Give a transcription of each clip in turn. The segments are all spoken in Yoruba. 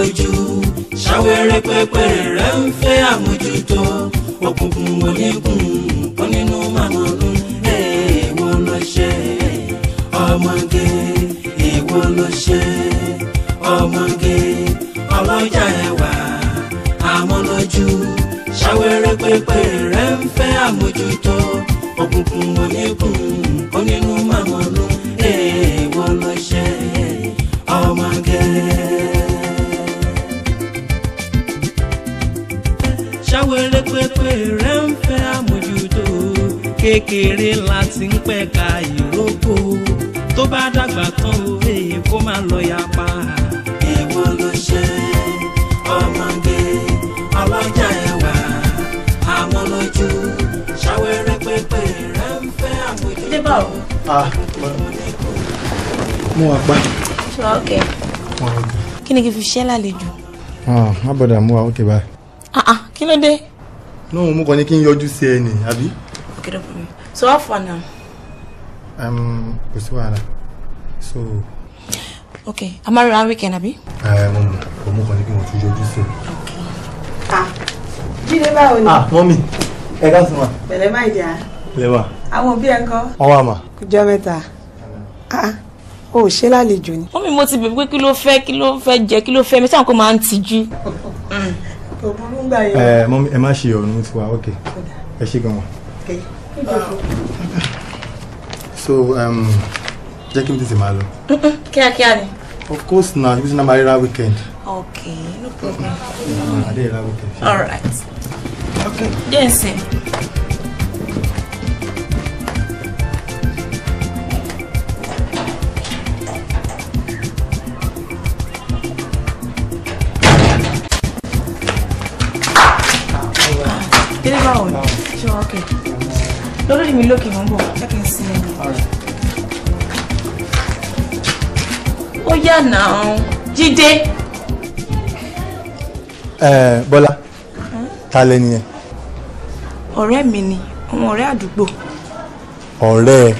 ojú ṣàwẹ́rẹ́ pẹ́pẹ́ rẹ̀ ń fẹ́ àmójútó òkùnkùn onígun kan nínú màmọ́nù èèwọ̀ ló ṣe ọmọge èèwọ̀ ló ṣe ọmọge ọlọ́jà ẹ̀wà àmọ́lójú ṣàwẹ́rẹ́ pẹ́pẹ́ rẹ̀ ń fẹ́ àmójútó òkùnkùn onígun kan nínú màmọ́nù. fèrè ń fẹ́ àmójútó kékeré láti ń pẹ̀ka ìrókò tó bá dàgbà tán òwe kó má lọ yapa. èwo ló ṣe ọmọge ọlọ́jà ẹ̀wà amọ́lójú ṣàwẹ́rẹ́ pépè rẹ̀ ń fẹ́ àmójútó. dé o. mú ah, wa pa. ṣọ kí ni kí n fi ṣẹ́ lálejò. Ah, má bọ̀dà mú wa ó kè báyìí. kí ló dé no mo kàn ní kí n yọjú sí Abi? nì àbí. okay no problem so how far now. Um, kò so. okay a máa rọra weekend Abi? ẹ eh, mo mọ mo mọ kàn ní kí okay. ah jíde báwo ah mommy. ẹ ká sùn wa. pẹ̀lẹ́ máa jà. pẹ̀lẹ́ wa. àwọn òbí ẹ ń kọ́. wọ́n wà mà. kújọ mẹ́ta ah, o ṣe lálejò ni. mọ́mí mo ti bèbí pé kí ló fẹ́ kí ló fẹ́ jẹ kí ló fẹ́ mi sáà tijú. òbúrú ń gbà yẹn. ẹ mọ ẹ má ṣe ọ̀run tiwa ok ẹ ṣe gan wa. so um, jẹ́ kí n tètè máa lọ. kíákíá ni. of course na ibi tí na marira weekend. ok no problem. Mm, adé ra weekend. all right. ok jẹ́ ẹ̀sìn. dádì mi lókè mọ́ bọ̀ jẹ́ kí n sinmi. ó yà náà jíde. bọ́lá ta lẹni yẹn. ọ̀rẹ́ mi ni àwọn ọ̀rẹ́ àdúgbò. ọ̀rẹ́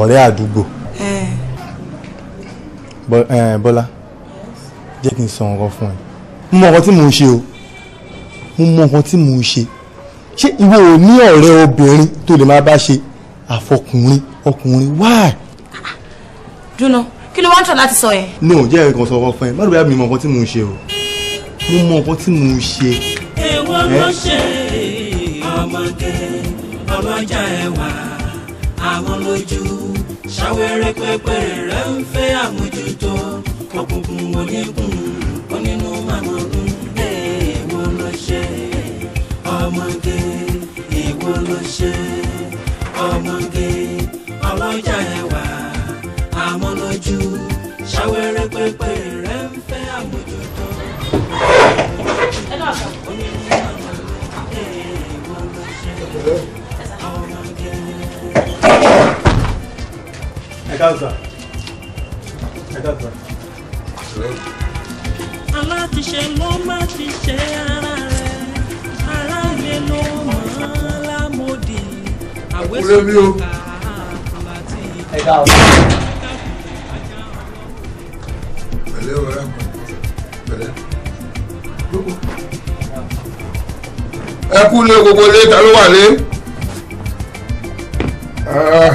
ọ̀rẹ́ àdúgbò. bọ́lá jẹ́ kí n sọ nǹkan fún ẹ mo mọ nǹkan tí mò ń ṣe o mo mọ nǹkan tí mò ń ṣé ìwọ ò ní ọ̀rẹ́ obìnrin tó lè máa bá ṣe àfọkùnrin ọkùnrin wáì. dúnà kí ló wá ń tọ̀ láti sọ yẹn. no jẹ́ ẹ̀kan sọ̀rọ̀ fún ẹ má dùbẹ́ mi mọ nǹkan tí mò ń ṣe o mo mọ nǹkan tí mò ń ṣe. èwo ló ṣe ọmọge ọlọ́jà ẹ̀wà àwọn lójú ṣàwẹ́rẹ́ pẹ́pẹ́ rẹ̀ ń fẹ́ àmójútó òkùnkùn onígun onínú màmá ọmọge ìwọ ló ṣe ọmọge ọlọ́jà ẹwà amọ́lójú ṣàwẹ́rẹ́ pépé rẹ̀ ń fẹ́ àmójútó. aláti ṣe ló má ti ṣe ara kúlé mi o. ẹ dá o. pẹ̀lẹ́ ọ̀rẹ́ mi pẹ̀lẹ́ ẹ kúlé gbogbo lé ta ló wà lé. Ah.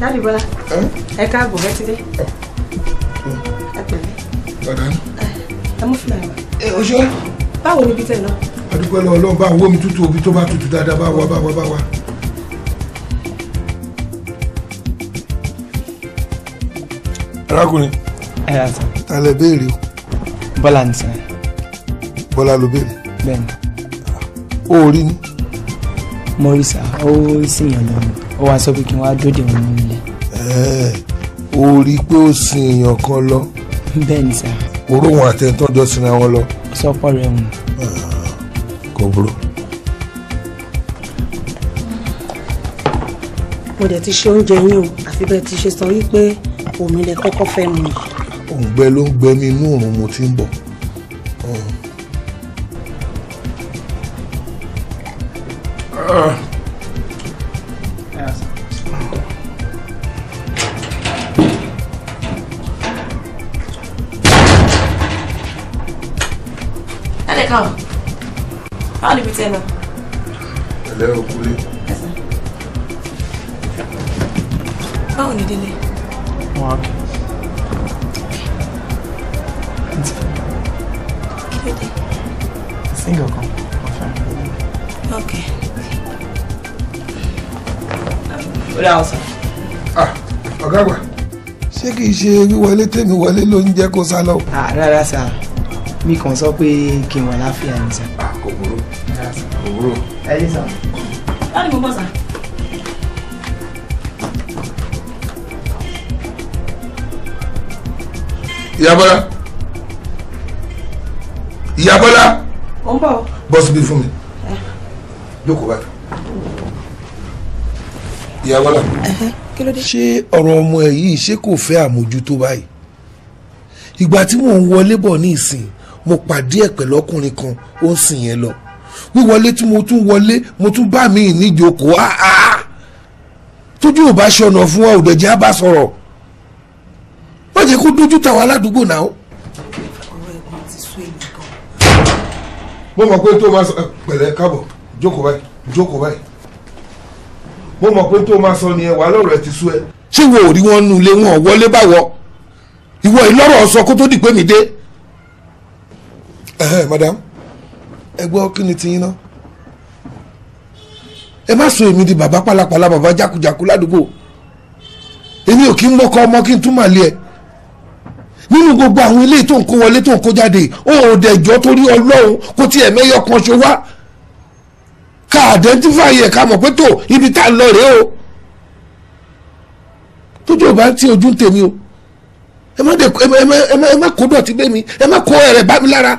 dáàbì bọ́lá ẹ káàbọ̀ ẹ ti dé ẹ pẹ̀lẹ́ ẹ mú fúlà ẹ wá. ẹ báwo ló bí tẹ̀ náà. adúpẹ́ lọ ọlọ́run bá owó mi tútù òbí tó bá tútù dáadáa bá wa bá wa bá wa. arákùnrin. ẹ yà sọ. ta lẹ béèrè o. bọ́lá ní sẹ́yìn. bọ́lá ló béèrè. bẹ́ẹ̀ni. o ò rí ni. mo rí sá ó sì yàn lọ́wọ́ ó wá sọ pé kí n wá dóde wọn nílé. ẹ o rí i pé ó sin èèyàn kan lọ. bẹ́ẹ̀ni sá. oró wọn àtẹ̀ntọ́jọ́ sinra wọn lọ sọ́kọ rẹ̀ hùn. kò burú. mo dẹ̀ ti ṣe oúnjẹ yín o àfi bẹ́ẹ̀ ti ṣe sọ wípé omi lẹ kọ́kọ́ fẹ́ mu. òǹgbẹ ló ń gbẹ mí inú òrùn mo ti ń bọ̀. Ugh. iṣẹ́ ẹlẹ́ o kúlé. báwo ni délé. wọn á kí. kí ló dé. single kan wọn ok. ó dá ọ̀sán. Ah, ọ̀gá àgbà ṣé kì í ṣe wíwọlé tèmi wọlé ló ń jẹ́ kó sá lọ. Ah, rárá sá mi kàn sọ pé kí n wà láfíà ní sá àbúrò. ẹ yé sà. láti mú bọ́ sà. ìyá bọ́lá ìyá bọ́lá. ó ń bọ̀. bọ́sì bí fún mi jókòó báyìí ìyá bọ́lá. kí ló dé. ṣé ọ̀rọ̀ ọmọ ẹ̀ yìí ṣé kò fẹ́ àmójútó báyìí ìgbà tí mò ń wọlé bọ̀ ní ìsìn mo pàdé ẹ̀ pẹ̀lú ọkùnrin kan ó ń sìn yẹn lọ wíwọlé tí mo tún wọlé mo tún bá mi níjókòó áá ah, ah, ah. tójú ò bá ṣọnà fún wa òdẹ̀jẹ̀ á bá sọ̀rọ̀ má jẹ́ kó dójú tà wá ládùúgbò náà. mo mọ̀ pé tó máa sọ pẹ̀lẹ́ káàbọ̀ jókòó báyìí jókòó báyìí mo mọ̀ pé tó máa sọ ni ẹ wà lọ́rọ̀ ẹ ti sú ẹ. ṣé wo ò rí wọn nu ilé wọn wọlé báwọ ìwọ ìlọrọ sọ kó tó di pé mi dé. madam ẹ gbọ́ kí ni tiyín náà ẹ má sọ èmi di bàbá pálapàla bàbá jákujàku ládùúgbò èmi ò kí ń mọ́kọ ọmọ kí n tún màlẹ́ ẹ̀ nínú gbogbo àwọn ilé tó ń kó wọlé tó ń kó jáde ó ò dẹ̀jọ́ torí ọlọ́run kó tiẹ̀ mẹ́yọ kan ṣe wá ká àdẹ́ntífàyè ẹ̀ ká mọ̀ pé tó ibi tá a lọ rèé o tójú ò bá ń ojú ń tèmi o ẹ má kó dọ̀tí bẹ́ẹ̀ mi ẹ má kó ẹ̀rẹ̀ bá mi lára.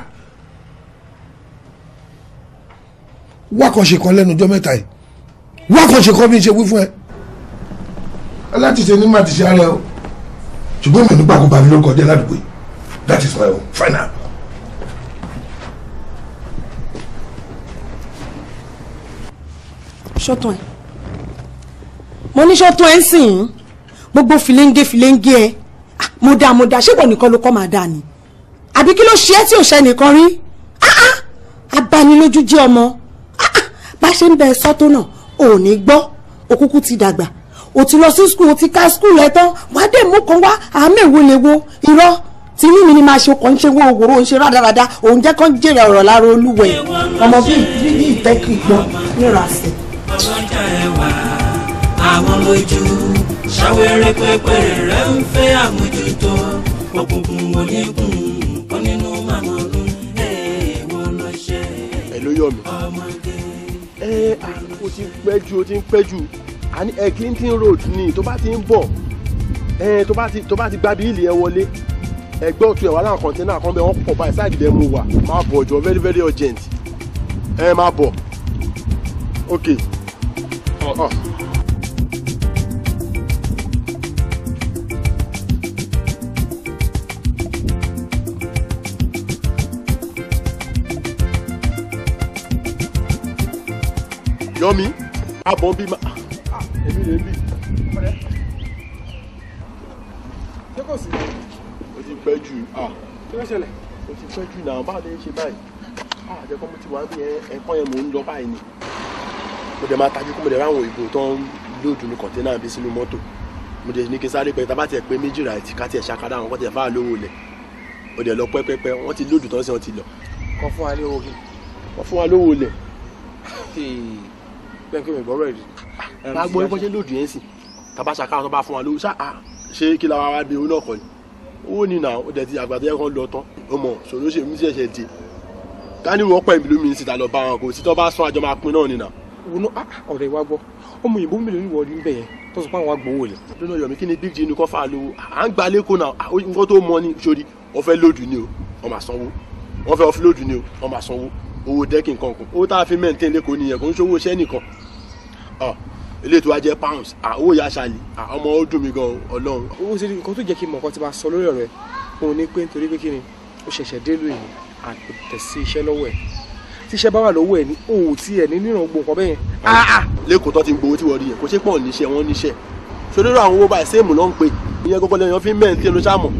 wákànṣe kan lẹ́nu ọjọ́ mẹ́ta yìí wákànṣe kan bí n ṣe wí fún ẹ láti ṣe ní màtí ṣe ara ẹ o ṣùgbọ́n mi nígbà kó bàmí lórúkọ jẹ́ ládùúgbò yìí that is my own final. ṣọ́tún ẹ̀ mo ní ṣọ́tún ẹ̀ ń sìn ín gbogbo filenge filenge ẹ̀ mo dá mo dá ṣébọ̀ nìkan ló kọ́ máa dá ni àbí kí ló ṣe é tí ò ṣe nìkan rí ah, ah. abánilójú jẹ́ ọmọ bá ṣe ń bẹ sọ́tò náà ò ní gbọ́ òkúkú ti dàgbà ò ti lọ sí skul ò ti ka skul ẹ tán wàá dé mú kan wá àmì èwo lè wo irọ́ tí mímí ni máa ṣe ọkọ̀ ń ṣe wọ́n òwòrò ń ṣe rádaràda òun jẹ́ kán jèrè ọ̀rọ̀ lára olúwẹ̀ ọmọ bíi bíi ìtẹ́kì gbọ́n nírà sí. àwọn ọjà àwọn lójú ṣàwérè pépè rẹ ń fẹ́ àmójútó òkùnkùn onígun onínú màmá ọdún ẹ̀ẹ́wọ̀n lọ́ṣẹ́ ọmọ ẹ o ti pẹ́ jù o ti ń pẹ́ jù àní ẹ clinton road ni tó bá ti ń bọ̀ ẹ tó bá ti tó bá ti gba bíìlì ẹ wọlé ẹgbẹ́ òtún ẹ̀ wà láwọn kọ̀ńténà kan bẹ́ẹ̀ wọ́n pọ̀ báyìí sáà ìdílé mu wà máa bọ̀ jọ very very urgent ẹ máa bọ̀ ok. Oh. Oh. ọ̀yọ́ mi abọ́ bí ma ah, èmi rè bí. ṣé kò sí. o ti pẹ́ jù ah. kí ló o ti pẹ́ jù náà báwo lè ṣe báyìí ah àjẹkọ́ mo ti wá bí ẹ̀kọ́ yẹn mò ń lọ báyìí ni mo dẹ̀ máa tajú kó mo dẹ̀ ráwọn ìbò tó ń lóòdù ní kọ̀ńténà bí sínú mọ́tò mo dẹ̀ ní kí n sáré pẹ́ tá bá tiẹ̀ pé méjì rà ká tiẹ̀ ṣàkádà àwọn kọ́ tiẹ̀ fáà lówó lẹ̀ o dẹ̀ lọ pẹ́pẹ́pẹ́ wọ́n ti lóòdù tán sí wọn ti lọ. kọ́ fún wa lówó lẹ̀. kọ́ fún wa lówó lẹ̀ bẹ́ẹ̀ kí mi bọ́ rẹ̀ rí. máa gbọ́ ẹgbẹ́ ṣe lòdì yẹn sì tàbá ṣàkà tó bá fún wa lówó ṣáà ṣé kí la wá bí owó náà kọ́ ni owó ni nà ó dẹ̀ ti àgbàdo yẹn kan lọ tán ọmọ sọ̀rọ̀ ṣe mí ṣẹ̀ṣẹ̀ di káni wọ́n pẹ̀ ìlú mi síta lọ bá wọn kò sí tó bá sún àjọ máa pin náà ni nà. wọnú ọ̀rẹ́ wa gbọ́ ọmọ òyìnbó mi lóyún wọlé níbẹ̀ yẹn tó sọ pé àwọn agbowó rẹ̀. lọ́nà yọ̀mí kí ni big jane kọ́ fà lówó à ń gba lẹ́kọ̀ọ́ náà nǹkan tó mọ ni sórí wọ́n fẹ́ lòdù ni o wọ́n máa sanwó wọ́n fẹ́ ọ́fílòdù ni o wọ́n máa sanwó owó dẹ́kì nǹkan kù owó tá a fi maintain lẹ́kọ̀ọ́ nìyẹn kò ń ṣe owó iṣẹ́ nìkan ilé tó wá jẹ pounds owó ìyá aṣáálí ọmọ ó dùn mí gan Ọlọ́run. owó ṣe nǹkan tó jẹ́ kí n mọ̀ nǹkan tí máa sọ lórí ọ̀rọ̀ ẹ̀ òun ni pé nítorí pé kí ni ó ṣẹ̀ṣẹ̀ délùú yìí àtẹ̀ sí iṣẹ́ lọ́wọ́ ẹ̀ tí iṣẹ́ bá wà lọ́wọ́ ẹ̀ ní òun tí ẹ̀ ní níràn gbogbo nǹkan bẹ́yẹn. Ah, ah! lẹ́kọ̀ọ́ tó ti ń gbowó tí wọ́n rí yẹn kò ṣe pọ̀ níṣẹ́ wọn níṣẹ́ sódérò àwọn owó báyìí séèmù náà ń pe ìyẹn gbogbo lẹ́yìn fi mẹ́rin tí ló ṣàmọ̀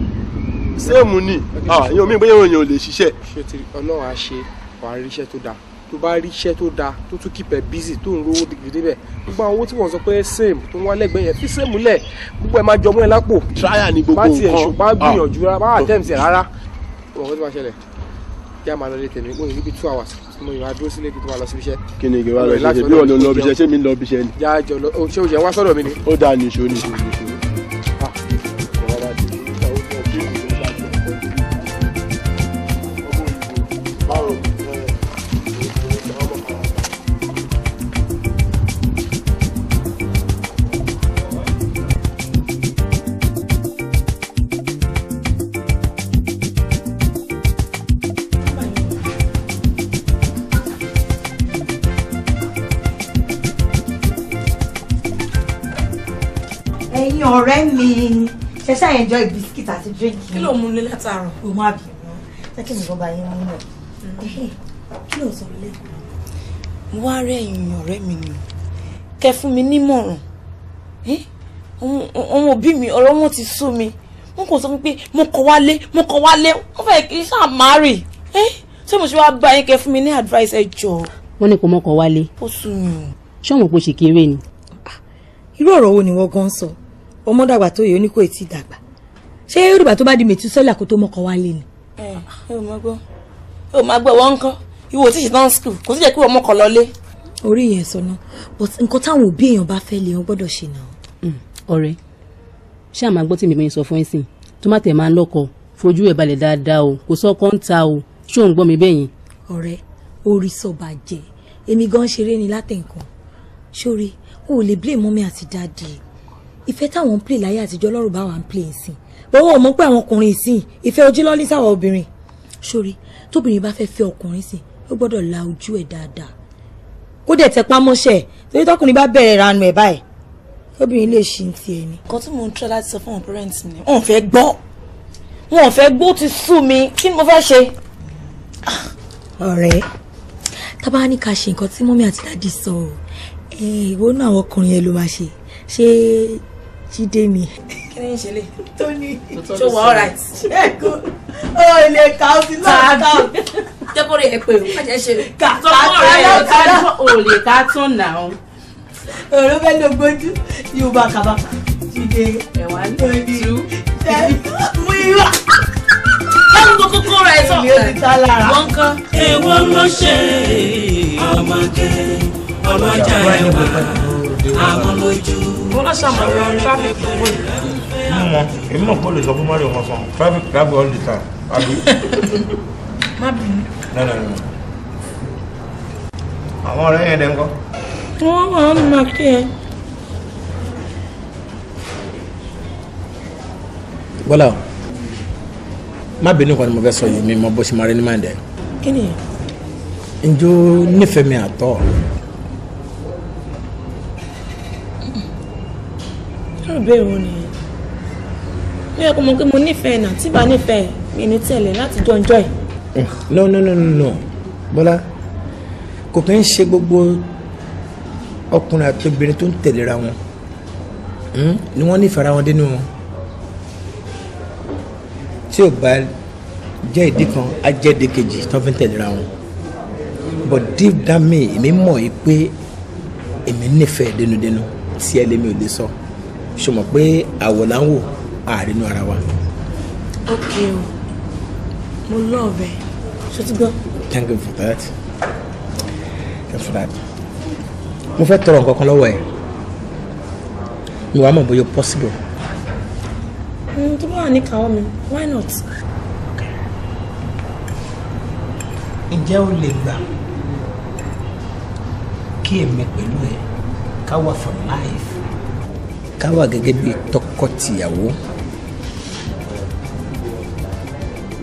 séèmù ni ah, ìyẹn omi ìgbéyàwó yẹn ò lè ṣiṣẹ́. ṣé ti Ọlọ́run á ṣe wà á rí iṣẹ́ tó dáa tó bá rí iṣẹ́ tó dáa tó tún keep ẹ tó ń rówó gidigidi bẹ̀ gbogbo àwọn owó tí wọ́n sọ pé same tó ń wá lẹ́gbẹ̀ẹ́ yẹn fi same lẹ̀ gbogbo ẹ̀ máa jọmọ́ ẹ lápò tíráyà ni gbogbo nǹkan bá tiẹ̀ ṣùgbọ́n ah. gbìyànjú rárá bá àtẹ̀mí rárá wọ́n kọ́ tó bá ṣẹlẹ̀ kí a máa lọ lé tèmi mo níbi two hours mo ìwà dúró sílé kí n tó máa lọ síbi iṣẹ́. kí ni ìgbéwà lọ síbi iṣẹ́ bí wọn lọ lọ ibi ṣé mi lọ ibi iṣẹ́ ni. jájọ lọ ṣé o jẹ wá sọ́dọ̀ mi ni. ó dáa nìṣó nìṣó nìṣó. ọ̀rẹ́ mi ṣe ṣe àyẹ̀jọ́ bisikíìtì àti dírínkì. kí ló mú un lé látàárọ̀. o má bì wọ́n jẹ́ kí nìkan bá yín mú un rẹ̀. kí ló sọ lé. mo wá rẹ ìyìn ọ̀rẹ́ mi ni kẹ fún mi nímọ̀ràn àwọn òbí mi ọ̀rọ̀ wọn ti sú mi wọn kò sọ pé mo kọ wálé mo kọ wálé wọn fẹ́ kí sáà má rì ṣé mo ṣe wá bá yín kẹ fún mi ní advice ẹ jọ. wọ́n ní kò mọ́kọ wálé. ó sú mi ṣé ọmọ pé ṣe kéré ni. Ah, irú ọ̀rọ̀ wo ni wọ́n gan sọ ọmọ dàgbà tó yẹ ó ní kò tí ì dàgbà ṣé yorùbá tó bá di mẹtúsẹ́là kó tó mọ́kọ wálé ni. ẹ ẹ ò máa gbọ́ ẹ ò máa gbọ́ wọn ń kọ́ tí ìṣẹ̀tàn skul kò sí jẹ́ kí wọ́n mọ́kọ lọ lé. orí yẹn sọ náà but nǹkan táwọn òbí èèyàn bá fẹ́ lè wọn gbọ́dọ̀ ṣe náà. Mm, ọ̀rẹ́ ṣé àmà gbọ́ tí mi sọ fún ẹ̀sìn tó má tẹ̀ máa ń lọ́kọ fojú ẹ̀ balẹ̀ dáadáa o kò ìfẹ́ táwọn ń play láyé àtijọ́ lọ́rùn bá wa ń play ìsìn bọ́wọ́ ọmọ pé àwọn ọkùnrin ìsìn ìfẹ́ ojú lọ́lí sáwọn obìnrin sórí tóbìnrin bá fẹ́ fẹ́ ọkùnrin sìn ó gbọ́dọ̀ la ojú ẹ̀ dáadáa kó dẹ̀ tẹ pamọ́ṣẹ́ torí tọkùnrin bá bẹ̀rẹ̀ ranu ẹ̀ báyìí tóbìnrin lè ṣì ń ti ẹ̀ ni. nǹkan tí mò ń tọ́ láti sọ fún àwọn parents mi wọn ò fẹ́ gbọ́ wọn ò fẹ́ gbọ́ ti sú mi kí ni mo fẹ́ ṣe. ọ̀rẹ́ tábà ní ká ṣe nǹkan tí mọ́mí jíde ni. kí ni ìṣẹ̀lẹ̀ tóní tó wà alright. ẹ̀kọ́ ó lè kà ó sí náà kà ó. jẹ́kọ̀ọ́ rẹ̀ pé o májẹ̀ ṣe rẹ̀. kà kà kà kà kà ó lè ká tún nà ó. ọ̀rọ̀ bẹ́ẹ̀ ló gbójú yóò bá kàbàkà jíde ẹ̀wà tóní mú ìwà. báwo ló kókó rẹ̀ sọ wọ́n kan. èèwọ̀ ló ṣe ọmọge ọlọ́jà ẹ̀wà àwọn lójú. wọ́n á ṣàmọ̀ràn tráfíkì owó yìí. mú wọn èmi náà kò lè sọ fún mario wọn sàn all the time àbí. má bínú. nana nana àwọn ọ̀rẹ́ yẹn dẹ̀ ń kọ́. wọ́n wà á máa kí ẹ. bọ́lá o má bínú kan ni mo fẹ́ sọ yìí mi mọ bó ṣe máa ní máa dẹ̀. kí ni. njó nífẹ̀ẹ́ mi àtọ́. irú ìbéèrè wọn nìyẹn ó yẹ kó mọ̀ pé mo nífẹ̀ẹ́ náà tí bá nífẹ̀ẹ́ mi ní tẹ̀lé láti jọ ọjọ́ ẹ̀. Eh, no no no no no bọ́lá kò kí ń ṣe gbogbo ọkùnrin àti obìnrin tó ń tẹ̀léra wọn hmm? ni wọ́n nífẹ̀ẹ́ ara wọn dénú wọn tí ò bá jẹ́ ìdí kan á jẹ́ ìdí kejì tó fi ń tẹ̀léra wọn but deep down me èmi mọ̀ yìí pé èmi nífẹ̀ẹ́ dénúdénú tí ẹlẹ́mi ò lè sọ. So ṣe pé àwọ̀ là ń wò àrínú ara wa. ok o mo lọ́ọ̀bẹ ṣó ti gbọ́. thank you for that thank you for that mo fẹ́ tọrọ nǹkan kan lọ́wọ́ ẹ̀ mi wàá mọ̀ bóyá possible. Hmm, tó bá wà ní kàwọ́ mi why not. ǹjẹ́ o lè gbà kí èmi pẹ̀lú ẹ̀ ká wà for life ká wà gẹ́gẹ́ bí tọkọ-tìyàwó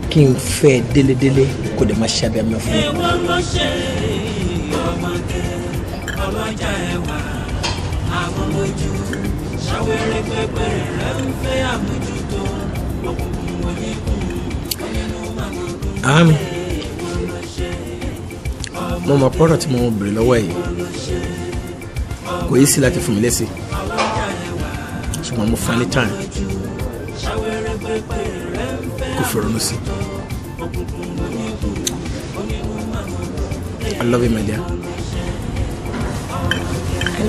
kí n fẹ́ délédélé kó lè má ṣe abẹ́mẹ́ fún mi. èwo ló ṣe ọmọdé ọlọ́jà ẹ̀wà mo mọ pọ́rọ̀ tí mo bèrè lọ́wọ́ yìí kò yí sí láti fún mi lésì ṣùgbọ́n mo fún ní time kò fi ronú sí. I love you, my dear. I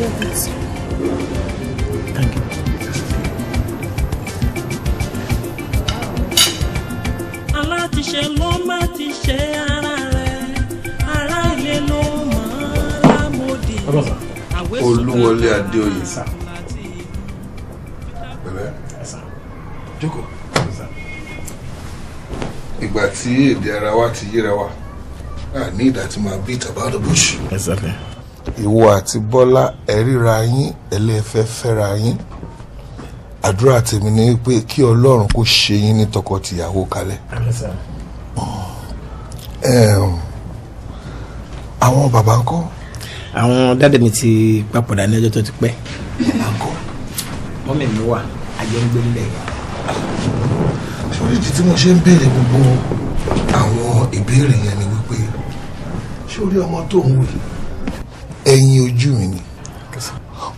love you too. Thank you. alátiṣe ló má ti ṣe ara rẹ̀ ará ilé ló máa ń lámòdì. olúwọlé adéoyè sá. tí èdè ara wa ti yíra wa náà ní ìdá máa beat about the bush. Exactly. ìwọ àti bọ́lá ẹ ríra yín ẹlẹ́fẹ́ fẹ́ra yín àdúrà tèmi ni pé kí ọlọ́run kó ṣe yín ní tọkọ-tìyàwó kalẹ̀. àwọn bàbá ńkọ́. àwọn dáadé mi ti papòdà ní ọjọ́ tó ti pẹ́. bàbá mi wà àjọ ń gbé nílẹ̀. sọ̀rọ̀ ìdí tí mo ṣe ń béèrè gbogbo ìbéèrè yẹn ni wípé ṣé orí ọmọ tó ń wò ẹ̀yìn ojú mi ni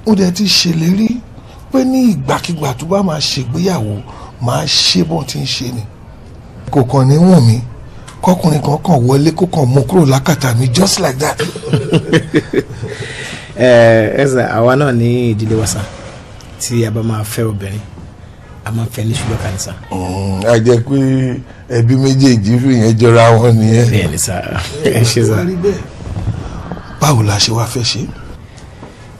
mo dẹ̀ ti ṣèlérí pé ní ìgbàkigbà tó bá máa ṣègbéyàwó máa ṣe bọ́n ti ń ṣe ni kò kàn ní wọ̀n mi kọkùnrin kan kàn wọlé kó kàn mú kúrò lákàtà mi just like that. ẹ eh, ẹ sà àwa náà ní ìdílé wa sà tí a bá máa fẹ́ obìnrin a máa fẹ́ ní ṣúgà kansa. Mm, a jẹ pé ẹbí méjèèjì fìyẹn jọra wọn nìyẹn. bẹ́ẹ̀ni sá ẹ ṣe sá. báwo la ṣe wá fẹ́ ṣe.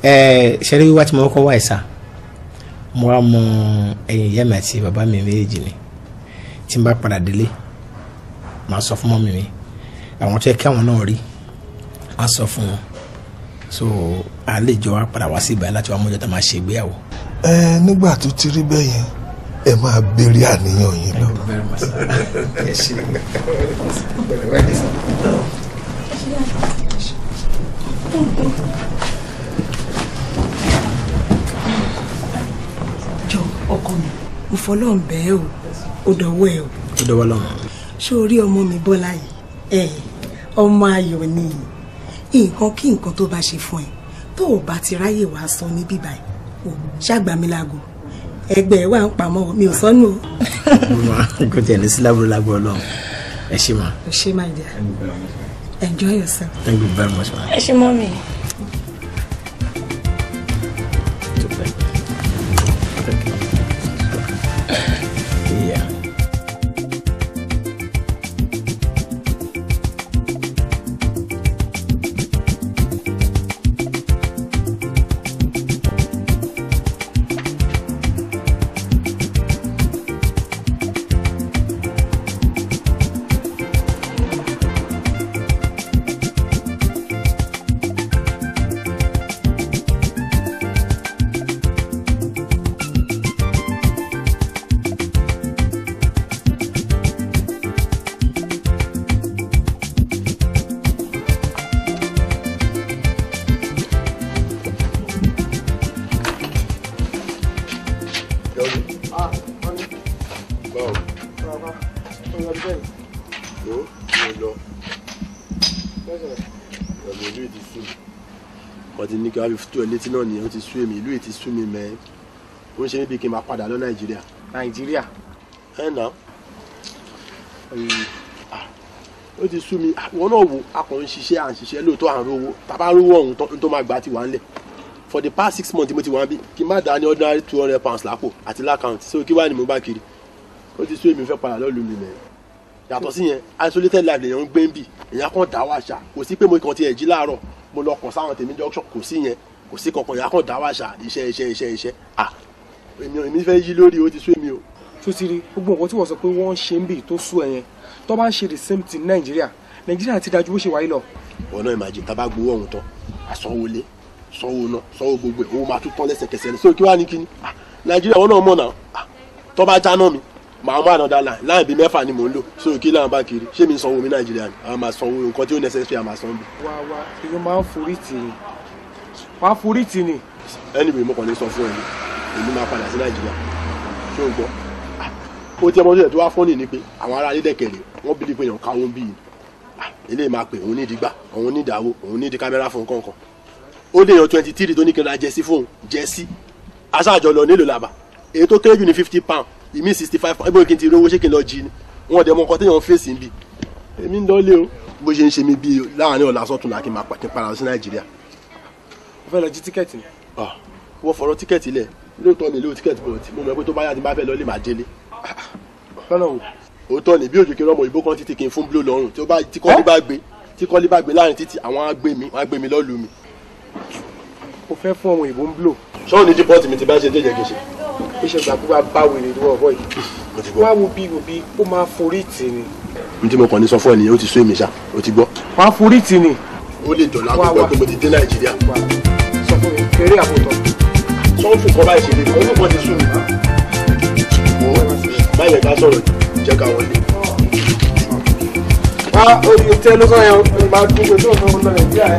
ẹ ṣẹlẹ wíwá tí mo kọ wá ẹ sá mo wá mọ ẹ̀yìn ìyá mi àti bàbá mi méjèèjì ni tí n bá padà délé màá sọ fún mọ́mì mi àwọn tó yẹ kí àwọn náà rí wọ́n sọ fún wọn so àlejò wa padà wá sí ìbáyìí láti wá mọ́jọ́ tá a máa ṣe ìgbéyàwó. ẹ nígbà tó ti rí bẹ́ẹ̀ yẹn ẹ máa béèrè àníyàn yín lọ. jọ ọkọ mi mo fọlọ́n bẹ́ẹ̀ o ó dọwọ́ ẹ o. ó dọwọ́ ṣé o rí ọmọ mi bọ́lá yìí ẹ ọmọ ayọ̀ ni nǹkan kí nǹkan tó bá ṣe fún ẹ tó o bá ti ráyè wá sọ ní bíbáyìí o ṣàgbàmílágo ẹgbẹ́ wa ń pamọ́ mi ò sọ́nù o. nǹkan tí ẹ̀ ní sí lábúrò lágbó ọlọ́run ẹ ṣe ma. ẹ ṣe ma jẹ enjoy yourself. thank you very much ma. ẹ ṣe mọ́ mi. wá fi tó ẹ létí náà nìyẹn ó ti sú èmi ìlú èyí ti sú mi mẹ ó ń ṣe níbi kí n máa padà lọ nàìjíríà. nàìjíríà. ẹ nà ó ti sú mi wọn náà wò a kàn ń ṣiṣẹ́ à ń ṣiṣẹ́ lóòótọ́ à ń rówó tàbá rówó ọ̀hún tó máa gbà ti wà ńlẹ̀ for the past six months mo ti wà ń bí kí n má dá ní ordinary two hundred pounds lápò àti lákàntì so kí wàá ní mo bá kiri ó ti sú èmi fẹ́ padà lọ́ọ́ lù mí mẹ́rin yàtọ̀ sí yẹn isolated life lèèyàn ń gbé ń bì èèyàn kàn dá wàṣà kò sí pé mo kàn ti ẹ̀ jí láàárọ̀ mo lọ kàn sáwọn tèmi junction kò sí yẹn kò sí kankan yà kàn dá wà ṣá iṣẹ́ iṣẹ́ iṣẹ́ iṣẹ́ à èmi èmi fẹ́ yí lórí o ti sú èmi o. sotiri gbogbo nǹkan tí wọ́n sọ pé wọ́n ń ṣe ń bì tó sú ẹ yẹn tó bá ń ṣe the same thing nàìjíríà nàìjíríà ti dájú bó ṣe wáyé lọ. ọ̀nà ìmàjì tá a bá gbowó ọ̀hún tán àsanwólé sanwó náà sanwó gbogbo ẹ̀ òun máa tún tán lẹ́sẹ̀kẹsẹ̀ ní sókè wá ní kíní nàìjíríà wọn náà mọ̀ náà tó bá já náà mi màá mú another line line bíi mẹ́fà ni mò ń lò so kí láwọn bá kiri ṣé mi sanwó mi nàìjíríà ni àwọn máa sanwó nǹkan tí ó necessary àmà sanwó. wá wá èyí máa ń forí tì ní wá forí tì ní. anyway mo kàn lè sọ fún ẹ èmi máa padà sí nàìjíríà ṣé o gbọ́ ó ti ẹ mọ́tò ẹ̀ tó wá fọ́nì ni pé àwọn ará ayédèkẹ̀lẹ̀ wọ́n bí pé èèyàn káwọn bí ni ah, eléyìí máa pè òun nídìí gbà òun nídìí àwo òun nídìí kámẹ́rà fún kọ̀ọ̀kan ó dé èèyàn twenty three tó ní kí n ra jẹ́sí fóun jẹ́sí aṣáájọ lọ nílò làbà èyí tó kéré jù ní fifty pound ìmí sixty five pound ibòkè ti rówó ṣé kí n lọ jí ni wọn dẹ̀ mọ nǹkan téèyàn ń fèsì níbi èmi ń lọlé o bó ṣe ń ṣe mi bíi láàrin ọ̀la sọ́tún làkì máa pàkín para sí nàìjíríà. mo fẹ́ lọ jí tíkẹ́ẹ̀tì ni. Ah, wọ́n fọ̀rọ̀ tíkẹ́ẹ̀tì lẹ̀ lóòótọ́ mi lóò tíkẹ́ẹ̀tì bọ̀rọ̀ tí mo mọ̀ pé tó bá yá ti bá fẹ́ lọ lè máa délé. lọ́nà wo. òótọ́ ni bí òjò kí n rọ́mọ ìbò kan títí kí n fún blo lọ́rùn tí kọ́lí bá gbé tí kọ́lí bá gbé láàrin títí àwọn á gbé mi á gbé mi lọ́lùú mi. mo fẹ́ fún ọmọ ìbò ń blo. sọ́ọ̀nì jí pọ́ọ̀tì mi ti bá ṣe jẹ́jẹ́ gèṣe bí ṣe gbà gbogbo abáwo èrè lọ́wọ́ yìí ah, wá wo bí wo bí ó máa forí tì ní. n tí mo kàn ní sọ fún ẹ nìyẹn ó ti sún èmi ṣá ó ti gbọ́. wàá forí tì ní. ó lè dọ̀là àgbẹ̀gbẹ̀ pé mo ti dé nàìjíríà. sọ fún mi kéré àbòtọ́. sọ́ọ̀fù kọ́ báyìí ṣe lè kọ́ ló ti sún mi. báyìí ká sọ̀rọ̀ jẹ́ ká wọlé. a ó di tẹ́ ló yẹn máa dúró tó ń lọ nàìjíríà ẹ̀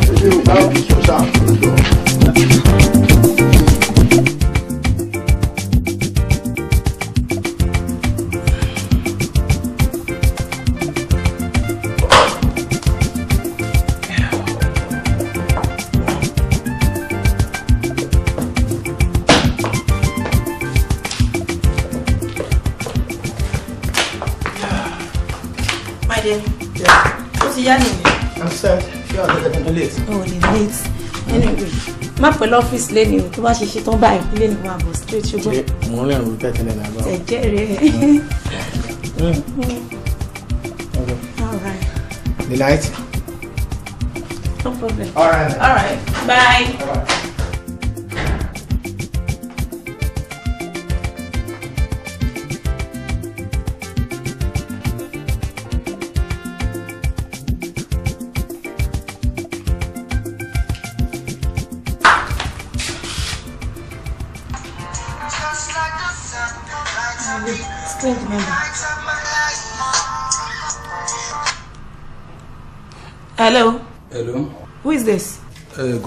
late. o oh, lè late anyway má pẹ́ lọ́fíìsì lẹ́nu tó bá ṣe ṣe tán báyìí ilé ni wàá bọ̀ straight ṣùgbọ́n. mo ń rìn rúkẹ́ tẹ́lẹ̀ náà bá wà. ẹ̀jẹ̀ rẹ̀. Mm. The light. No problem. All right. All right. Bye.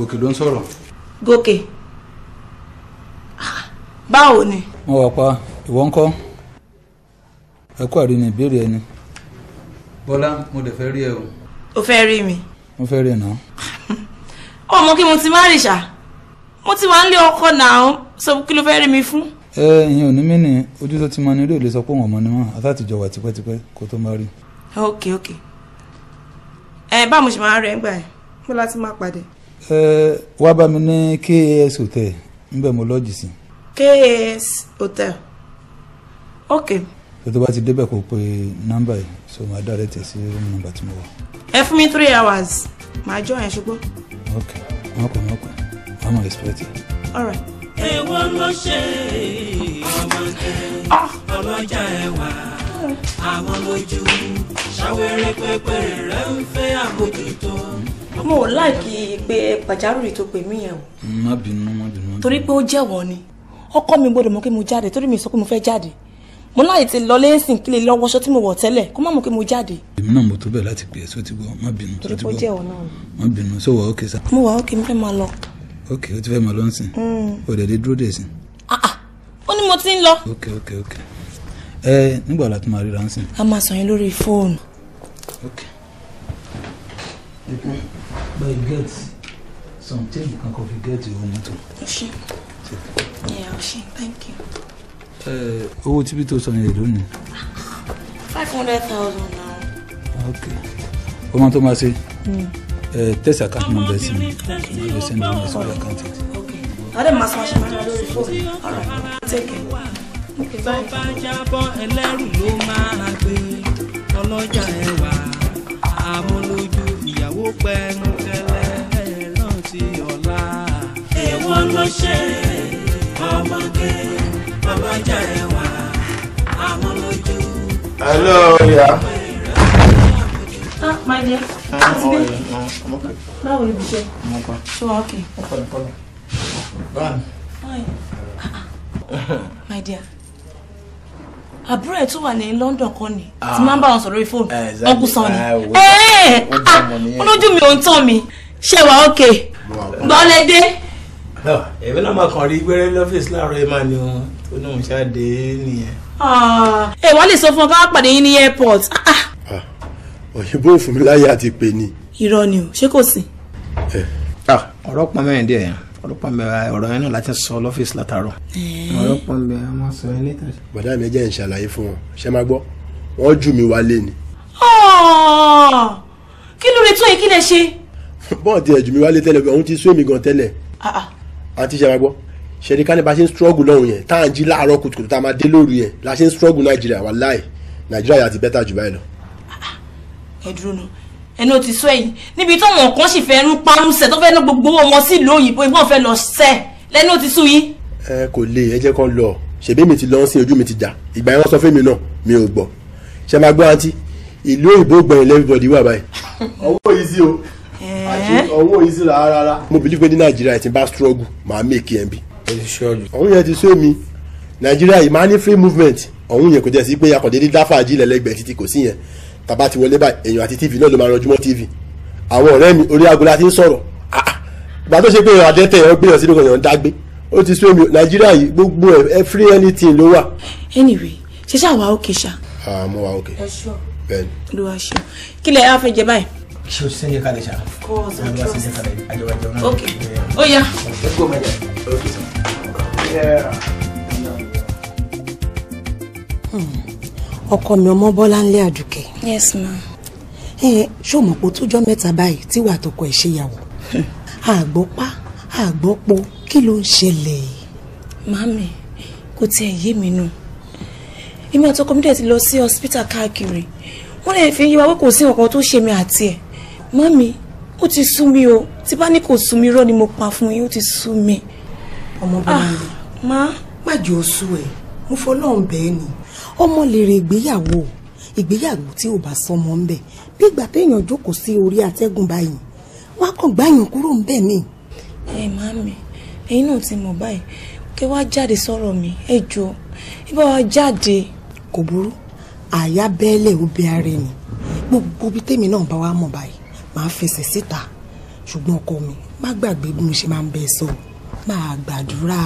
gòkè ló ń sọ̀rọ̀. gòkè báwo ni. mo wà pa ìwọ ń kọ́ ẹ kú àrí ni ìbéèrè ẹni. bọ́lá mo dẹ̀ fẹ́ rí ẹ o. o fẹ́ rí mi. mo fẹ́ rí ẹ náà. ó mọ kí mo ti má rìṣà mo ti wà ń lé ọkọ náà sọ kí ló fẹ́ rí mi fún. ẹ ìyẹn ò ní mí ni ojú tó ti máa ní ilé sọ pé òun ọmọ ni mọ àtàtìjọ wà tipẹ́tipẹ́ kó tó má rí. ok ok ẹ báwo mo ṣe máa rẹ ń gbà yẹn mo láti máa pàdé. Uh, eh, waba mi ní KAS hotel nbẹ mo KAS hotel ok. tó ti debe ko pe nọ́mbà so màá dá rẹ̀ room number tí mo mi three hours màá jọ yẹn ṣùgbọ́n. ok wọn kò wọn kò wọn mọ lo se èwo ló ṣe ọmọdé ah! ọlọ́jà awon loju sawere ṣàwérè re nfe mo ò láìkí pé pàjáwìrì tó pè mí yẹn o. má bínú má bínú. torí pé ó jẹ́wọ́ ni ọkọ mi gbọ́dọ̀ mọ̀ pé mo jáde torí mi sọ pé mo fẹ́ jáde mo láì ti lọ lẹ́sìn kí lè lọ wọṣọ tí mo wọ̀ tẹ́lẹ̀ kó má mọ̀ pé mo jáde. èmi náà mo tó bẹ̀ láti pè é sọ ti gbọ́ má bínú sọ ti gbọ́ má bínú sọ wà ókè sá. mo wà ókè mi fẹ́ máa lọ. ókè o ti fẹ́ máa lọ nsìn. Hmm. o dẹ̀ dé dúró dè sí. Ah, ah. ó ní mo ti ń lọ. ókè ókè ókè ẹ nígbà wo la tún máa ríra nsìn. a máa sàn yín lórí fóònù. ókè. Okay but you get something kan kò fi your own mọ́tò. Oshin. yeah Oshin. thank you. owó tíbi tó sọ yẹn lónìí. five hundred thousand naira. ok o máa tó máa ṣe tẹ̀sí àkáǹtì náà bẹ́ẹ̀ sí mi you go send me my school account. ok ọ̀rẹ́ màá sọ ma ṣe máa ń lọ lórí fóònù ọ̀rọ̀ take it. tó bá jábọ́ ẹlẹ́rù ló máa gbé ọlọ́jà ẹwà àmúlò owó pẹ̀lúkẹ̀lẹ̀ rántí ọ̀la. èèwọ̀ ló ṣe ọmọge ọlọ́jà ẹ̀wà amúlójú. hello ya. ah my dear àti bẹ́ẹ̀ báwo ni bùṣẹ́ ṣé wàá okay. báwo ni. Ah, ah. my dear àbúrò ẹ̀ tó wà ní London kọ́ ni ah, tí máa ń bá wọn sọ lórí fóònù ọkùn sàn ni olójú mi ò ń tàn mí ṣe wà ókè gbọ́lẹ́dé. èmi náà máa kàn rí gbẹ́rẹ́ lọ́fíìsì láàárọ̀ ẹ̀ máa ní wọn tó ní òun ṣáde nìyẹn. Ah, ẹ wọ́n lè sọ fún ọ káwá pàdé yín ní airport. Ah, òyìnbó fún mi láyé àti pè ní. irọ́ ni o ṣé kò sí. Eh. ọ̀rọ̀ pọn mẹ́rin díẹ̀ yẹn ọlọ́pàá mi ọ̀rọ̀ yẹn náà láti sọ lọ́fíìsì látàárọ̀ ọlọ́pàá mi a máa sọ yẹn níta. bọ̀dá mi jẹ́ ìṣàlàyé fún wọn ṣe máa gbọ́ wọ́n jù mí wálé ni. kí ló lè tó yìí kí lè ṣe. bọ́ọ̀ tiẹ̀ jù mí wálé tẹ́lẹ̀ òun ti sún èmi gan tẹ́lẹ̀ àti ah, ah. ṣe máa gbọ́ ṣẹ̀rí ká ní bá ṣe ń struggle lọ́hùn yẹn tá à ń jí láàárọ̀ kùtùkùtù tá a máa dé lóru yẹn la ṣe ń struggle nàìjíríà wà láì nàìjíríà yà ti bẹ́tà jù báyìí lọ. Ah, ẹ dúró náà ẹni ó ti sọ èyí níbi táwọn kan sì fẹ́ rú párúsẹ̀ tó fẹ́ ná gbogbo owó wọn sílùú òyìnbó ìbọn fẹ́ lọ sẹ́ lẹ́ni ó ti sú yín. ẹ kò lè ẹ jẹ́ kán lọ ṣèbí mi ti lọ sí ojú mi ti dà ìgbà yẹn wọ́n sọ fún mi náà mi ò gbọ́ ṣe máa gbọ́ àǹtí ìlú òyìnbó gbẹ̀yìn everybody wà báyìí. ọwọ́ yìí sí o ọwọ́ yìí sí rárá. mo believe pé ní nàìjíríà ti bá struggle máa make ẹ̀ ń bí. ọ̀hún yẹn ti sọ èmi nàìjíríà yìí máa ní free movement ọ̀hún yẹn kò jẹ́ sí pé akọ̀dé ní dáfàájì lẹ́lẹ́gbẹ̀ẹ́ títí kò sí yẹn tàbá ti wọlé báyìí èèyàn àti tv náà ló máa ranjú tv àwọn ọ̀rẹ́ mi orí aago la ń sọ̀rọ̀ ah, ah. gbà tó ṣe pé àdẹ́tẹ̀ ẹ̀ gbéyàn síbi kan yàn dágbé ó ti sún mi nàìjíríà yìí gbogbo ẹ̀ free anything ló wà. anyway ṣe ṣáà wà ókè ṣá. Ah, mo wà ókè. ẹ ṣọ bẹ́ẹ̀ ni. ló wá ṣọ kí lẹ á fẹ́ jẹ báyìí. ṣé o ti sẹ́yìn kalẹ̀ ṣá. kó o sọ jọ sí ok ó yá. ẹ ọkọ mi ọmọ bọ́lá ńlẹ́ àdùkẹ́. yes ma. ẹ ṣó mọ̀ pé tójọ́ mẹ́ta báyìí tí wà tọkọ ẹ̀ ṣèyàwó. àgbọ́pá hmm. àgbọ́po kí ló ń ṣẹlẹ̀. màmí kò tiẹ̀ yé mi nù. èmi àtọkọ mi dẹ̀ ti lọ sí hospital káàkiri wọ́n lè fi yíwa pé kò sí nǹkan tó ṣe mi àti ẹ̀. màmí ó ti sú mi o tí bá ní kò sú mi rọ́ ni mo pa fún yín ó ti sú mi. ọmọ bá ah, mi má jò sú ẹ mo fọlọ́run bẹ́ẹ̀ ni ọmọ lèrè ìgbéyàwó ìgbéyàwó tí ò bá sọmọ ń bẹ bí ìgbà téèyàn jókòó sí orí atẹ́gùn báyìí wọn á kàn gbáyàn kúrò ń bẹ ni. ẹ màámi ẹ̀yin náà ti mọ̀ báyìí kí wàá jáde sọ̀rọ̀ mi ẹ jọ ẹ bá wa jáde. kò burú àyà bẹ́ẹ̀lẹ̀ ó bẹ ara ẹni gbogbo bí tèmi náà bá wa mọ̀ báyìí màá fẹsẹ̀ síta ṣùgbọ́n ọkọ mi má gbàgbé bí mo ṣe máa ń bẹ sọ máa gbàdúrà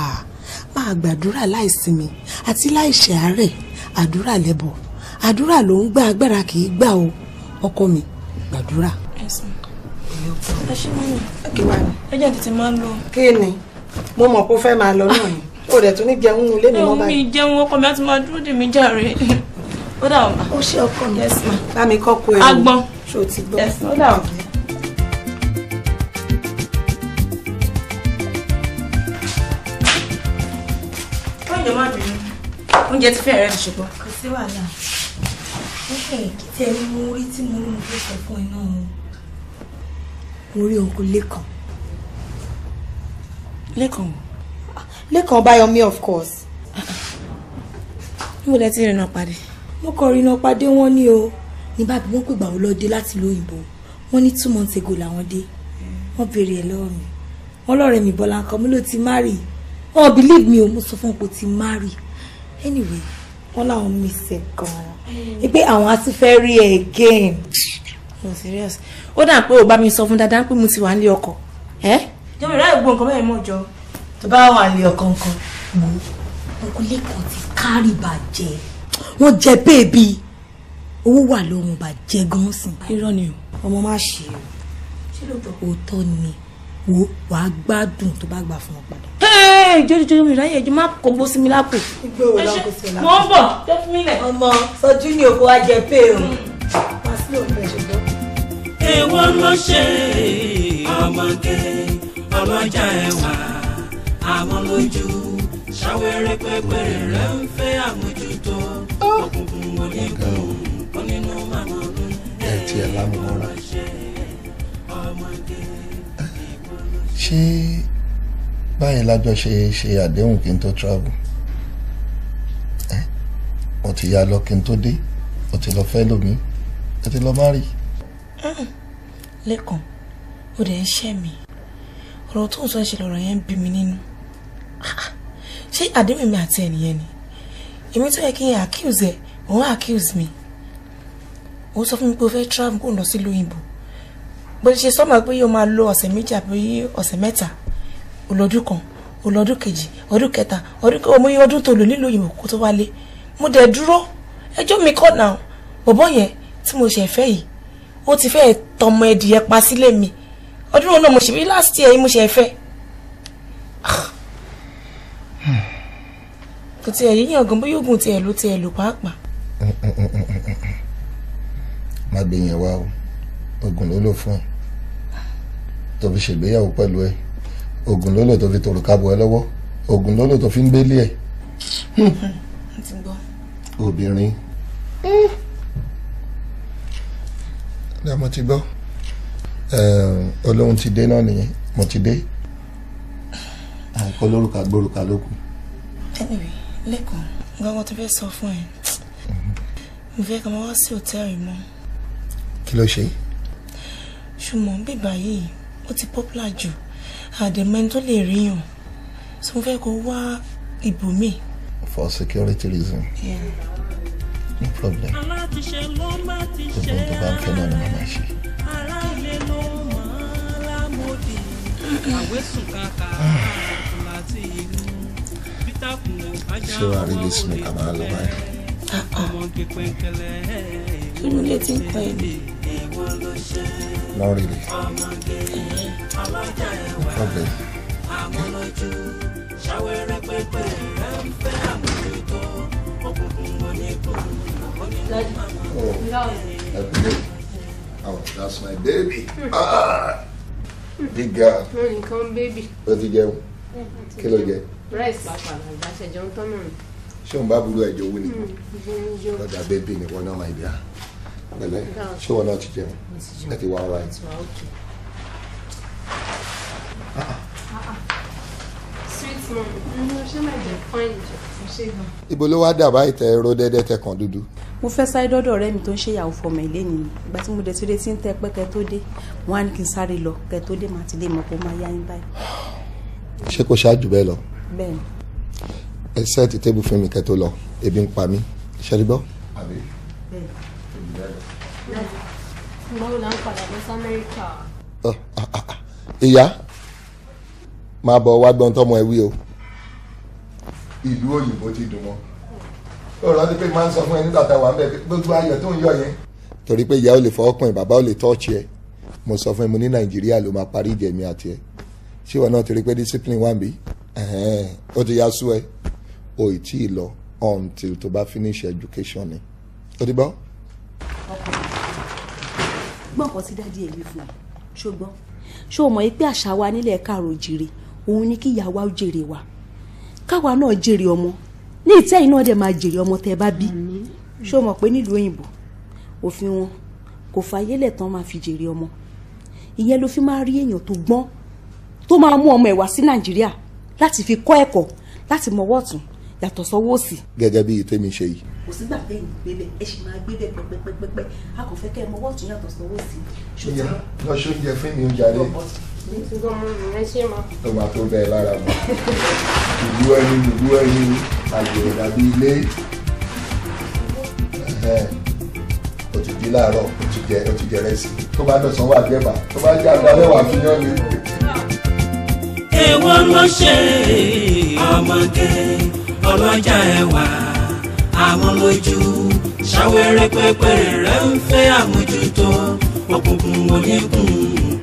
máa gbàdúrà láìsinmi àti láìṣe àárẹ̀ àdúrà lẹ́bọ àdúrà ló ń gbà agbára kì í gbà o ọkọ mi gbàdúrà. ẹ ṣe mọ́ mi ẹ jẹ́ tètè máa lọ. kí ni mo mọ̀ kó fẹ́ máa lọ náà ni o rẹ̀ tún ní jẹun ilé mi mọ́ báyìí. mi jẹun ọkọ mi àti máa dúró dè mí jàre. ó dà ọ́ ma. ó ṣe ọkọ mi. bá mi kọ́ ko ẹ̀rọ. agbọ́n. ṣó ti gbọ́. ó dà ọ́ oúnjẹ ti fẹ́ rẹ̀ mi ṣùgbọ́n. kò sí wàhálà ó kàn tí ẹni mo rí tí mo ní mo fẹ́ sọ fún iná o mo rí òkú lẹ́kàn. lẹ́kàn o. lẹ́kàn báyọ̀mí of course. níbo lẹ ti rìnnà pàdé. mo kàn rìnnà pàdé wọn ní o ní báàbí wọn pè gbà ó lọ́ọ́ dé láti ìlú òyìnbó wọn ní two months ago làwọn dé wọn béèrè ẹ lọ́wọ́ mi wọn lọ́rẹ̀ mi bọ́lá nǹkan mi ló ti marry wọn believe me o mo sọ fún wọn pé ó ti marry anyway wọ́n láwọn miss ẹ gan-an ẹ mm. pé àwọn á ti fẹ́ rí ẹ again no serious ó dà pé ò bá mi sọ fún dáadáa pé mo ti wà nílé ọkọ ẹ. jọ̀wọ́ ìráyè gbọ́ nǹkan mẹ́rin mọ́ jọ tó bá wà nílé ọkọ nǹkan wò ó ọkọ lẹ́kọ̀ọ́ ti kárì bàjẹ́ wọ́n jẹ bèbí owó wà lóhun bàjẹ́ gan-an sìn. irọ́ ni o ọmọ má ṣe o òótọ́ ni wo wàá gbádùn tó bá gbà fún ọ padà. jọjọjọjọ mi ráyè ẹjọ má kó gbó sí mi lápò. ìgbé wo lápò sí ẹ lápò. mo ń bọ̀ tó fún mi lẹ̀. ọmọ sọjú ni òkú wa jẹ pé o. wá sí òun bẹ ṣùgbọ́n. èwo ló ṣe ọmọge ọlọ́jà ẹ̀wà àwọn lójú ṣàwẹ́rẹ́ pẹ́pẹ́rẹ́ rẹ̀ ń fẹ́ àmójútó òkùnkùn onígun onínú màmá ọdún. ẹ tiẹ̀ lámúmọ́ra. ṣé báyìí lájọ ṣe ṣe àdéhùn kí n tó travel ẹ mo ti yá lọ kí n tó dé mo ti lọ fẹ́ lómi mo ti lọ má rí. Ah, lẹ́kàn ó dẹ̀ ń ṣẹ́ mi ọ̀rọ̀ tó ń sọ ṣe lọ́rọ̀ yẹn ń bí mi nínú ah, ṣé àdéhùn mi àti ẹnìyẹn ni èmi tó yẹ kí n accuse ẹ òun accuse mi òun sọ fún mi pé o fẹ́ travel kó lọ sí lóyìnbó bó ṣe sọ́mọ̀ pé yóò máa lo ọ̀sẹ̀ méjì àbí ọ̀sẹ̀ mẹ́ta olọ́dún kan olọ́dún kejì ọdún kẹta ọmọye ọdún tó lò nílùú òyìnbó kó tó wálé mo dẹ̀ dúró ẹjọ́ mi kọ́ náà bọ̀bọ́ yẹn tí mo ṣe fẹ́ yìí ó ti fẹ́ tọmọ ẹdìyẹ pa sílé mi ọdún náà mo ṣe bí last year mo ṣe fẹ́ kò tiẹ̀ yíyàn gan bóyá oògùn tiẹ̀ ló tiẹ̀ lò pàápàá. má gbé yẹn wá o oògùn ló lò fún ẹ tó fi ṣègbéyàwó pẹ̀lú ẹ oògùn ló lò tó fi tòrùka bọ̀ ẹ́ lọ́wọ́ oògùn ló lò tó fi ń gbélé ẹ̀. obìnrin dá mo ti gbọ́ olóhùn ti dé náà nìyẹn mo ti dé àìkọ́ lórúkà gbórúkà ló kù. lẹ́kàn gbọ́ngàn tó fẹ́ sọ fún ẹ mo fẹ́ kí wọ́n wá sí òtẹ́ẹ̀lì mọ́. kí ló ṣe. ṣùgbọ́n bíbá yìí ó ti popular jù àdèmẹ́ni tó lè ríyàn so mo fẹ́ kó wá ibòmíì. for security reason. Yeah. no problem. gbogbo tó bá ń fẹ́ náà ni màmá ṣe. ṣé wàá rí lẹ́sìn mi kàmá lọ́wọ́ ah, ah. ẹ̀. nínú ilé tí ń pẹ́ mi. Not really. Problem. Oh, no. oh, that's my baby. Ah, big girl. Come, baby. What's the girl? Kí ló jẹ? Rice. Ṣé òun bá burú ẹ̀jọ̀ wú ni? Hmm, Ọjà bébì ni wọ́n náà máa ń bí a pẹ̀lẹ́ ṣé wọn náà ti jẹun ẹ ti wá ara ẹ. Ah, ah. mm-hmm, ibo ló wá dàbá ìtẹ ro dẹdẹ tẹ kàn dúdú. mo fẹ́ sáré dọ́dọ̀ ọ̀rẹ́ mi tó ń ṣèyàwó fọmọ ilé nìyí ìgbà tí mo dẹ̀ tí ó dé tí ń tẹ pé kẹ tó dé wọn á ní kí n sáré lọ kẹ tó dé màá ti dé mọ̀ kó máa yá yín báyìí. ṣé kò ṣáájú bẹ́ẹ̀ lọ. bẹ́ẹ̀ni. ẹ sẹ́ẹ̀tì tébù fún mi kẹ tó lọ ebi ń pa mí ṣe é gbọ́. bẹ́ẹ̀ni tomorrow là ń padà lọ sí Amẹ́ríkà. ìyá máa bọ̀ wá gbọ́n tọmọ ẹ wí o ìlú òyìnbó ti dùn mọ́ ó rántí pé máa ń sọ fún ẹ nígbà tá a wà ń bẹ gbogbo ayọ̀ tó ń yọ̀ yẹn. torí pé ìyá ò lè fọwọ́ kàn ẹ́ bàbá ò lè tọ́ọ̀chì ẹ mo sọ fún ẹ mo ní nàìjíríà ló máa parí ìjẹ̀mí àti ẹ ṣé náà torí pé discipline wà ń bí ó ti yá sú ẹ o ì tí ì lọ until tó bá finish education ni ó ti bọ́. ọkùnrin gbọ́n kan sí dádì ẹ̀ wí fún ẹ ṣùgbọ́n ṣé o mọ̀ pé àṣà wa nílẹ̀ káàrọ̀ jèrè òun ni kí ìyàwó jèrè wa káwa náà jèrè ọmọ ní ìtẹ́ iná dẹ̀ máa jèrè ọmọ tẹ́ bá bí ṣé o mọ̀ pé nílùú òyìnbó òfin wọn kò fàyè lẹ̀ tán máa fi jèrè ọmọ ìyẹn ló fi máa rí èèyàn tó gbọ́n tó máa mú ọmọ ẹ̀ wá sí nàìjíríà láti fi kọ́ ẹ̀kọ́ láti mọwọ́ ọ̀tún yàtọ̀ sọ́wọ́ sí. gẹ́gẹ́ bí tèmi ṣe yìí. kò sígbà tẹ́yìn gbébẹ̀ ẹ ṣì máa gbébẹ̀ pẹ́pẹ́pẹ́pẹ́ a kò fẹ́ kẹ́ ẹ mọ wọ́ọ̀tún yàtọ̀ sọ́wọ́ sí. ìyá lọ ṣe oúnjẹ fún mi oúnjẹ alẹ́. tó máa tó bẹ́ẹ̀ lára mi. ìlú ẹni ìlú ẹni àgbèrè dàbí ilé. o ti di láàárọ̀ o ti jẹ o ti jẹ rẹ sí tó bá dọ̀sán wà gbẹ̀bà tó bá jẹ àgbàlẹ̀ wà fi yán mi. èwo ló ṣe ọmọdé ọlọ́jà ẹ̀wà àwọn ṣàwẹ́rẹ́ pẹ́pẹ́ rẹ̀ ń fẹ́ àmójútó òkùnkùn onígun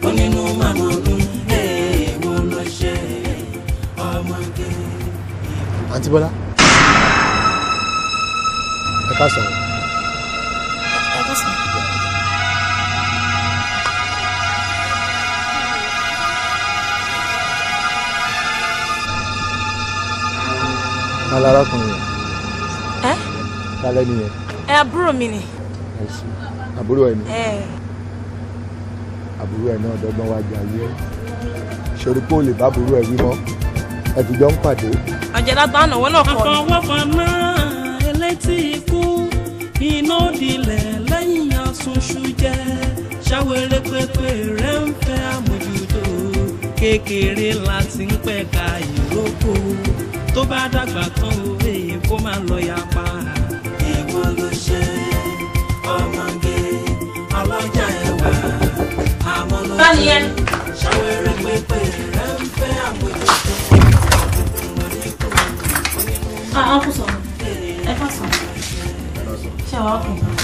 onínú màmọ́nú ẹ̀ẹ́wọ́ lọ́ṣẹ́ ọmọge. àǹtí bọ́lá sọ̀rọ̀. ta la arákùnrin yẹn. ẹ. ta lẹ́nu ẹ àbúrò mi ni. àbúrò ẹ ni. àbúrò ẹ náà dọ́gbọ́n wá jẹ ayé ẹ pé o lè bá àbúrò ẹ wí mọ́ ń pàdé. àjẹlá tá ànáwó náà kọ ni. àfọwọ́fọ̀nà ẹlẹ́tì ikú iná dilẹ̀ lẹ́yìn asunṣu jẹ́ ṣàwérè pépé rẹ̀ ń fẹ́ àmójútó kékeré láti ń pẹ̀ka ìrókò tó bá dàgbà tán òwe kó má lọ yapa. èwo ló ṣe ọmọge ọlọ́jà ẹ̀wà àmọ́ ló ṣe ṣàwẹ́rẹ́ pépé rẹ̀ ń fẹ́ àpòjọ tó ọkùnrin kò ní. a kò sọ ẹ fà sọ ṣé àwọn ọkùnrin.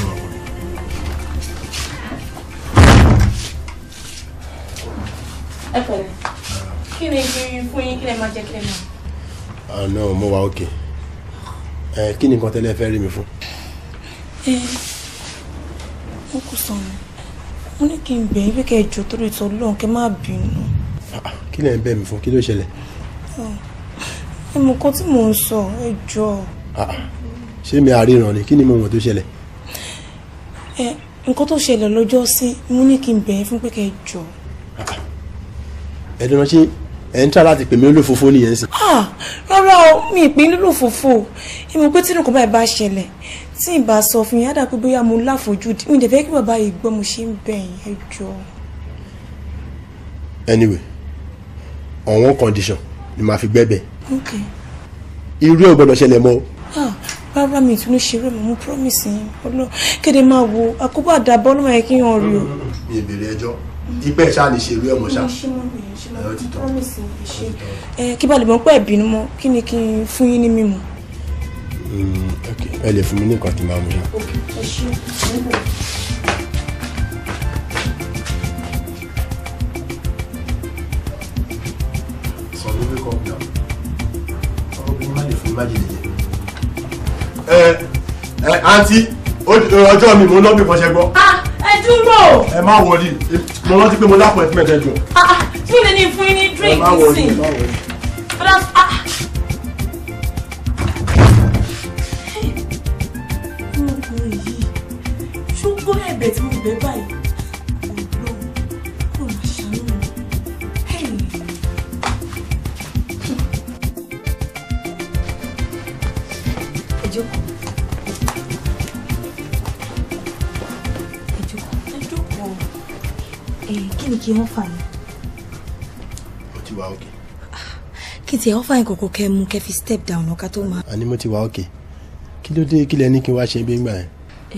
ẹ pẹ̀lẹ́ kí ni fún yín kí lè máa jẹ kí lè máa àná ah, mo wà òkè ẹ kí ni nǹkan tẹ́lẹ̀ fẹ́ rí mi fún. ẹ wọn kò sọ mi wọn ní kí n bẹ̀ yín pé kẹ́ ẹ jọ torí ìtọ́ lọ́hùn kẹ́ má bínú. Ah, kí lẹ̀ ń bẹ̀ mí fún kí ló ṣẹlẹ̀. Oh, ẹ mọ nǹkan tí mò ń sọ ẹ jọ. Ah, ṣé mi àríran ni kí ni mo mọ̀ tó ṣẹlẹ̀. ẹ nǹkan tó ṣẹlẹ̀ lọ́jọ́ sí mo ní kí n bẹ̀ yín fún pé kẹ́ ẹ jọ. ẹ dúró ṣe ẹ̀ ń tọ́ láti pè mí olófòfó nìyẹn sí. Ah, rárá o mi ìpín olófòfó ìmọ̀ pé tínú kan báyìí bá ṣẹlẹ̀ tí ì bá sọ fún yín á dà pé bóyá mo láfojúdi mi dẹ̀ fẹ́ kí bàbá yìí gbọ́ mo ṣe ń bẹ̀ yín ẹ jọ. anyway on one condition ni màá fi gbẹ́bẹ̀. okay. irú ẹ̀ gbọ́dọ̀ ṣẹlẹ̀ mọ́. Ah, rárá mi ìtúnú ṣe rẹ̀ mọ́ mo promise yín ọlọ́ kéde máa wo àkókò àdàbọ̀ ọlọ́mọ yẹn kí n hàn rí o. mi ì bèrè ẹjọ́ ipẹ́ ṣáà kí bá lè mọ̀ pé ẹ̀bínú mọ́ kí ni kí n fún yín ní mímu. Mm, ẹ lè fún mi ní nǹkan tí màá mú yín. ẹ ẹ àǹtí ọjọ́ mi mo lọ́ọ́ bí kan ṣe gbọ́. Ah, ẹ dúró. ẹ má wọlé mo rántí pé mo lápò ẹ̀ fún ẹ̀kẹ́ jù kí ni ní fún yín ní drink sí. Ah. ṣùgbọ́n ẹ̀bẹ̀ tí mo bẹ̀ báyìí kò lọ kò má ṣàánú mi. ẹ jókòó. ẹ jókòó. ẹ jókòó. ẹ kí ni kí wọ́n ti ẹ̀ ọ́fà yín kòkó kẹ́ mú kẹ́ fi step down ọ̀ká tó máa. àní mo ti wà òkè kí ló dé kí lẹ ní kí n wá ṣe bí n gbà yẹn.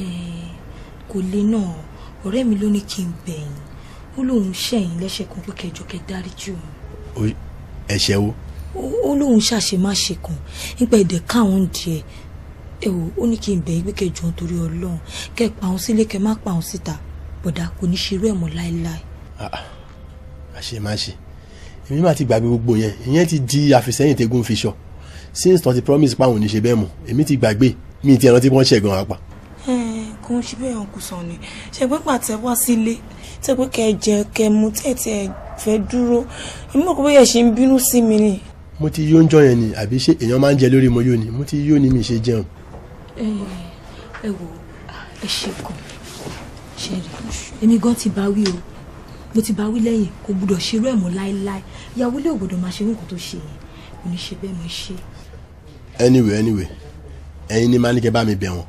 ẹ kò lè náà ọ̀rẹ́ mi ló ní kí n bẹ̀yìn ó lóun ṣẹ̀yìn lẹ́ṣẹ̀ kan pé kẹjọ kẹ dáríjì òun. ẹ̀ṣẹ̀ wo. ó lóun ṣàṣemáṣe kan nípa ẹ̀dẹ̀ káwọn díẹ̀ ẹ wò ó ní kí n bẹ̀yìn pé kẹjọ nítorí ọlọ́run kẹ pa òun sílé kẹ má pa òun síta bọ̀dà kò ní ṣerú ẹ̀ mọ́ láéláé. Ah, àṣemáṣe. Ah, èmi máa ti gbàgbé gbogbo yẹn ìyẹn ti di àfìsẹ́yìn tegun fi sọ since tọ́tí promise pa òun ní ṣe bẹ́ẹ̀ mọ̀ èmi ti gbàgbé mi ti ẹran tí wọ́n ṣẹ̀gàn apá. kò ń ṣe bẹ́ẹ̀ ọkùn sàn ni ṣẹ̀gbọ́n pàtẹ wá sílé tẹ́ pé kẹ́ ẹ jẹ kẹ́ ẹ mú tẹ́ tẹ́ fẹ́ dúró èmi mọ̀ pé bóyá ṣe ń bínú sí mi ni. mo ti yó ń jọ yẹn ni àbí ṣé èèyàn máa ń jẹ lórí mo yó ni mo ti yó ni mi ṣe jẹun. ẹ wo ẹ ṣe kàn ṣe rí èmi gan ti bá wí o mo ti bá wí lẹ́yìn kò gbúdọ̀ ṣerú ẹ̀ mọ́ láéláé ìyàwó lè gbọ́dọ̀ máa ṣe irú nǹkan tó ṣe yẹn kò ní ṣe bẹ́ẹ̀ mo ṣe. anyway anyway ẹ̀yin ni máníkẹ́ bá mi bẹ̀ wọ́n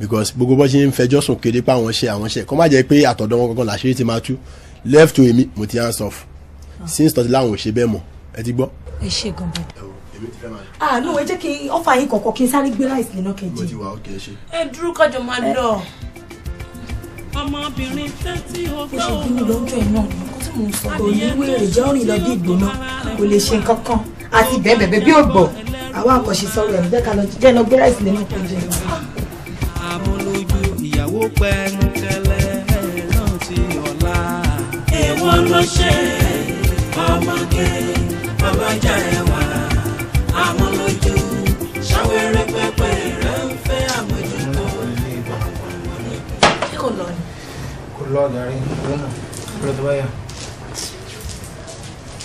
because gbogbo bó ṣe ń fẹjọ́ sùn kéde pé àwọn ṣe àwọn ṣe kọ́ má jẹ́ pé àtọ̀dọ̀ wọn kankan làṣírí ti máa tú left to èmi mo ti hands off ah. since tọ́tí láwọn ò ṣe bẹ́ẹ̀ mọ̀ ẹ ti gbọ́. ẹ ṣe gan ah no ẹ jẹ́ kí ọ́fà yín kọ̀ọ̀kan kí n sáré gbé láìsí nínú kejì. mo ti wà ó kì í ṣe. ẹ dúró kájọ máa lọ ọmọbìnrin tẹ́tí o gbọ́ òun. bó ṣe bínú lọ́jọ́ iná ni kó tí mò ń sọ kò ní wéèrè òrìn lọ ìgbóná kò lè ṣe nǹkan kan àti bẹ́ẹ̀bẹ́ẹ̀ bí ògbọ̀ àwọn àkànṣe sọ̀rọ̀ ẹ̀ jẹ́ ká jẹ́ lọ gbé lẹ́nu kó jẹ lọ. àmúlójú ìyàwó pẹ́ńkẹ́lẹ́ náà ti ọ̀la. èèwọ̀ ló ṣe ọmọge ọlọ́jà ẹ̀wà àmúlójú ṣàwẹ́rẹ́ pẹ́pẹ́. lọ́ọ̀dárí lọ́nà ló tó báyà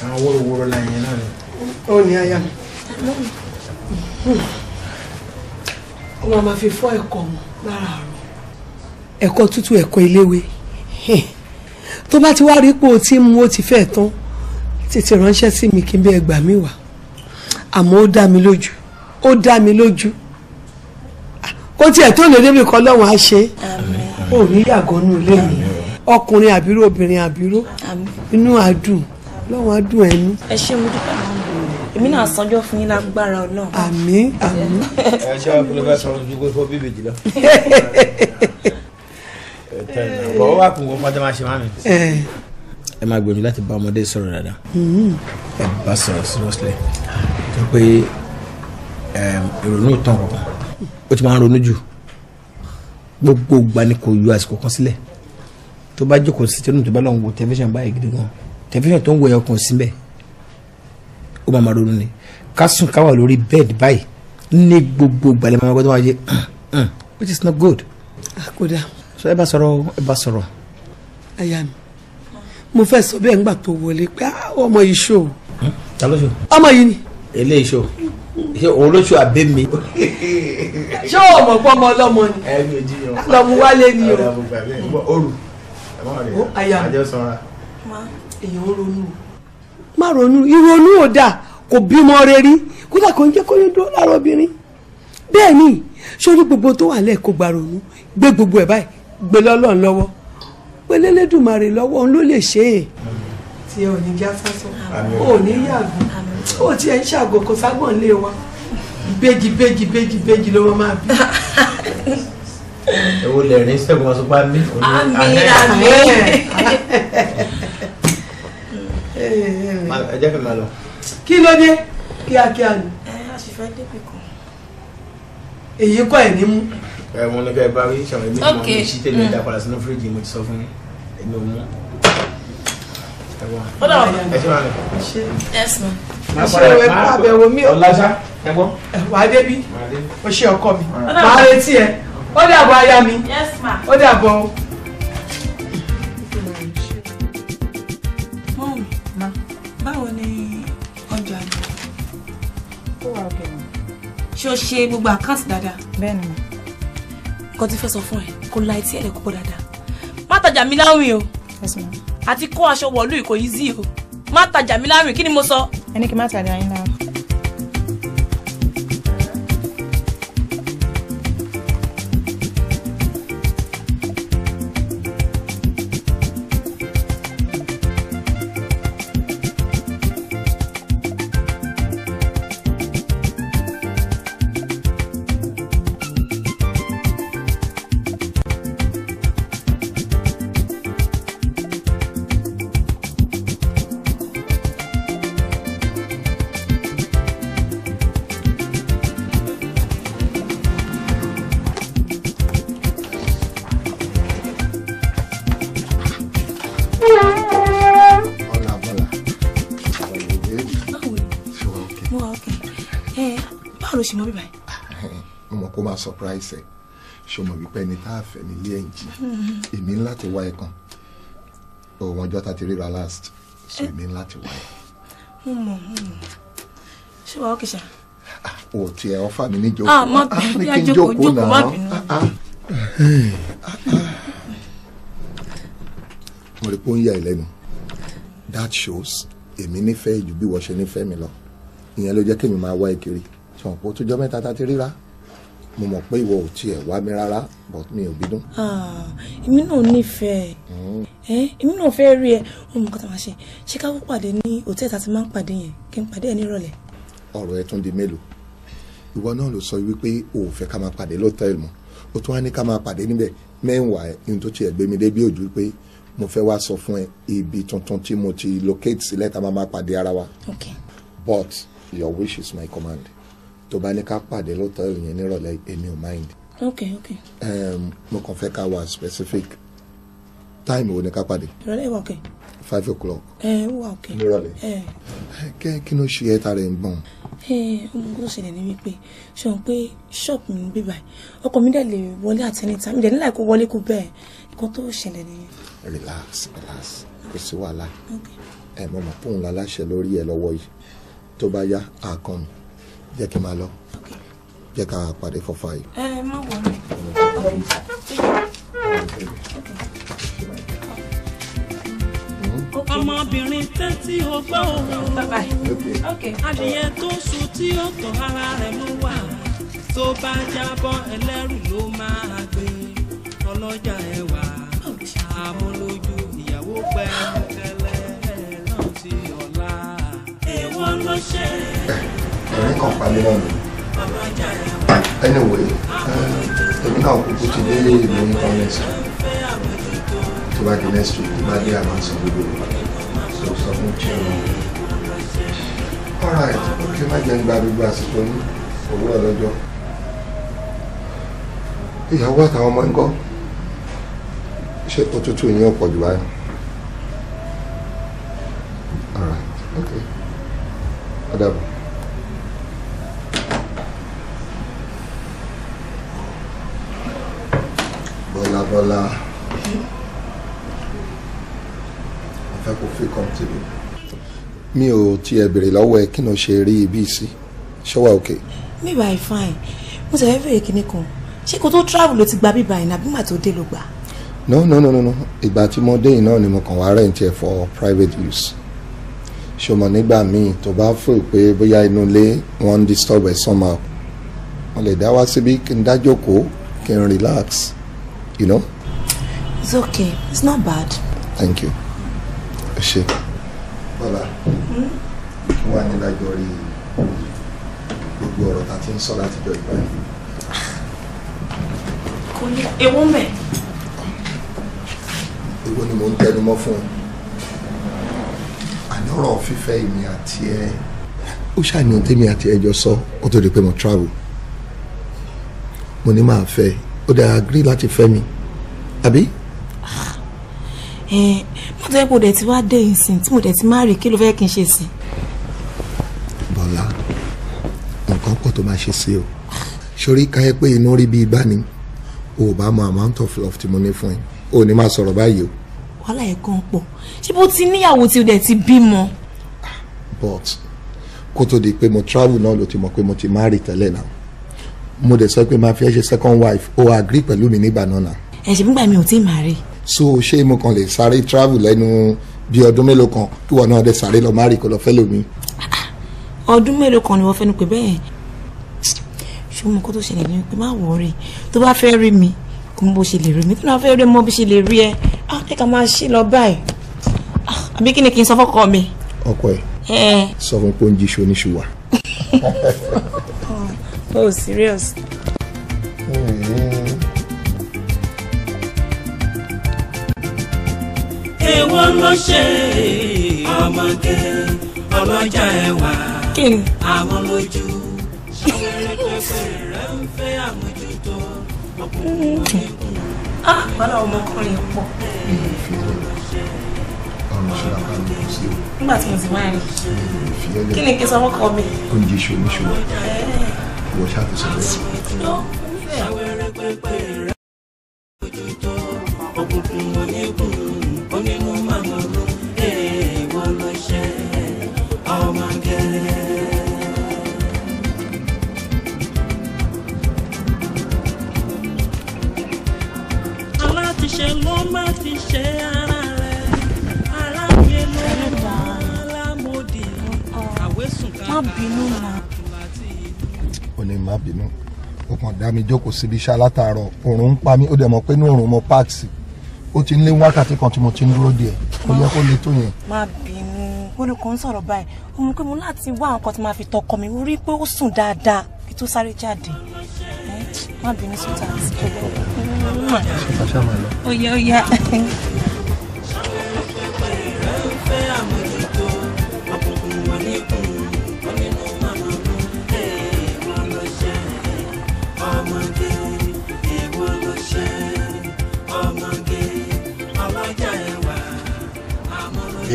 àwọn wóróworó lẹ́yìn náà ni. ó ní aya ó máa ma fi fọ́ ẹ̀kọ́ mu lára àrùn. ẹ̀kọ́ tútù ẹ̀kọ́ iléwé tó bá ti wá rí pé o ti mú o ti fẹ́ tán tètè ránṣẹ́ sí mi kí n bẹ́ẹ̀ gbà mí wá àmọ́ ó dá mi lójú ó dá mi lójú kó tiẹ̀ tó lè débi kan lọ́wọ́n á ṣe é ò ní yàgò nù ilé mi ọkùnrin àbíró obìnrin àbíró inú àdùn lọ́wọ́ àdùn ẹnu. ẹ ṣé mo dúpẹ́ máa ń bọ̀ èmi náà sanjọ́ fún yín lágbára ọlọ́run. àmín àmín. ẹ ṣe àpèlè bá sọ̀rọ̀ ju gbogbo bíbè jì lọ. bọ̀wọ́ wà kún gbogbo ọmọdé máa ṣe máa mi. ẹ máa gbìyànjú láti bá ọmọdé sọ̀rọ̀ dáadáa mm-hmm. ẹ bá sọ̀rọ̀ seriously tó pé ìrònú ìtàn kọ̀ọ̀kan ó ti máa ń ronú jù gbogbo ìgbà ni kò yọ àsìkò kan sílẹ̀ tó bá jókòó sí tẹnu tó bá lọ́n wo tẹlifíṣàn báyìí gidi gan tẹlifíṣàn tó ń wo ẹyọ kan síbẹ̀ ó máa ma ronú ni ká sùn ká wà lórí bẹ́ẹ̀dì báyìí ní gbogbo ìgbà lè máa gbọ́dọ̀ mm, mm, which is not good. àkódà. Ah, sọ ẹ bá sọ̀rọ̀ ẹ bá sọ̀rọ̀. àyà mi mo fẹ́ sọ bẹ́ẹ̀ ńgbà tó wọlé pé ah, ọmọ yìí ṣó. Hmm? ta ló ṣó. ọmọ yìí ni. eléyìí ṣó òun ló ṣe àbẹ mi. ṣé o mọ̀ pọ́ ọmọ ọlọ́mọ ni lọ́mú wálé ni o. àyà èèyàn ronú. má ronú ìrònú ò dáa kò bímọ rẹ rí kódà kò ń jẹ́ kó yín dúró lára obìnrin bẹ́ẹ̀ ni sórí gbogbo tó wà lẹ́ẹ̀kọ́ gba ronú gbé gbogbo ẹ̀ báyìí gbé lọ́lọ́run lọ́wọ́ pé lẹ́lẹ́dùnmarè lọ́wọ́ òun ló lè ṣe é tí ẹ ò ní já sásán ò ní yàgò ó ti ẹ ń ṣàgò kò ságbọ̀n lé wa bẹ́jì bẹ́jì bẹ́jì bẹ́jì ló wọ́n máa bí. ẹ wo lè rí sẹ́gun wọn sọ pé àmì òní àmì àmì. ẹ jẹ́ kí n máa lọ. kí ló dé kíákíá ni. ẹ a sì fẹ́ débi kan. èyí kọ́ ẹ̀ ní mú. ẹ wọn ní kẹ́ ẹ bá rí sọ̀rọ̀ èmi mọ̀ ní sí tèmi padà sínú fíríjì mo ti sọ fún yín èmi ò mú ọ̀dà ọ̀ṣẹ́ àbẹ̀wò mi ò wà débi ó ṣe ọkọ mi màá retí ẹ ó dàbọ̀ aya mi ó dàbọ̀ o. báwo ni ọjà lọ. ó wà òkè mọ. ṣé o ṣe gbogbo àkáǹtì dáadáa. bẹ́ẹ̀ni ma. nǹkan tí fẹ́ sọ fún ẹ kó la etí ẹ̀ lẹ́kọ̀ọ́ dáadáa má tajà mí láwìn o. ẹ sọ ma àti kó aṣọ wọ̀lú ìkòyí zí o má tajà mí láàrin kí ni mo sọ. ẹni kí n má tajà yín láàrin. máa surprise ẹ̀ ṣọmọ wípé ẹni tá a fẹ́ nílé ẹ̀ ń jí èmi ńlá ti wá ẹ kan òun ọjọ́ tá ti ríra last so èmi ńlá ti wá ẹ. mo mọ̀ mo mọ̀ ṣé wàá kìsà. Ah, o tiẹ̀ ọfà mi níjókòó ah má bínú ah, yá jókòó jókòó má bínú. Ah, mo rí pé ó ń yà ẹ́ lẹ́nu that shows èmi nífẹ̀ẹ́ ju bí wọ́n ṣe nífẹ̀ẹ́ mi lọ ìyẹn ló jẹ́ kí èmi máa wá ẹ kiri ṣùgbọ́n ó tún jọ mẹ́ta tá ti ríra mo mọ̀ pé ìwọ ò tiẹ̀ wá mi rárá but mi ò bínú. èmi náà nífẹ̀ẹ́ mm. ẹ èmi náà fẹ́ rí ẹ ó mọ nǹkan máa ṣe ṣé ká pàdé ní òtẹ́ẹ̀ta tí máa ń pàdé yẹn kí n pàdé ẹ nírọ̀lẹ́. ọ̀rọ̀ ẹ tún di mélòó ìwọ náà ló sọ wípé o ò fẹ́ ká máa pàdé lọ́tẹ̀ẹ̀lì mọ́ o tún wá ní ká máa pàdé níbẹ̀ mẹ́wàá ẹni tó tiẹ̀ gbé mi dé òjú pé mo fẹ́ wá sọ fún ẹ ibi tuntun tí mo ti locate sílẹ̀ tá máa máa pàdé ara wa. but your wish is my command tó bá ní ká pàdé lọ́tọ́ọ̀lì yẹn nírọ̀lẹ́ èmi ò mind. ok ok. mo kàn fẹ́ ká wà specific time wo ni ká pàdé. ìrọ̀lẹ́ wà ok. five o'clock. ẹ ó wà ok. nírọ̀lẹ́. kẹ́ kí ló ṣe ẹ́ ta rẹ̀ ń gbọ̀n. ọmọ ogun ṣẹlẹ̀ ní wípé ṣọ̀n pé ṣọ́ọ̀pù mi bí báyìí ọkọ mi dẹ̀ lè wọlé àti níta mi dẹ̀ nílà wọlé kó bẹ́ẹ̀ nǹkan tó ṣẹlẹ̀ nìyẹn. relax relax kò sí wàhálà ẹ mọ̀ mọ̀ pòun láláṣẹ lórí ẹ lọ́wọ́ yìí tó bá yá àkànnù jẹ́ kí n máa lọ jẹ́ ká pàdé for five. ẹ má wọlé. ọmọbìnrin tẹ́ tí o gbọ́ òun adìyẹ tó sùn tí ó tọ̀ ara rẹ̀ ló wà tó bá jábọ́ ẹlẹ́rù ló máa gbé ọlọ́jà ẹwà àmúlójú ìyàwó pẹ́ẹ́kẹ́lẹ́ náà ti ọ̀la èèwọ̀ ló ṣe é ọkùnrin kan pa mí náà ni anyway eh, èmi náà kúkú ti dé ìlú To kọ́lẹ́sì tó next week tó bá dé àmà sọ gbogbo so sọ fún chairman alright ok má jẹ́ ń gba gbogbo àsìkò ní òwúrọ̀ lọ́jọ́ ìyàwó àtàwọn ọmọ ń gọ́ ṣé òtútù yín ọ̀pọ̀ jù báyìí alright ok ó Bọ́lá mo fẹ́ kó fi kàn tèmi. mi ò tiẹ̀ béèrè lọ́wọ́ ẹ kí n ò ṣe rí ibi sí ṣọ́wà òkè. mi bá ẹ fine mo sì fẹ́ fèrè kinní kan ṣé kó tó travel ló ti gba bíbá yìí nàbí màá tó dé ló gbà. no no no no ìgbà tí mo dé yìí náà ni mo kàn wá rẹ̀ǹtì ẹ̀ for private use ṣùgbọ́n nígbà míì tó bá fò pé bóyá inú ilé wọ́n ń disturb ẹ̀ somehow wọ́n lè dá wá síbí kí n dá jókòó kí n relax you know. it's okay it's not bad. thank you ẹ ṣe. bọ́lá hmm? kí wàá ní lájọ rí gbogbo ọ̀rọ̀ tá a ti ń sọ látijọ́ ìgbà yìí. kò ní ewu mẹ́. ewu ni mo ń tẹnu mọ́ fún un àní ọ̀rọ̀ fífẹ́ èmi àti ẹ ó ṣàníyàn tèmi àti ẹjọ́ sọ ó tó di pé mo travel mo ní máa fẹ́ ó dẹ̀ agree láti fẹ́ mi àbí. ẹ ah, eh, mo tẹ́ kó dẹ̀ ti wá dé ìsìn tí mo dẹ̀ ti máa rí kí ló fẹ́ kí n ṣe sí. bọ́lá nǹkan pọ̀ tó máa ṣe sí o sórí káyẹ pé inú rí bíi gbá ni o ò bá mọ amount of love tí mo ní fún ẹ o ò ní máa sọ̀rọ̀ báyìí o. wàhálà ẹ̀ gan pọ̀ ṣé bó ti níyàwó tí o dẹ̀ ti bímọ. but kó tó di pé mo travel náà ló ti mọ̀ pé mo ti máa rí tẹ́lẹ̀ náà mo dẹ̀ sọ pé máa fi ẹ́ ṣe second wife ó agree pẹ̀lú mi nígbà náà nà. ẹ ṣe nígbà mi ò tí ì máa rí. so ṣé mo kàn lè sáré travel lẹ́nu bíi ọdún mélòó kan kí wọn náà dẹ̀ sáré lọ má rí kó lọ fẹ́ lómi. Ah, ọdún mélòó kan ni wọ́n fẹ́nu pé bẹ́ẹ̀ ṣùgbọ́n mo kó tó ṣẹlẹ̀ ní pé má worry tó bá fẹ́ rí mi kó mo bó ṣe lè rí mi tó náà fẹ́ rí mọ́ bí ṣe lè rí ẹ ah ẹ kà máa ṣí lọ báyìí ah, àbí kí ni kí n sọ fọ́kọ mi. ọkọ ẹ sọ fún pé ó ń jí ṣoníṣùwà. oh serious. Mm-hmm. èwo ló ṣe ọmọge ọlọ́jà ẹ̀wà àwọn lójú ṣàpẹrẹpẹrẹ rẹ ń fẹ́ àmójútó ọkùnrin mm-hmm. ọ̀dẹ́kùn. ah wàhálà nígbà tí mo ti máa rìn mm-hmm. kí ni kí n sanwó kọ mi. oúnjẹ ṣòwò ṣòwò wọ́n ṣáàtì sọ̀rọ̀. òkùnkùn onígun onínú bínú náà má bínú ó kàn dá mi jókòó síbi iṣẹ́ látàárọ̀ òòrùn ń pa mí ó dẹ̀ mọ̀ pé ní òòrùn mo páàkì ó ti ń lé wákàtí kan tí mo ti ń dúró díẹ̀ kò yẹ kó le tó yẹn. má bínú olùkọ́ ń sọ̀rọ̀ báyìí ó mú pé mo láti wá nǹkan tí máa fi tọkọ mi rí pé ó sùn dáadáa kí tó sáré jáde má bínú sọ́tà àti kò ó yá ó yá.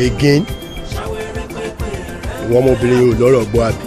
again ìwọ ọmọbìnrin yóò lọ́rọ̀ gbọ́ àbí.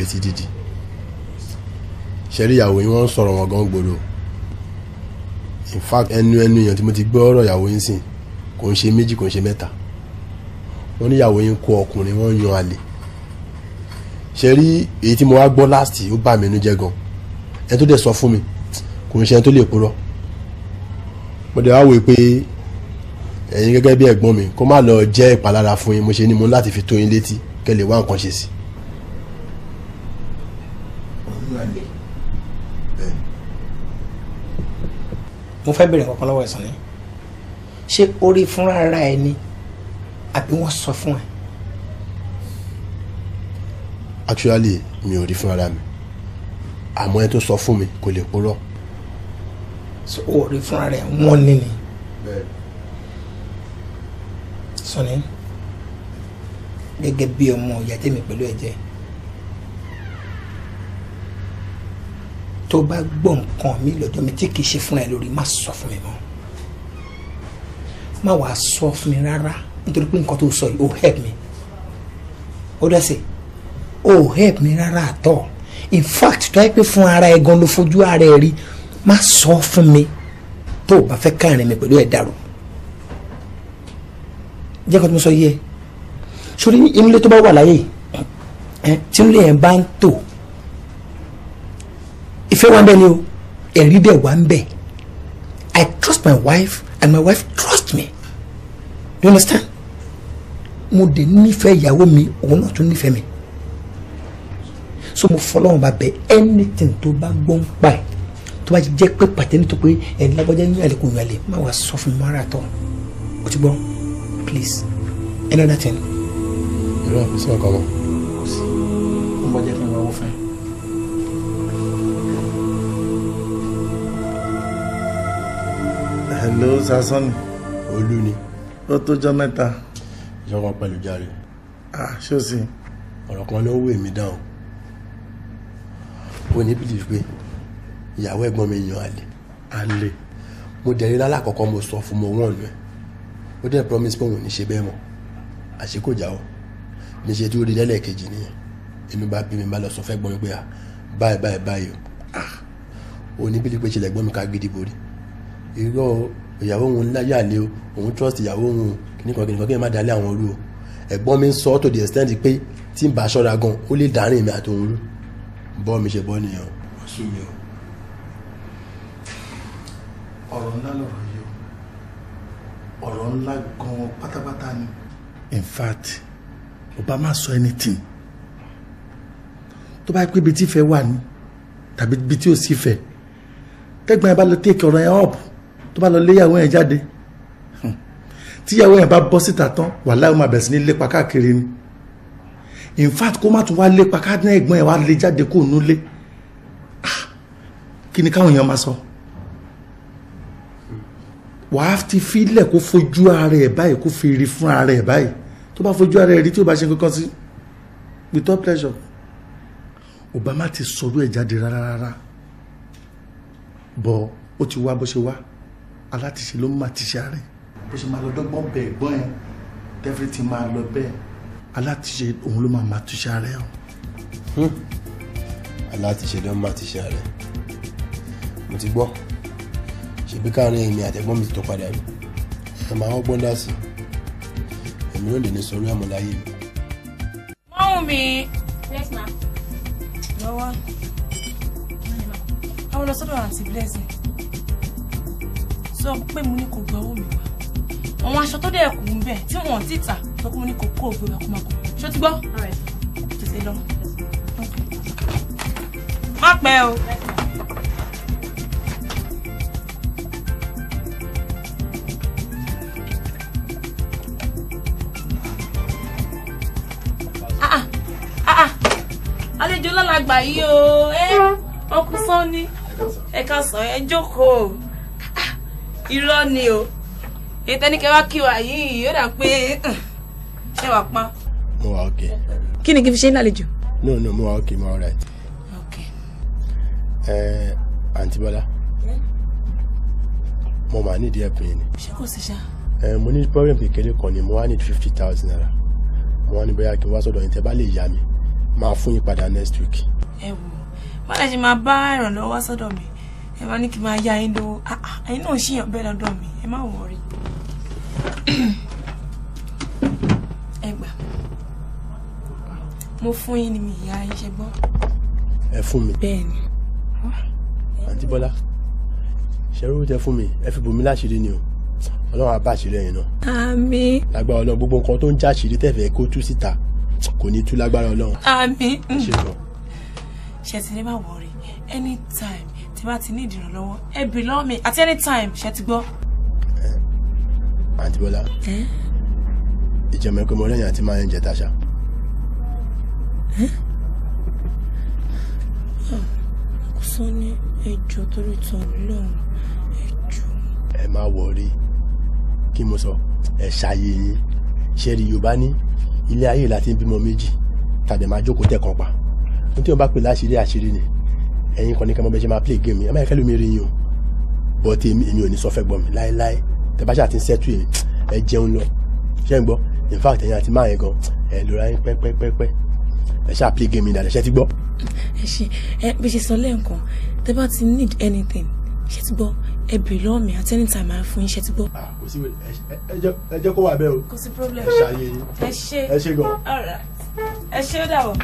àbẹ́sí dídì ṣẹ́rí ìyàwó yín wọ́n ń wọn gan gbòòrò in fact ẹnu ẹnu èèyàn tí mo ti gbọ́ ọ̀rọ̀ ìyàwó yín sìn kò ń ṣe méjì kò ń ṣe mẹ́ta wọ́n ní ìyàwó yín kó ọkùnrin wọ́n yan àlè ṣẹ́rí èyí tí mo wá gbọ́ last ó bà mí inú jẹ́ gan ẹni tó dẹ̀ sọ fún mi kò ń ṣe ẹni tó lè purọ́ mo dẹ̀ wá wò pé ẹ̀yin gẹ́gẹ́ bí ẹ̀gbọ́n mi kó má lọ jẹ́ ìpalára fún yín mo ṣe ní mo láti fi tó yín létí kẹ́ wá nǹkan ṣe sí i mo fẹ́ bèrè ọ̀kan lọ́wọ́ ẹ̀sán ni ṣé o rí fúnra ara ẹ ni àbí wọ́n sọ fún ẹ. actually mi ò rí fúnra ara mi àmọ́ ẹni tó sọ fún mi kò lè purọ́. so o rí fúnra rẹ wọ́n ní ni. sọ ni gẹ́gẹ́ bí ọmọ ìyá tèmi pẹ̀lú ẹ̀jẹ̀ tó bá gbọ́ nǹkan mi lọ́jọ́ mi tí kìí ṣe fúnra ẹ lórí má sọ fún mi mọ́ má wàá sọ fún mi rárá nítorí pé nǹkan tó sọ yìí ó help mi ó dẹ́sẹ̀ ó help mi rárá àtọ̀ in fact tó yẹ pé fún ara ẹ gan ló fojú ara ẹ rí má sọ fún mi tó o bá fẹ́ káàrin mi pẹ̀lú ẹ̀ dàrú jẹ́ kó tó sọ yìí ẹ sórí inú ilé tó bá wà láyé tí ilé yẹn bá ń tò ìfẹ́ wa ń bẹ ni o ẹ̀rí dẹ̀ wá ń I trust my wife and my wife trust me do you understand mo dẹ̀ nífẹ̀ẹ́ ìyàwó mi òun náà tún nífẹ̀ẹ́ mi so mo fọlọ́run bá bẹ anything tó bá gbọ́ ń pa ẹ̀ tó bá jẹ́ pé pàtẹ́ nítorí pé ẹ̀rí lágbájá ní àlẹ́ kò yàn lè má wàá sọ fún mi mọ́ra tọ́ o ti gbọ́ please another thing. irọ́ sọ̀rọ̀ kan náà. ló sasán ni. olú ni. ó tó jọ mẹ́ta. ìjọba pẹ̀lú jàre. ah ṣó sì. ọ̀rọ̀ kan ló wù èmi dáhùn. ó ní bílíf pé ìyàwó ẹ̀gbọ́n mi yan àlè. àlè. mo dẹ̀rí lálàkọ̀kọ́ mo sọ fún mo wọ́n lu ẹ̀ ó dẹ̀ promise pé òun ò ní ṣe bẹ́ẹ̀ mọ́ àṣekòjà o níṣẹ́ tí ó di lẹ́lẹ́kejì nìyẹn inú bá bí mi bá lọ sọ fẹ́ gbọ́n mi pé à báyìí báyìí báyìí o oníbìlì pé ṣẹlẹ̀ gbọ́n mi ká gidi borí irọ́ ìyàwó òun láyà lé o òun trust ìyàwó òun kìnnìkan kìnnìkan kí ẹ má dalẹ̀ àwọn olú o ẹ̀gbọ́n mi ń sọ to the extent pé tí n bá ṣọ́ra gan ó lè dàárín mi àtòun rú bọ́ mi ṣe bọ́ nìyẹn ọ̀rọ̀ ńlá lọ̀rọ̀ yìí o ọ̀rọ̀ ńlá gan pátápátá ni. in fact ó bá má sọ anything tó bá pé ibi tí ìfẹ́ wà ní tàbí ibi tí ò sí ìfẹ́ tẹ́gbọ́n ẹ bá lọ take ọ̀rọ̀ yẹn up bá lọ léyàwó ẹ̀ jáde tíyàwó ẹ̀ bá bọ́ síta tán wàláhì ó máa bẹ̀rẹ̀ sí ní lépa káàkiri ni in fact kó má tún wá lépa káàdínà ẹ̀gbọ́n ẹ̀ wá lé jáde kó nulẹ̀ ah, kí ni káwọn èèyàn máa sọ wàá ti fílẹ̀ kó fojú ara ẹ̀ báyìí kó fi rí fún ara ẹ̀ báyìí tó bá fojú ara ẹ̀ rí tí ó bá ṣe kankan sí with all pleasure Obama ti sọ̀rọ̀ ẹ̀ jáde rárá rárá bọ̀ ó ti wá bó ṣe wá alátiṣe ló máa ti ṣe àárẹ̀ bó ṣe máa lọ dọ́gbọ́n bẹ̀ ẹ̀gbọ́n ẹ̀ tẹ́fẹ́ máa lọ bẹ́ẹ̀ alátiṣe òun ló máa máa ti ṣe o. Hmm. alátiṣe ló máa ti ṣe àárẹ̀ mo ti gbọ́ ṣèbí káàárín èmi àtẹ̀gbọ́n mi ti tó padà yìí ẹ̀ máa wọ́n gbọ́n dá sí èmi ò lè ní sọ orí ọmọ láyé mi. mọ́hùn mi. yes ma. lọ́wọ́. àwọn lọ sọ́dọ̀ blessing sọ pé mo ní kò gba owó mi wá àwọn aṣọ tó dẹ̀ kù ń bẹ̀ tí wọ́n ti tà sọ pé mo ní kò kó ògbó rẹ̀ kó máa kó ṣó ti gbọ́ tètè lọ má pẹ́ o. Ah, ah, ah, àlejò lọ́la gbà yí o ẹ ọkùnrin sọ ni ẹ ká sọ ẹ jókòó irọ́ ni o ètò ẹnikẹ́ wá kí wa yìí yóò dà pé eh, ṣé wàá pa. mo wà ok. kí ni kí n fi ṣe ń lálejò. no no mo wà ok mo wà right. ok. ẹ ẹ àǹtí bọ́lá mo máa ní ìdí ẹ̀bùn yẹn ni. ṣé kò sí ṣá. ẹ mo ní problem kékeré kan ni mo wá ní fifty thousand naira mo wá ní bóyá kí n wá sọ́dọ̀ yín tẹ́ bá lè yá mi máa fún yín padà next week. ẹ wò má lè ṣe máa bá ìrànlọ́wọ́ sọ́dọ̀ mi ẹ máa ní kí n máa yá yín lówó ah, ah, ẹ̀yin náà ṣìyàn bẹ́ẹ̀ lọ́dọ̀ mi ẹ má wọrí ẹ gbà mo fún yín ni mi ìyá yín gbọ́. ẹ fún mi. bẹ́ẹ̀ni. àǹtí bọ́lá ṣẹ́rú tẹ fún mi ẹ fi bòmí láṣìírí ni o ọlọ́run àbá àṣírí ẹ̀yin náà. àmín. lágbára ọlọ́run gbogbo nǹkan tó ń já àṣírí tẹ̀fẹ̀ kó tú síta kò ní tú lágbára ọlọ́run. àmín. ṣe lọ. ṣètìlẹ́ máa wọrí anytime tí bá ti ní ìdìrànlọ́wọ́ ẹ bì lọ́wọ́ mi at any time ṣe ti gbọ́. àǹtí eh, bọ́lá eh? ìjọba ẹ̀kọ́ ọmọlẹ́yìn àti máa ń jẹ tàṣà. Eh? Ah, kò sọ ní ẹjọ́ torí tán lọ́hùn ẹjọ́. ẹ má wọrí kí mo sọ ẹ ṣàyè yín ṣe rí yorùbá ní ilé ayé láti bímọ méjì tàbí máa jókòó tẹ̀kan pa nítorí wọn bá pè láṣìírí àṣírí ni ẹ̀yin kọ́ni kan mọ́ bẹ́ẹ̀ ṣe máa play game ẹ má yẹ kẹ́lẹ́ rí yín o but èmi ò ní sọ fẹ́ gbọ́ mi láéláé tẹ bá ṣáà ti ń sẹ́tù èmi ẹ jẹun lọ ṣé ń gbọ́ in fact ẹ̀yin àti máa yẹn gan ẹ lóra yín pẹ́pẹ́pẹ́pẹ́ ẹ ṣáà play game dáadáa ṣe ti gbọ́. ẹ ṣe ẹ bí ṣe sọ lẹ́ẹ̀kan tẹ bá ti need anything ṣe ti gbọ́ ẹ bèrè lọ́wọ́ mi at any time àá fún yín ti gbọ́. Ah, kò sí problem ẹ ṣe ẹ ṣe gan. ẹ ṣe ó dà wọ̀.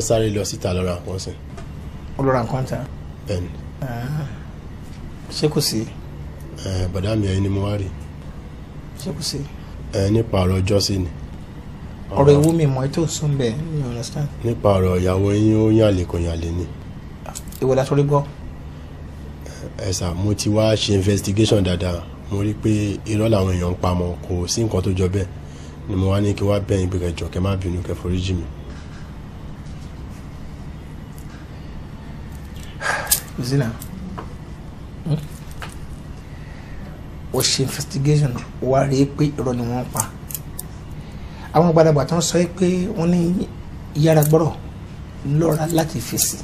wọ́n sáré lọ síta lọ́ra nǹkan sìn. olóra nǹkan tán. bẹ́ẹ̀ni. Ah. ṣé kò sí. Eh, bàdá mi ẹni mo wá rí. ṣé kò sí. Eh, nípa ọ̀rọ̀ ọjọ́ sí ni. ọ̀rọ̀ ewu mi mọ̀ ètò sùn bẹ́ẹ̀ mi understand. nípa ọ̀rọ̀ ìyàwó yín ó yàn àlè kò yàn àlè ni. ìwọ ah, la torí gbọ́. Eh, ẹ sà mo ti wá ṣe investigation dáadáa mo rí i pé irọ́ làwọn èèyàn ń pamọ́ kò sí nǹkan tó jọ bẹ́ẹ̀ ni mo wá ní kí wá bẹ́ẹ̀ gbẹ̀gẹ̀jọ kẹ́ má bínú kẹ́ foríjì mi. You see now? Hmm? Ó ṣe investigation ó wá rí i pé irọ́ ni wọ́n pa. Àwọn gbadagba tó ń sọ pé wọ́n ní yára gbọ́rọ̀ lọ́ra láti fèsì.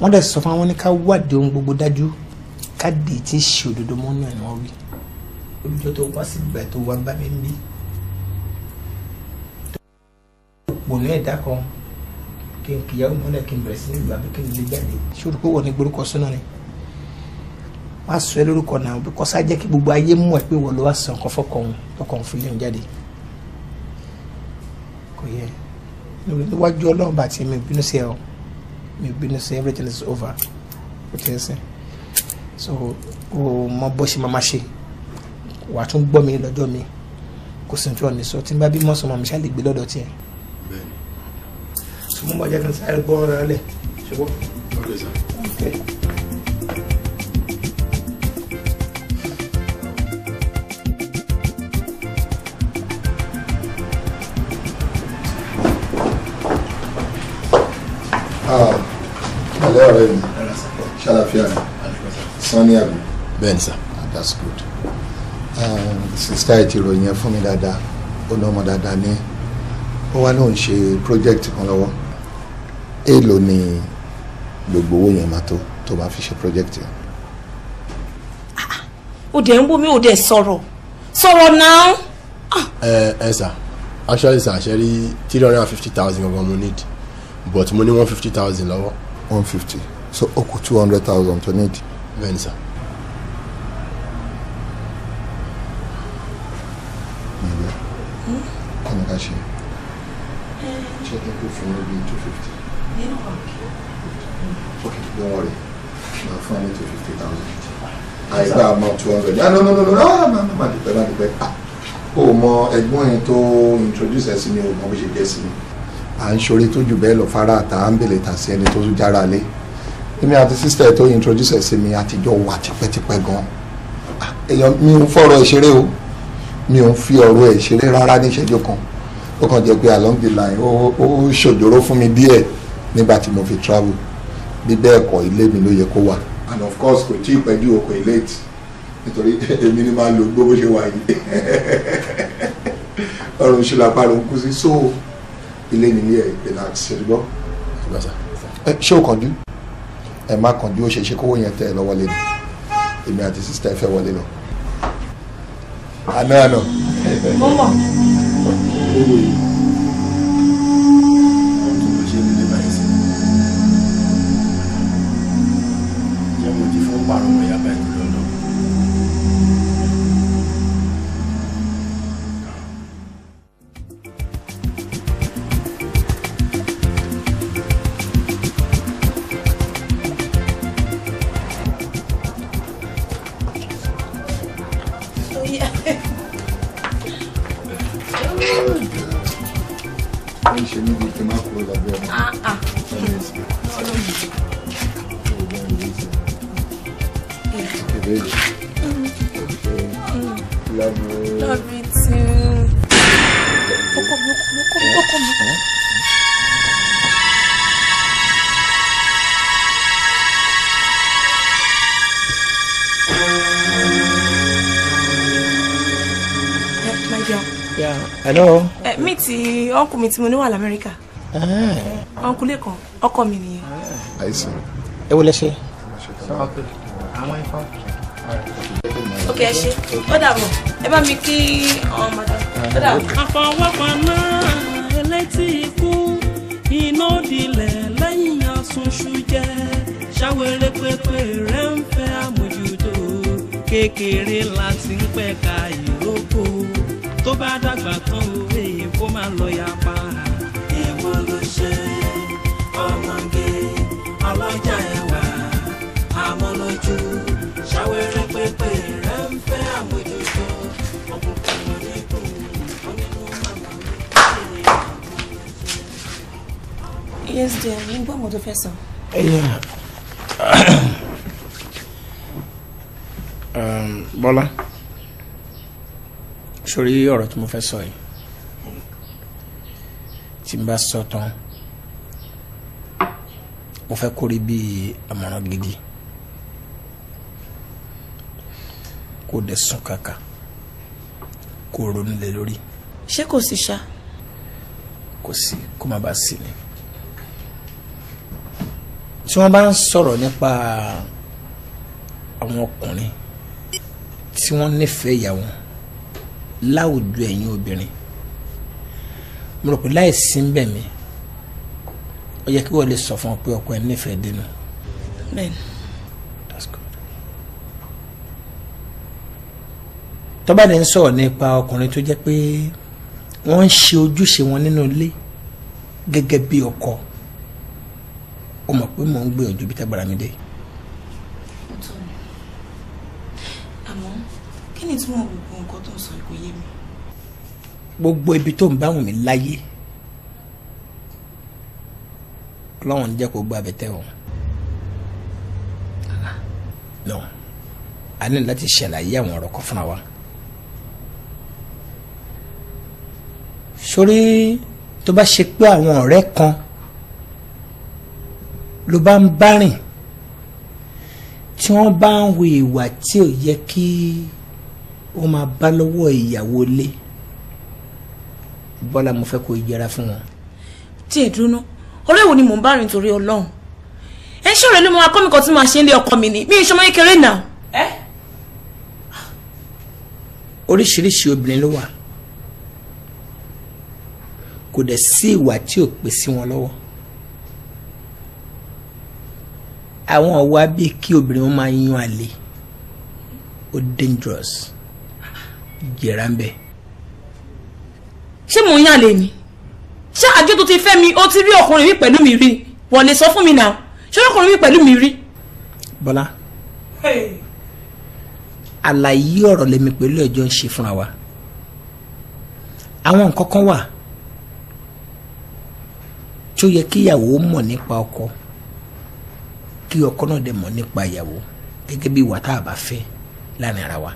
Wọ́n dẹ̀ sọ fún àwọn ní ká wádìí ohun gbogbo dájú káàdì tí ń ṣe òdodo mọ́nú ẹ̀ ni wọ́n wí. Olùjọ́ tó wá sí ìgbà tó wá bá mi ń bí. Òpònú ẹ̀dá kan kí n kìyàwó mọ́lẹ̀ kí n bẹ̀rẹ̀ sí ní ìlú àbí kí n lè jáde. ṣòro pé wọ́n ní gborúkọ sọ́nà ni wọ́n á sọ ẹ́ lórúkọ náà bí kọ́sá jẹ́ kí gbogbo ayé mọ̀ pé wọ́n ló wá sàn kọ́ fọ́kàn tọkàn fún ilé jáde kò yẹ níwájú ọlọ́run bá ti mi bínú sí ẹ o mi bínú sí everything is over ó ti ń sìn so o mọ bó ṣe máa ṣe wàá tún gbọ́ mi lọ́jọ́ mi kò sì tún ọ̀ ní sọ tí n bá bí mọ́sán mọ́ mi ṣáà lè gbé lọ́dọ̀ tiẹ̀ sùn mọ́ bàjẹ́ kí n sáré gbọ́ ọ̀rọ̀ rẹ̀ lẹ̀ ṣùgbọ́n. Alẹ́ ọ̀rẹ́ mi, ṣàlàfíà mi, sanni Ben, Bẹ́ẹ̀ni sá. That's good. Ah, Sista ẹ̀ ti ròyìn ẹ fún mi dáadáa, ó lọ́mọ dáadáa ní. Ó wá náà ń ṣe project kan èèlò ni gbogbo owó yẹn máa tó tó máa fi ṣe project yẹn. Ah, ó dẹ̀ ń wò mí ó dẹ̀ sọ̀rọ̀ sọ̀rọ̀ náà. Ah. ẹ ẹ sà actually sà ṣe rí three hundred and fifty thousand gangan mo need but mo ní one fifty thousand lọ́wọ́. one fifty so ó kù two hundred thousand tó need. bẹ́ẹ̀ ni sà. two ah, hundred no no no no no no má dúpẹ́ má dúpẹ́ ah o mọ ẹ̀gbọ́n yẹn tó introduce ẹ sí mi o mọ bó ṣe jẹ́ sí mi à ń ṣoore tó jù bẹ́ẹ̀ lọ fara àtà à ń bèlè tà sí ẹni tó tún jára lé èmi àti sísítà tó introduce ẹ̀ sí mi àtijọ́ wà tipẹ́tipẹ́ gan ah, èèyàn mi ò fọ̀rọ̀ ẹ̀ ṣeré o mi ò fi ọ̀rọ̀ ẹ̀ ṣeré rárá ní ìṣẹ́jú kan ó kàn jẹ́ pé along the line ó ṣòjòrò fún mi díẹ̀ nígbà tí mo fi travel bí bẹ́ẹ̀ kọ́ ilé mi ló yẹ kó wà. and of course kò tí ì pẹ́ ju òkò ilé tì nítorí èmi ni máa lo gbogbo ṣe wà yìí ọrùn ṣùlàpá ló ń kú sí so ilé nílé ẹ relax ṣèdúgbọ́ ṣé o kànjú ẹ má kànjú ó ṣe ṣe kówó yẹn tẹ ẹ lọ wọlé ni èmi àti sísítà ẹ fẹ́ wọlé lọ. àná àná. mo mọ̀. uncle mi tí mo ní wà lamẹ́ríkà ah. uncle lẹ́kan ọkọ mi nìyẹn. Ah. ẹ wo lẹ ok ẹ ṣe ó dàbọ̀ ẹ bá mi kí ọmọ uh, madam ó àfọwọ́pọ̀ náà elétí ikú iná òdìlẹ̀ lẹ́yìn asunṣu jẹ́ ṣàwérè pépé rẹ̀ ń fẹ́ àmójútó kékeré láti ń pẹ̀ka ìrókò tó bá dàgbà tán òwe máa lọ yapa. èwo ọmọge ọlọ́jà ẹwà amọ́lójú ṣàwẹ́rẹ́ pépè rẹ̀ ń fẹ́ àmójútó ọkùnkùn onígun onínú màmá mi kí ni yes dear mo gbọ́ mo tó fẹ́ sọ. Ehm, Bọ́lá sórí ọ̀rọ̀ tí mo fẹ́ sọ yìí tí n bá sọ tán mo fẹ́ kórè bí àmọ̀ràn gidi kó dẹ̀ sùn kàkà kó ronú lé lórí. ṣé kò sí ṣá. kò sí kó má bàa sí ni. tí wọ́n bá ń sọ̀rọ̀ nípa àwọn ọkùnrin tí wọ́n nífẹ̀ẹ́ ìyàwó láwùjọ ẹ̀yin obìnrin mo rò pé láì sí ń bẹ̀ mí ó yẹ kí wọ́n lè sọ fún ọ pé ọkọ ẹ nífẹ̀ẹ́ dínú. bẹ́ẹ̀ni. that's good. tọ́ba ni ń sọ̀rọ̀ nípa ọkùnrin tó jẹ́ pé wọ́n ń ṣe ojúṣe wọn nínú ilé gẹ́gẹ́ bí ọkọ o mọ̀ pé mò ń gbé bí tágbára mi dé. àmọ́ kí ni tí wò gbogbo ibi tó ń bá wùn mí láyé ọlọ́run jẹ́ kó gba abẹ́tẹ́ wọn. no a ní láti ṣàlàyé àwọn ọ̀rọ̀ kan fúnra wa. sórí tó bá ṣe pé àwọn ọ̀rẹ́ kan ló bá ń bá rìn tí wọ́n bá ń wo ìwà tí ò yẹ kí ó máa bá lọ́wọ́ ìyàwó ilé bọ́lá mo fẹ́ kó o yẹra fún wọn. tí ẹ dúró ọ̀rẹ́ wo ni mò ń bá rìn torí ọlọ́run ẹ ṣé ọ̀rẹ́ ló mọ akọ́ mi kan tí màá ṣe ń lé ọkọ mi ni mi ìṣọmọ kékeré náà. oríṣiríṣi obìnrin ló wà kò dẹ̀ sí ìwà tí ò pè sí wọn lọ́wọ́ àwọn ọ̀wá bíi kí obìnrin wọn máa yan àlè ó dangerous jẹ̀ra bẹ́ẹ̀ ṣé mò ń yàn lè ní ṣé àjọ tó ti fẹ́ mi ó ti rí ọkùnrin mi pẹ̀lú mi rí wọ́n lè sọ fún mi náà ṣé ọkùnrin mi pẹ̀lú mi rí. bọ́lá àlàyé ọ̀rọ̀ lèmi pẹ̀lú ẹ̀jọ́ ń ṣe fúnra wa àwọn nǹkan kan wà tí ó yẹ kí ìyàwó mọ̀ nípa ọkọ kí ọkọ náà dẹ̀ mọ̀ nípa ìyàwó gẹ́gẹ́ bí wàtá àbá fẹ́ ara wa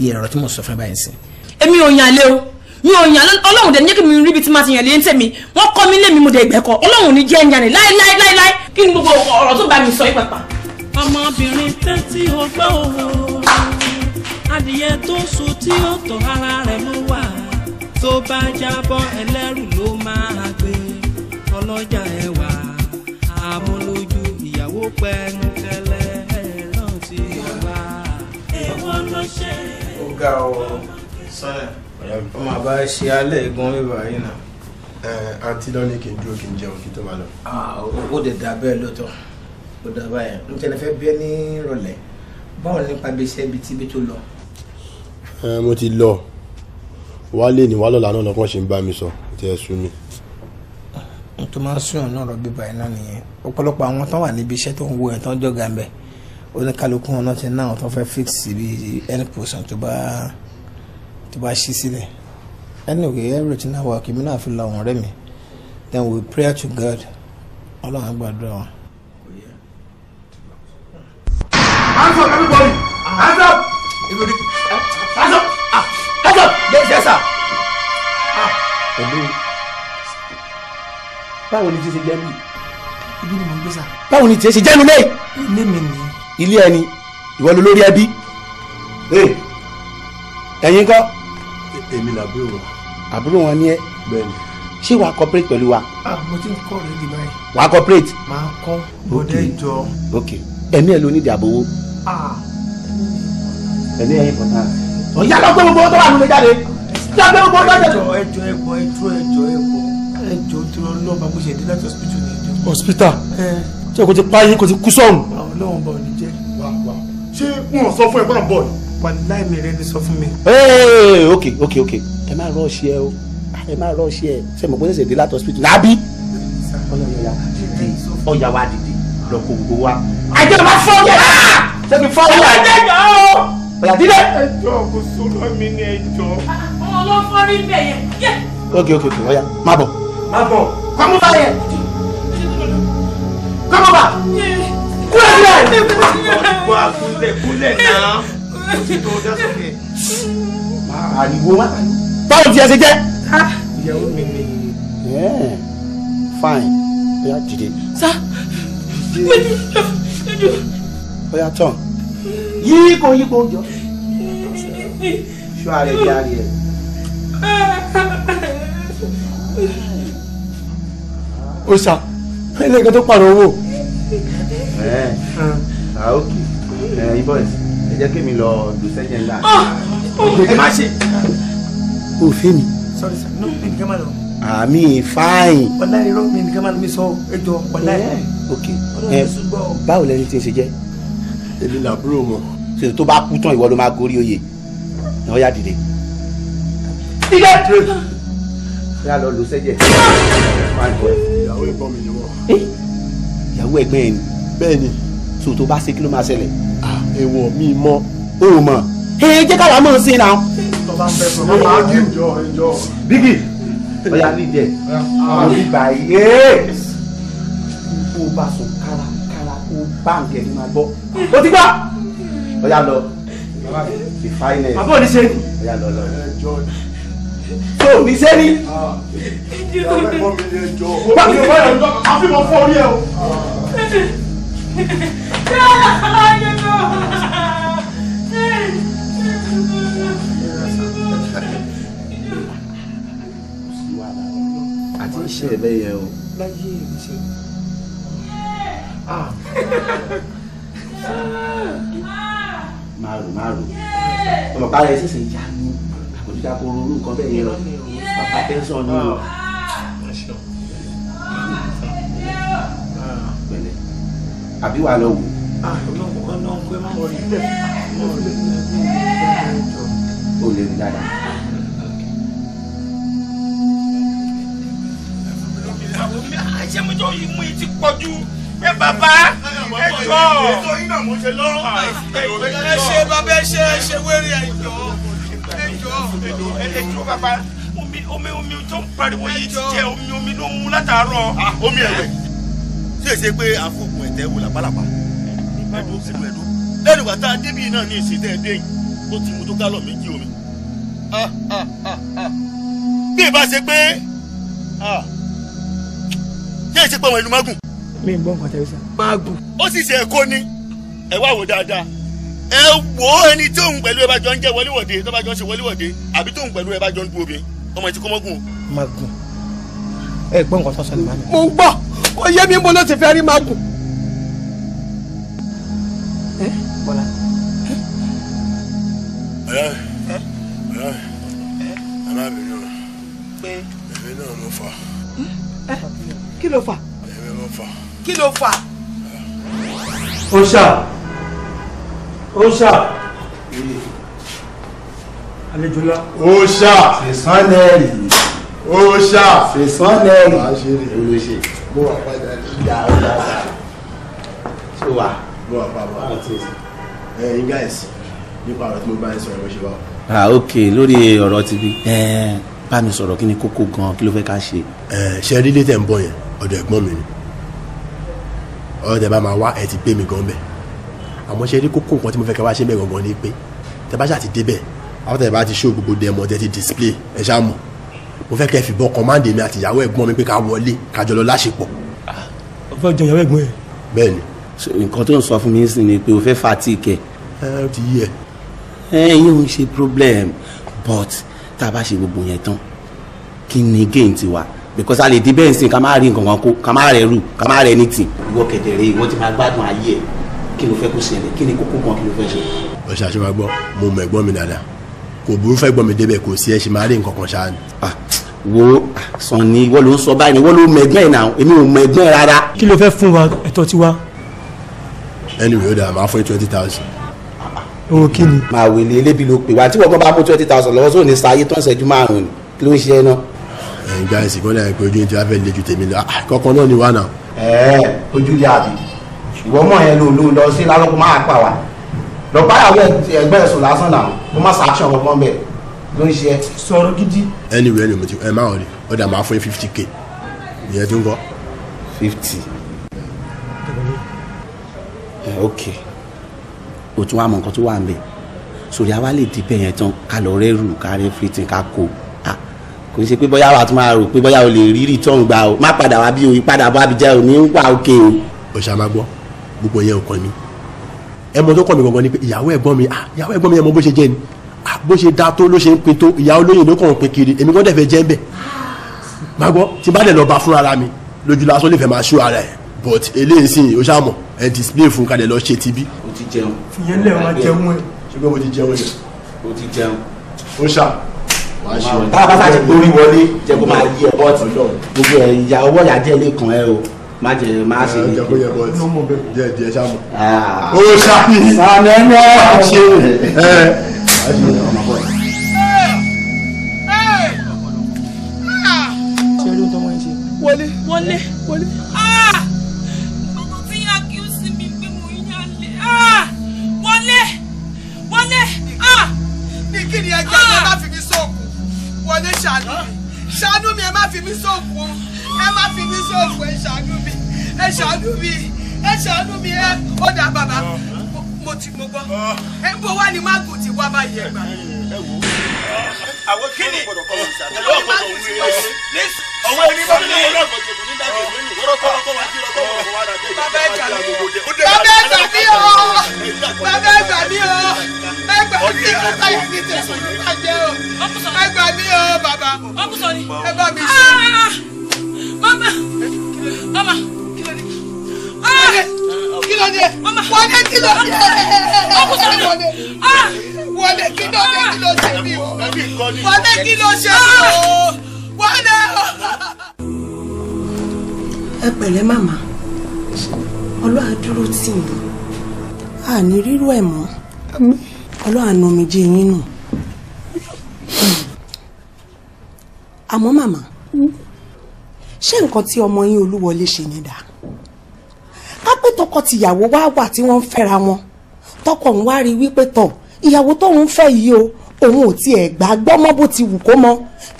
ìyẹn tí mo sọ fún ẹ báyìí sìn èmi ò yàn lé o mi ò yàn ọlọ́run dẹ̀ ní kí mi rí ibi tí ma ti yàn lé ń tẹ̀mí wọ́n kọ́ mi lé mi mo dẹ̀ gbẹ̀kọ́ ọlọ́run ní jẹ́ ń yàn ní láéláé láéláé kí ni gbogbo ọ̀rọ̀ tó bá mi sọ ìpàpà. ọmọbìnrin tẹ́tí o gbọ́ òwò adìyẹ tó sùn tí ó tọ̀ ara rẹ̀ ló wà tó bá jábọ́ ẹlẹ́rù ló máa gbé ọlọ́jà ẹwà àmúlójú ìyàwó pẹ́ńkẹ́lẹ́ ẹ̀ náà ti wà. ó ga ọ ọmọ àbá ṣe alẹ́ ìgbọ́n mi báyìí náà. ẹ àǹtí lọ́ní kì í dúró kì í jẹun kí tó máa lọ. ó dẹ̀ dà bẹ́ẹ̀ lọ́tọ̀ ó dà báyìí n tẹ́lẹ̀ fẹ́ bẹ́ẹ̀ ní ìrọ̀lẹ́ báwo nípa gbèsè ibi tíbi tó lọ. mo ti lọ wálé ní wálọ̀ lánàá lọ́kàn ṣe ń bá mi sọ tí ẹ sú mi. tó máa ń sún ọ̀nà ọ̀rọ̀ bíbá iná nìyẹn ọ̀pọ̀lọpọ̀ àwọn tán wà níbi iṣẹ́ tó ń wo ẹ̀ tán jọ̀gà ń bẹ̀ oníkálukú ọ̀nà ti náà tó fẹ́ fix ibi any position tó bá. Ba tó bá ṣí sílẹ̀ anyway everything na work èmi náà fi lọ àwọn ọ̀rẹ́ mi then we pray to God ọlọ́run gbàdúrà wọn. hands up everybody hands up everybody hands up ah hands up yes yes sir. Ah. báwo ni tí ṣe jẹ́ mi. ibi ni mo ń gbé sá. báwo ni tí ṣe jẹ́ mi lé. ilé mi ni. ilé ẹni ìwọ ló lórí ẹbí. ẹ̀yin kọ́ èmi làbúrò wọn. àbúrò wọn ni ẹ. bẹ́ẹ̀ni. ṣé wàá cooperate pẹ̀lú wa. ah mo ti ń kọ́ rẹ̀ di báyìí. wàá cooperate. máa kọ́ bọ́dẹ̀ ìjọ. ok ẹ̀mí ẹ̀ ló ní ìdàbòwò. ah ẹ̀mí ẹ̀yìn bọ̀tà. ọ̀yá lọ gbé gbogbo tó wà nílé jáde. lọ gbé gbogbo tó jáde. ẹjọ ẹbọ ẹjọ ẹjọ ẹbọ ẹjọ tí wọn lọ bá bó ṣe dé láti hospital ní ìjọ. hospital ṣé kò ti pa yín kò ti kú sọ́run. àwọn ọlọ́run bọ̀ ní jẹ́. ṣé wọn sọ fún ẹ wàláì mi rẹ ni sọ fún mi. ok ok ok ẹ má rọ ṣe ẹ o ẹ má rọ ṣe ẹ ṣe mọ̀ pé ṣẹ̀ṣẹ̀ dé láti hospital nàbí. ọ̀yà wa dìde lọ kó gbogbo wa. àjẹ́ ma fọ́ yẹ náà. ṣé fi fọ́ yẹ. ẹ jẹ́ jọ o. ọ̀yà dídẹ. ẹjọ́ kò sọ̀rọ̀ mi ní ẹjọ́. ọmọ ló fọ́ ní bẹ̀ yẹn. ok ok ok ọ̀yà má bọ̀. má bọ̀ kọ́mú bá yẹ. kọ́mú bá. kúlẹ̀ kúlẹ̀. kúlẹ̀ kúlẹ̀ náà ariwo má báwo ti ẹ ṣe jẹ. Ah. ìyàwó mi ni. fine bóyá dìde. sá bóyá tán yíkó yíkó jọ ṣọ́ àrẹ jẹ́ àrẹ ó sà ilé ìgbẹ́ tó pàrọ̀ owó. ẹ eh. ẹ ah ok ibọ̀ eh, ẹ̀sìn jẹ́ kémi lọ lù sẹ́yìn ńlá. Ah! Oh, ẹ má ṣe. òfin mi. sọrí sọ ní mi nìkan máa lọ. àmì fáìn. ọ̀la irọ́ mi nìkan máa lọ mi sọ ẹjọ́ ọ̀la ẹ̀. Eh, ok ẹ eh, báwo lẹni tí ń ṣe jẹ. èmi làbúrò mọ. ṣètò tó bá kú tán ìwọ ló máa gorí oyè ní ọ̀yà dìde. dídá dúró. ṣé a lọ lù sẹ́yìn. ìyàwó ẹ̀gbọ́n mi ni wọ́n. Eh? ìyàwó ẹ̀gbọ́n ẹ̀ ni. bẹ́ẹ̀ ni. sòtò bá ṣe kí ló máa ṣẹlẹ̀. ah èèwọ̀ mi mọ o mọ. ẹ jẹ́ ká làá mọ̀ sí i náà. tọ́ba ń bẹ fún mi máa ń jọ ẹjọ. bígì ọ̀yà nídìí ẹ̀ àwọn ìgbà yìí. ikú bá sọ kárakára kó báǹkì ẹni máa gbọ́. o ti gbọ́. ọ̀yà lọ the finest. àbọ̀ ní sẹ́ni. ọ̀yà lọ lọ. tó ní sẹ́ni. ìjọba ẹ̀kọ́ mi ni ẹjọ́. wọ́n ti wọ́n ẹ̀jọ́ àfihàn fún orí ẹ̀ o. Ah àti ah. ọmọ bá rẹ ṣẹ̀ṣẹ̀ yá ni àkójúdá kó ronú nǹkan bẹ́ẹ̀ yẹn lọ bàbá tẹ́sán ni o. Ah. àbí wàá lọ wò. o ah, lè rí dáadáa. ẹ bàbá ẹ jọ ah, ẹ ṣe bàbá ẹ ṣe ẹ ṣe wẹ́rẹ́ ẹ jọ ẹ jọ ẹ jọ bàbá omi omi omi tó ń pariwo yìí ti jẹ omi omi ló ń mu látàárọ̀. Ah, omi ẹ̀wẹ̀ ṣèṣe pé àfọwọ́ tẹ wò lápálàpá ẹdú ẹdú ẹdú lẹ́nu ìgbà tá a débi náà ní ìsìn tẹ́ ẹ dé yìí ó ti mu tó gálọ̀ méjì omi bí ìbá ṣe pé ṣé ìṣe pé àwọn ìlú mágùn. mi ń gbọ́ nǹkan tẹ̀wé sá. mágùn. ó sì ṣe ẹ̀kọ́ ni ẹ wá wò dáadáa ẹ wò ó ẹni tí òun pẹ̀lú ẹ bá jọ ń jẹ́ wọléwọ̀de tó bá jọ ń ṣe wọléwọ̀de àbí tóun pẹ̀lú ẹ bá jọ ń du obìnrin ọmọ ẹ ti kó mọ́gùn. mágùn ẹ gbọ́ nǹkan tó sọ ní báyìí. mo ń gbọ́ ó yẹ mi mo ló ti fẹ́ rí mágùn. kí ló fà. ẹ̀rẹ̀ ló fà. kí ló fà. ó ṣá ó ṣá àlejò ó ṣá fẹ̀sán lẹ́rì. ó ṣá fẹ̀sán lẹ́rì. máa ṣe rè é lóṣè. bó wà padà ìyá ọ̀la wa. ṣé wà. bó wà padà wà. ẹ ẹ guys nípa ọ̀rọ̀ tí mo bá ń sọ̀rọ̀ bó ṣe bá wà. ah ok lórí ọ̀rọ̀ ti bí bá mi sọ̀rọ̀ kí ni kókó gan-an kí ló fẹ́ ká ṣe. ẹ ṣe rí létẹ̀ ń bọ̀ yẹn ọ̀dọ̀ ẹ̀gbọ́n mi ni ọ̀dọ̀ ẹ̀ bá máa wá ẹ̀ ti pé mi gan bẹ̀ àmọ́ ṣe rí kókó nǹkan tí mo fẹ́ kí wá ṣe mẹ́ gangan ni pé tẹ bá ṣáà ti débẹ̀ àwọn tẹ̀ bá ti show gbogbo dẹ̀mọ̀ tẹ ti display ẹ̀ ṣáà mọ̀ mo fẹ́ kẹ́ fìbọn kọ́mándé mi àti ìyàwó ẹ̀gbọ́n mi pé ká wọlé ká jọ lọ láṣepọ̀. o fẹ́ jọ ìyàwó ẹ̀gbọ́n ẹ̀. bẹ́ẹ̀ni. nǹkan tó ń sọ fún mi sí ni pé o fẹ́ fatigue ẹ. ẹ ti yẹ. ẹ yín ò ń ṣe problem but tá a bá ṣe gbogbo yẹn tán kí ni gain ti wà because a lè dé bẹ́ẹ̀ sìn ká má rí nǹkan kan kó ká má rẹ̀ rù ká má rẹ̀ ní tì. ìwọ kẹtẹrẹ ìwọ ti máa gbádùn ayé ẹ kí ló fẹ́ kó ṣẹlẹ̀ kí ni kókó kan kí ló fẹ́ ṣe. ọ̀sẹ̀ àti wa gbọ́ mo mọ̀ ẹ̀gbọ́n mi dáadáa kò burú fẹ́ gbọ́n mi débẹ̀ kò sí ẹ̀ ṣe máa rí nǹkan kan ṣáà ni. Ah, wo ah, sàn ni wọ́n ló ń sọ báyìí wọ́n ló mọ ẹgbẹ́ ẹ̀ náà èmi ò mọ ẹgbẹ́ ẹ̀ rárá. kí ló fẹ́ fún wa ẹ̀tọ́ tiwa. anyway ó dáa máa fún ẹ twenty thousand owó kí ni. màá wèlé elébi ló pè wá tí wọn bá mú twenty thousand lọ́wọ́ sóò ní sáyé tó ń ṣẹ́jú márùn-ún kí ló ń ṣe ẹ náà ìgbà ìsìn kan lẹ́yìn pé ojú ti wá fẹ́ le ju tèmi lọ ah, kọ́kọ́ náà ni wà náà. ẹ ojú lé àbí ìwọ mọ yẹn ló ló lọ sí lálọ́kù máa pa wá lọ báyàwó ẹgbẹ́ ẹ̀sùn lásán làwọn kó má sàṣọ kankan bẹ́ẹ̀ ló ń ṣe. sọ̀rọ̀ gidi. anyway ẹni mo ti ẹ máa rí ọ̀dà máa fún yín fifty k ìyẹn tó ń kọ́. fifty ok o tún wá mọ nǹkan tó wà ń bẹ sórí àwa lè dìbẹ̀ yẹn tán ká lọ rẹ́rù ká fìtì ká kó kò ṣe pé bóyá wàá tún máa rò pé bóyá o lè rí return gbà o má padà wá bí o ìpadà bá bí jẹ́ o ní ń wà òkè o. o ṣàmà gbọ́ gbogbo yẹn ò kàn mí ẹ mọ tó kàn mí gangan ni pé ìyàwó ẹ̀gbọ́n mi ah, ìyàwó ẹ̀gbọ́n mi ẹ mọ bó ṣe jẹ́ ni ah, bó ṣe da tó ló ṣe ń pin tó ìyàwó lóyìn ló kàn ń pin kiri èmi gbọ́dọ̀ fẹ́ jẹ́ ń máa gbọ́ tí bá dẹ̀ lọ bá fúnra ara mi lójú but eléyìí sìn o ṣàmọ̀ ẹ̀ display fún kalẹ̀ lọ ṣe ti o ti jẹun. ìyẹn lẹ́ẹ̀ máa jẹun ẹ̀ ṣùgbọ́n mo ti jẹun o ti tá a bá sáà gbórí wọlé jẹ kó máa yí ẹ bọ́ọ̀tì gbogbo ẹ ìyá owó ìyá díẹ̀ lè ẹ o má jẹ má ah, ṣe ní ìdí jẹ díẹ̀ ṣáà mọ. o ṣàní ṣàní ẹ náà ṣe ẹ. Eh. yẹ gbà mí. àwọn kí ni ọwọ́ gbọ́dọ̀ wúre ẹ ọwọ́ ẹni bá mi lọ bàbá ẹ̀jà mi bàbá ẹ̀jà mi o bàbá ẹ̀jà mi o ẹgbà mi o láyé mi tẹ̀sán ló bá jẹ́ o ẹgbà mi o bàbá ẹ bá mi ṣe. mama mama kí ló dé wọlé kí ló dé wọlé wọlé kí ló dé kí ló ṣe mí o ah! wọlé kí ló ṣe mí o wọlé o. ẹ pẹ̀lẹ́ màmá ọlọ́run dúró tì mí a ní rírú ẹ̀ mọ́ ọlọ́run àna mi jẹ́ yín nù àmọ́ màmá hmm? ṣé nǹkan tí ọmọ yín olúwọlé ṣe ni dáa ká pé tọkọ wá wà tí wọ́n ń fẹ́ra wọn tọkọ ń wá rí wípé tọ̀ ìyàwó tóun fẹ́ yìí o òun ò tiẹ̀ gbàgbọ́ mọ́ bó ti wù kó mọ́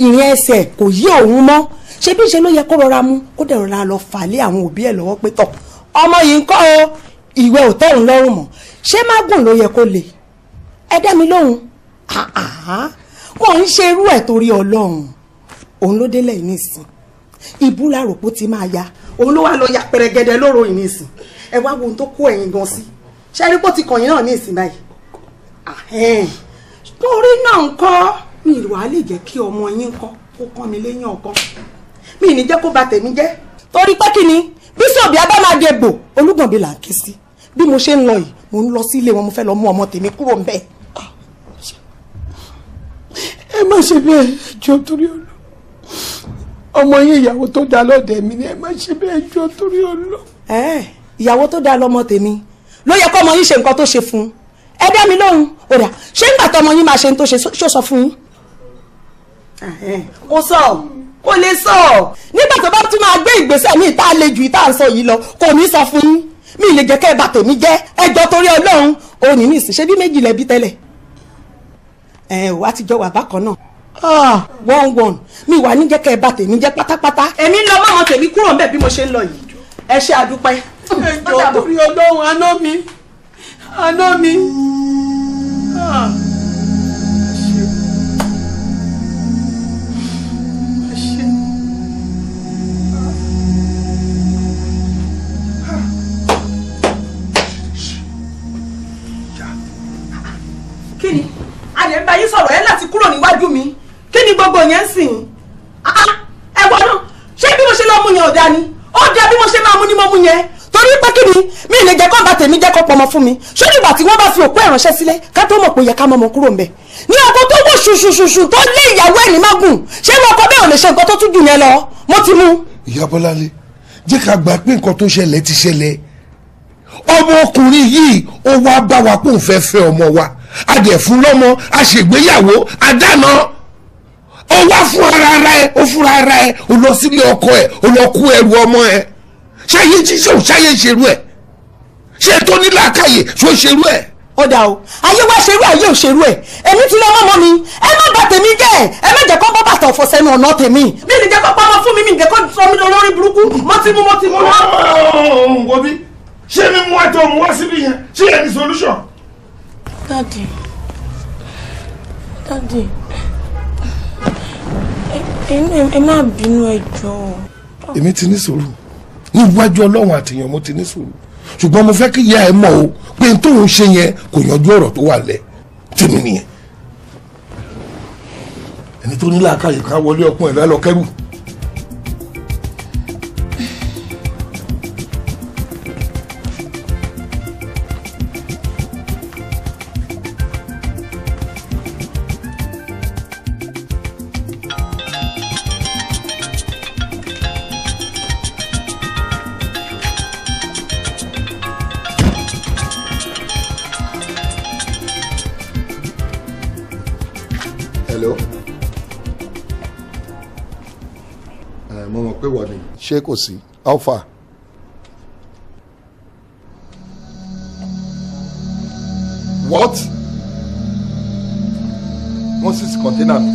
ìrìn ẹsẹ̀ kò yí òun mọ́ ṣé bí ṣe ló yẹ kó rọra mú kó dẹ̀ rọra lọ fà lé àwọn òbí ẹ̀ lọ́wọ́ pé tọ̀ ọmọ yìí ń kọ́ o ìwé ò tẹ́rùn lọ́rùn mọ́ ṣé má gùn ló yẹ kó lè ẹ dá mi lóhùn kò ń ṣe irú ẹ̀ torí ọlọ́run òun ló délẹ̀ ìnísìn ibú làrò pó ti máa ya òun ló wà lọ ya pẹrẹgẹdẹ lóró ìnísìn ẹ wá wo ohun tó kó ẹ̀yin gan sí ṣe pó ti kàn yín náà ní ìsìn báyìí Ah, torí náà nǹkan mi ìlú wa lè jẹ́ kí ọmọ yín kọ́ kó kọ́ mi léyìn ọkọ mi ì ní jẹ́ kó ba tèmi jẹ́ torí pé kí ni bíṣọ̀bù abámadébò olúgbọ̀nbi là ń ké sí bí mo ṣe ń lọ yìí mo ń lọ sí ilé wọn mo fẹ́ lọ mú ọmọ tèmi kúrò ń bẹ̀. ẹ má ṣe bẹ́ẹ̀ jọ torí ọlọ ọmọ yín ìyàwó tó dáa lọ́dẹ mi ni ẹ má ṣe bẹ́ẹ̀ jọ torí ọlọ. ìyàwó tó dáa lọmọ tèmi ló yẹ kọ́ ọmọ yín ṣe nǹkan tó ṣe fún un ẹ dá mi lóhùn òrà ṣé ń gbàtọ́ ọmọ yín máa ṣe ń tó ṣe ṣó sọ fún yín. ó sọ ó lè sọ nígbà tó bá tún máa gbé ìgbésẹ̀ ní ìta lè ju ìta sọ yìí lọ kò ní sọ fún yín mi lè jẹ́ kẹ́ ẹ bà tèmi jẹ́ ẹjọ́ torí ọlọ́run òní ní ìsìn ṣe bí méjì lẹ́bí tẹ́lẹ̀ ẹ wá ti jọ wà bákan náà ah, one one mi wà ní jẹ́ kẹ́ bá tèmi jẹ́ pátápátá. èmi ń lọ mọ́ àwọn tèmi kúrò ń bẹ̀ bí mo ṣe ń lọ yìí ẹ ṣe àdúpẹ́. ẹ torí ọlọ́run aná mi àná mi. Ah. ah. ah. kúrò níwájú mi kí ni gbogbo yẹn sìn ah, ẹ̀wọ̀n náà ṣé bí mo ṣe lọ́ọ́ mú yẹn ọ̀dà ni ó dà bí mo ṣe máa mú ni mo mú yẹn torí pé kí ni mi lè jẹ́ kọ́ bá tèmi jẹ́ kọ́ pọmọ fún mi ṣé nígbà tí wọ́n bá fi òkú ẹ̀ ránṣẹ́ sílẹ̀ ká tó mọ̀ pé yẹ ká mọ̀ mọ̀ kúrò ńbẹ̀ ní ọkọ tó wò ṣùṣùṣùṣù tó lé ìyàwó ẹ̀ ní mágùn ṣé wọn kọ bẹ́ẹ̀ ò lè ṣe nǹkan tó tún jù yẹn lọ mo ti mú. ìyá bọ́láńlé jẹ́ ká gbà pé nǹkan tó ṣẹlẹ̀ ti ṣẹlẹ̀ ọmọ ọkùnrin yìí ó wá bá wa kó fẹ́ fẹ́ ọmọ wa a dẹ̀ fún lọ́mọ a ṣègbéyàwó a dáná ó wá fún ara rẹ̀ ó fúnra rẹ̀ ó lọ sílé ọkọ ẹ̀ ó lọ kú ẹrù ọmọ ẹ̀ ṣáyé ṣíṣe ò ṣáyé ṣerú ẹ̀ ṣé tó ní làákàyè ṣó ṣerú ẹ̀. ọ̀dà o ayé wá ṣerú ayé ò ṣerú ẹ̀ èmi ti lọ mọ́mọ́ mi ẹ má bà tèmi jẹ́ ẹ̀ ẹ má jẹ́ kó bọ́ bàtà ọ̀fọ̀ sẹ́nu ọ̀nà tèmi. mi ní jẹ́ kó pamọ́ fún mi mi ní jẹ́ kó sọ mi lórí burúkú mo ti mú mo ti mú. wo bí ṣé mi mú ẹtọ mú wá síbí yẹn ṣé yẹn solution. dadi dadi ẹ má bínú ẹ jọ̀ọ́. èmi ti ní sùúrù níwájú ọlọ́run àtìyàn mo ti ní sùúrù ṣùgbọ́n mo fẹ́ kí ìyá ẹ mọ̀ o pé tó ń ṣe yẹn kò yanjú ọ̀rọ̀ tó wà lẹ̀ tèmi nìyẹn ẹni tó ní làákàyè kan wọlé ọpọ́n ẹ̀ lálọ́kẹ́rù ṣé kò sí how far. what wọ́n sì sí container mi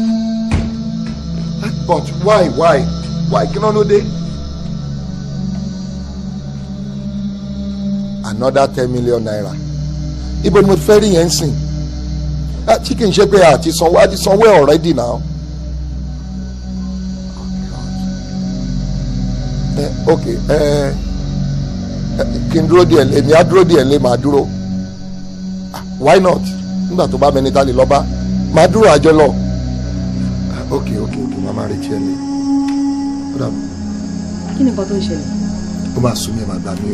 but why why why kí ló ló dé. another ten million naira ibo ni mo fẹ́ rí yẹn ń sìn tí kì í ṣe pé àti sanwó àti sanwó already now. ẹ eh, ok ẹ eh, eh, kí n dúró díẹ̀ èmi á dúró díẹ̀ lé màá dúró ah, why not nígbà tó bá mi ní ta lè lọ bá màá dúró àjọ lọ ah, ok ok ok màá máa retí ẹ lé ó dàbí. kí ni nǹkan tó ń ṣẹlẹ̀. ó máa sún mi ẹ̀ gbà mí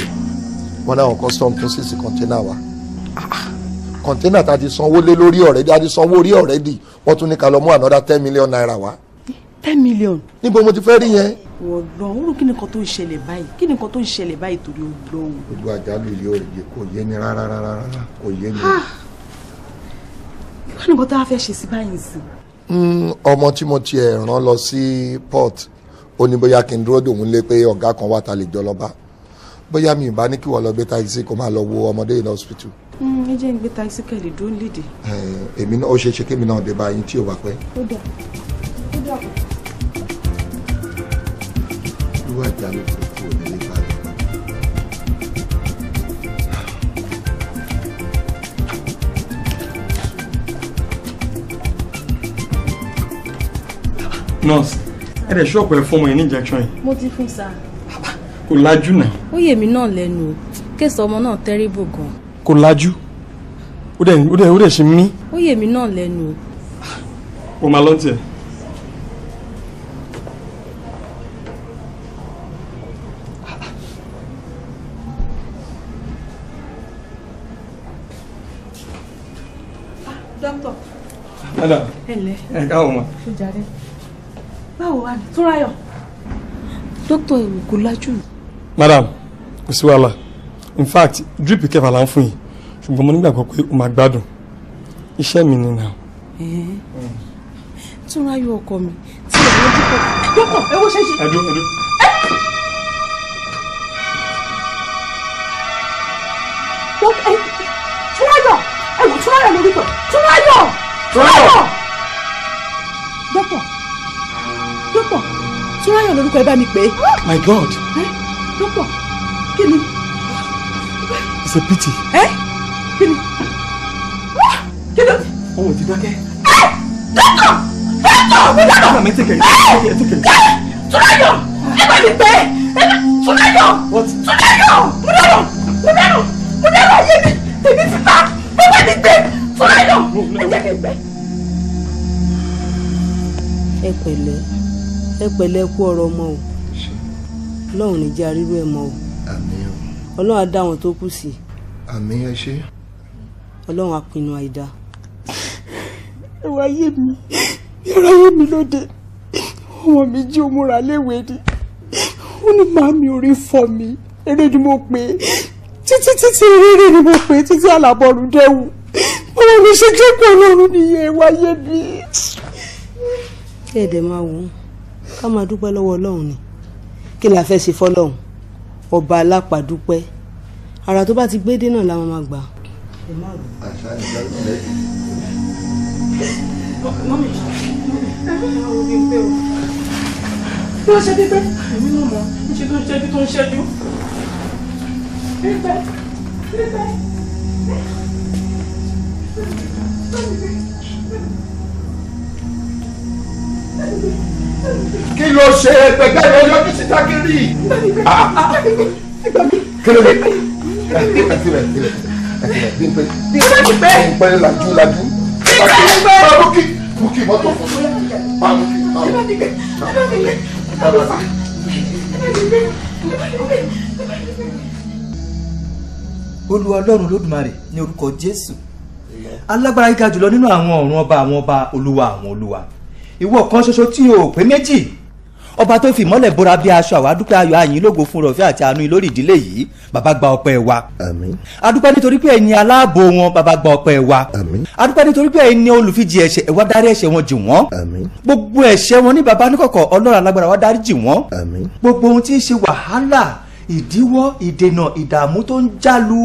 o wọn náà custom tún sí sí kọ́ńténà wa ah, Container tá a ti sanwó lé lórí ọ̀rẹ́dì a ti sanwó orí ọ̀rẹ́dì wọ́n tún ní ká lọ mú another ten million naira wa ten million. níbo mo ti fẹ́ rí yẹn. wọ́n orú kí ni nǹkan tó ń ṣẹlẹ̀ báyìí kí ni nǹkan tó ń ṣẹlẹ̀ báyìí torí Ọlọ́run. gbogbo àjálù ilé ọ̀rẹ́ yẹ kò yé ni rárá rárá rárá kò yé ni. ìwọ ni nǹkan tá a fẹ́ ṣe sí báyìí sí. Hmm, ọmọ tí mo tiẹ̀ rán lọ sí port ó ní bóyá kí n dúró dòun lé pé ọ̀gá kan wà ta lè jọ lọ́ba bóyá mi ì bá ní kí wọ́n lọ gbé táìsì kó máa lọ wo ọmọdé yìí ní hospital hmm, ẹ jẹ́ ń gbé taxi kẹ̀lé dúró lédè. èmi náà ó ṣe é ṣe kémi náà dé bá yín tí ò bá pẹ́. ó dà ó dà irú àjálù burúkú ò ní lè bá mi. nurse ẹ dẹ̀ ṣọ́ọ̀pù ẹ fún ọmọ yẹn ní injection yìí. mo ti fún sa. kò lajú náà. ó yè mí náà lẹ́nu o kéèsì ọmọ náà tẹ́rìbù gan. kò lajú ó dẹ̀ ṣe mí. ó yè mí náà lẹ́nu o. o máa lọ́ntì ẹ̀. madam ẹ káwọn ma. báwo wà ní túnráyọ̀. dókítà ìwò kò lajú. madam kò sí wàhálà in fact drip kẹfà là ń fún yìí ṣùgbọ́n mo nígbàgbọ́ pé o máa gbádùn iṣẹ́ mi ni náà. túnráyọ̀ ọkọ mi tí ìyàwó dúpọ̀ dúpọ̀ ẹ wo ṣe é ṣe. ẹ dúró ẹ dúró. Túnráyọ̀ ẹ wò Túnráyọ̀ lórúkọ Túnráyọ̀ dókítà dókítà Súráyọ̀ lórúkọ ẹ bá mi pè é. Ah! my god. dókítà kí ni. it's a pity. ẹ kí ni ah! kí ló. ọmọ oh, ti dákẹ́. ẹ dókítà dókítà mi dáná. ọmọ mi ti kẹ̀lé ẹ ti kẹ̀lé. Súráyọ̀ ẹ bá mi pè é Súráyọ̀ Súráyọ̀ mo dáná mo dáná mo dáná ayé mi tèmi ti ta ẹ bá mi pè é fúnra lọ ẹ jẹ́ kí n gbẹ. ẹ pẹ̀lẹ́ ẹ pẹ̀lẹ́ kú ọ̀rọ̀ ọmọ o ọlọ́run ní jẹ́ arírú ẹ̀ mọ́ o ọlọ́run á dá àwọn tó kù sí. I ẹ ṣe. ọlọ́run á pinnu àìda. ẹwà ayé mi yàrá ayé mi lóde ọmọ mi jí òmùra léwe ni ó ní màámi orí fọ mi eré ni mo pè é títí títí rírì ni mo pè é títí àlàbọ̀rù dẹ́wù ọ̀rọ̀ mi ṣe jẹ́ pé ọlọ́run nìyẹn wáyé bí. ẹ̀ẹ́dẹ̀ máa wò ká máa dúpẹ́ lọ́wọ́ ọlọ́run ni kí la fẹ́ ṣe fọ́lọ́run ọba alápàdúpẹ́ ara tó bá ti gbé dé náà la máa gbà. Kí ló ṣe pípẹ́? Èmi náà mọ̀, ń ṣe tó ń ṣẹ́jú tó ń ṣẹ́jú. Pípẹ́, pípẹ́ kí ló ṣe ẹgbẹgbẹ rẹ yọjú síta kiri. Ah, ah. kí ló dé bímpé lajú lajú báwo kí bukí mọ́tò fún mi báwo kí báwo kí báwo kí. olú ọlọ́run lódùmarè ní orúkọ jésù alágbára gíga jùlọ nínú àwọn ọ̀run ọba àwọn ọba olúwa àwọn olúwa ìwọ kan ṣoṣo tí o pé méjì ọba tó fi ìmọ́lẹ̀ bóra bí aṣọ àwa dúpẹ́ ayọ̀ àyìn lógo fún rọ̀fẹ́ àti àánú lórí ìdílé yìí bàbá gba ọpẹ́ wa. àmín. adúpẹ́ nítorí pé ẹ̀yin aláàbò wọn bàbá gba ọpẹ́ wa. àmín. adúpẹ́ nítorí pé ẹ̀yin olùfíjì ẹ̀ṣẹ̀ ẹ̀wá dárí ẹ̀ṣẹ̀ wọn jì wọ́n. àmín. gbogbo ẹ̀ṣẹ̀ wọn ní bàbá níkọ̀kọ̀ ọlọ́run alágbára wa dárí jì wọ́n. gbogbo ohun tí ń ṣe wàhálà ìdíwọ́ ìdènà ìdààmú tó ń jálu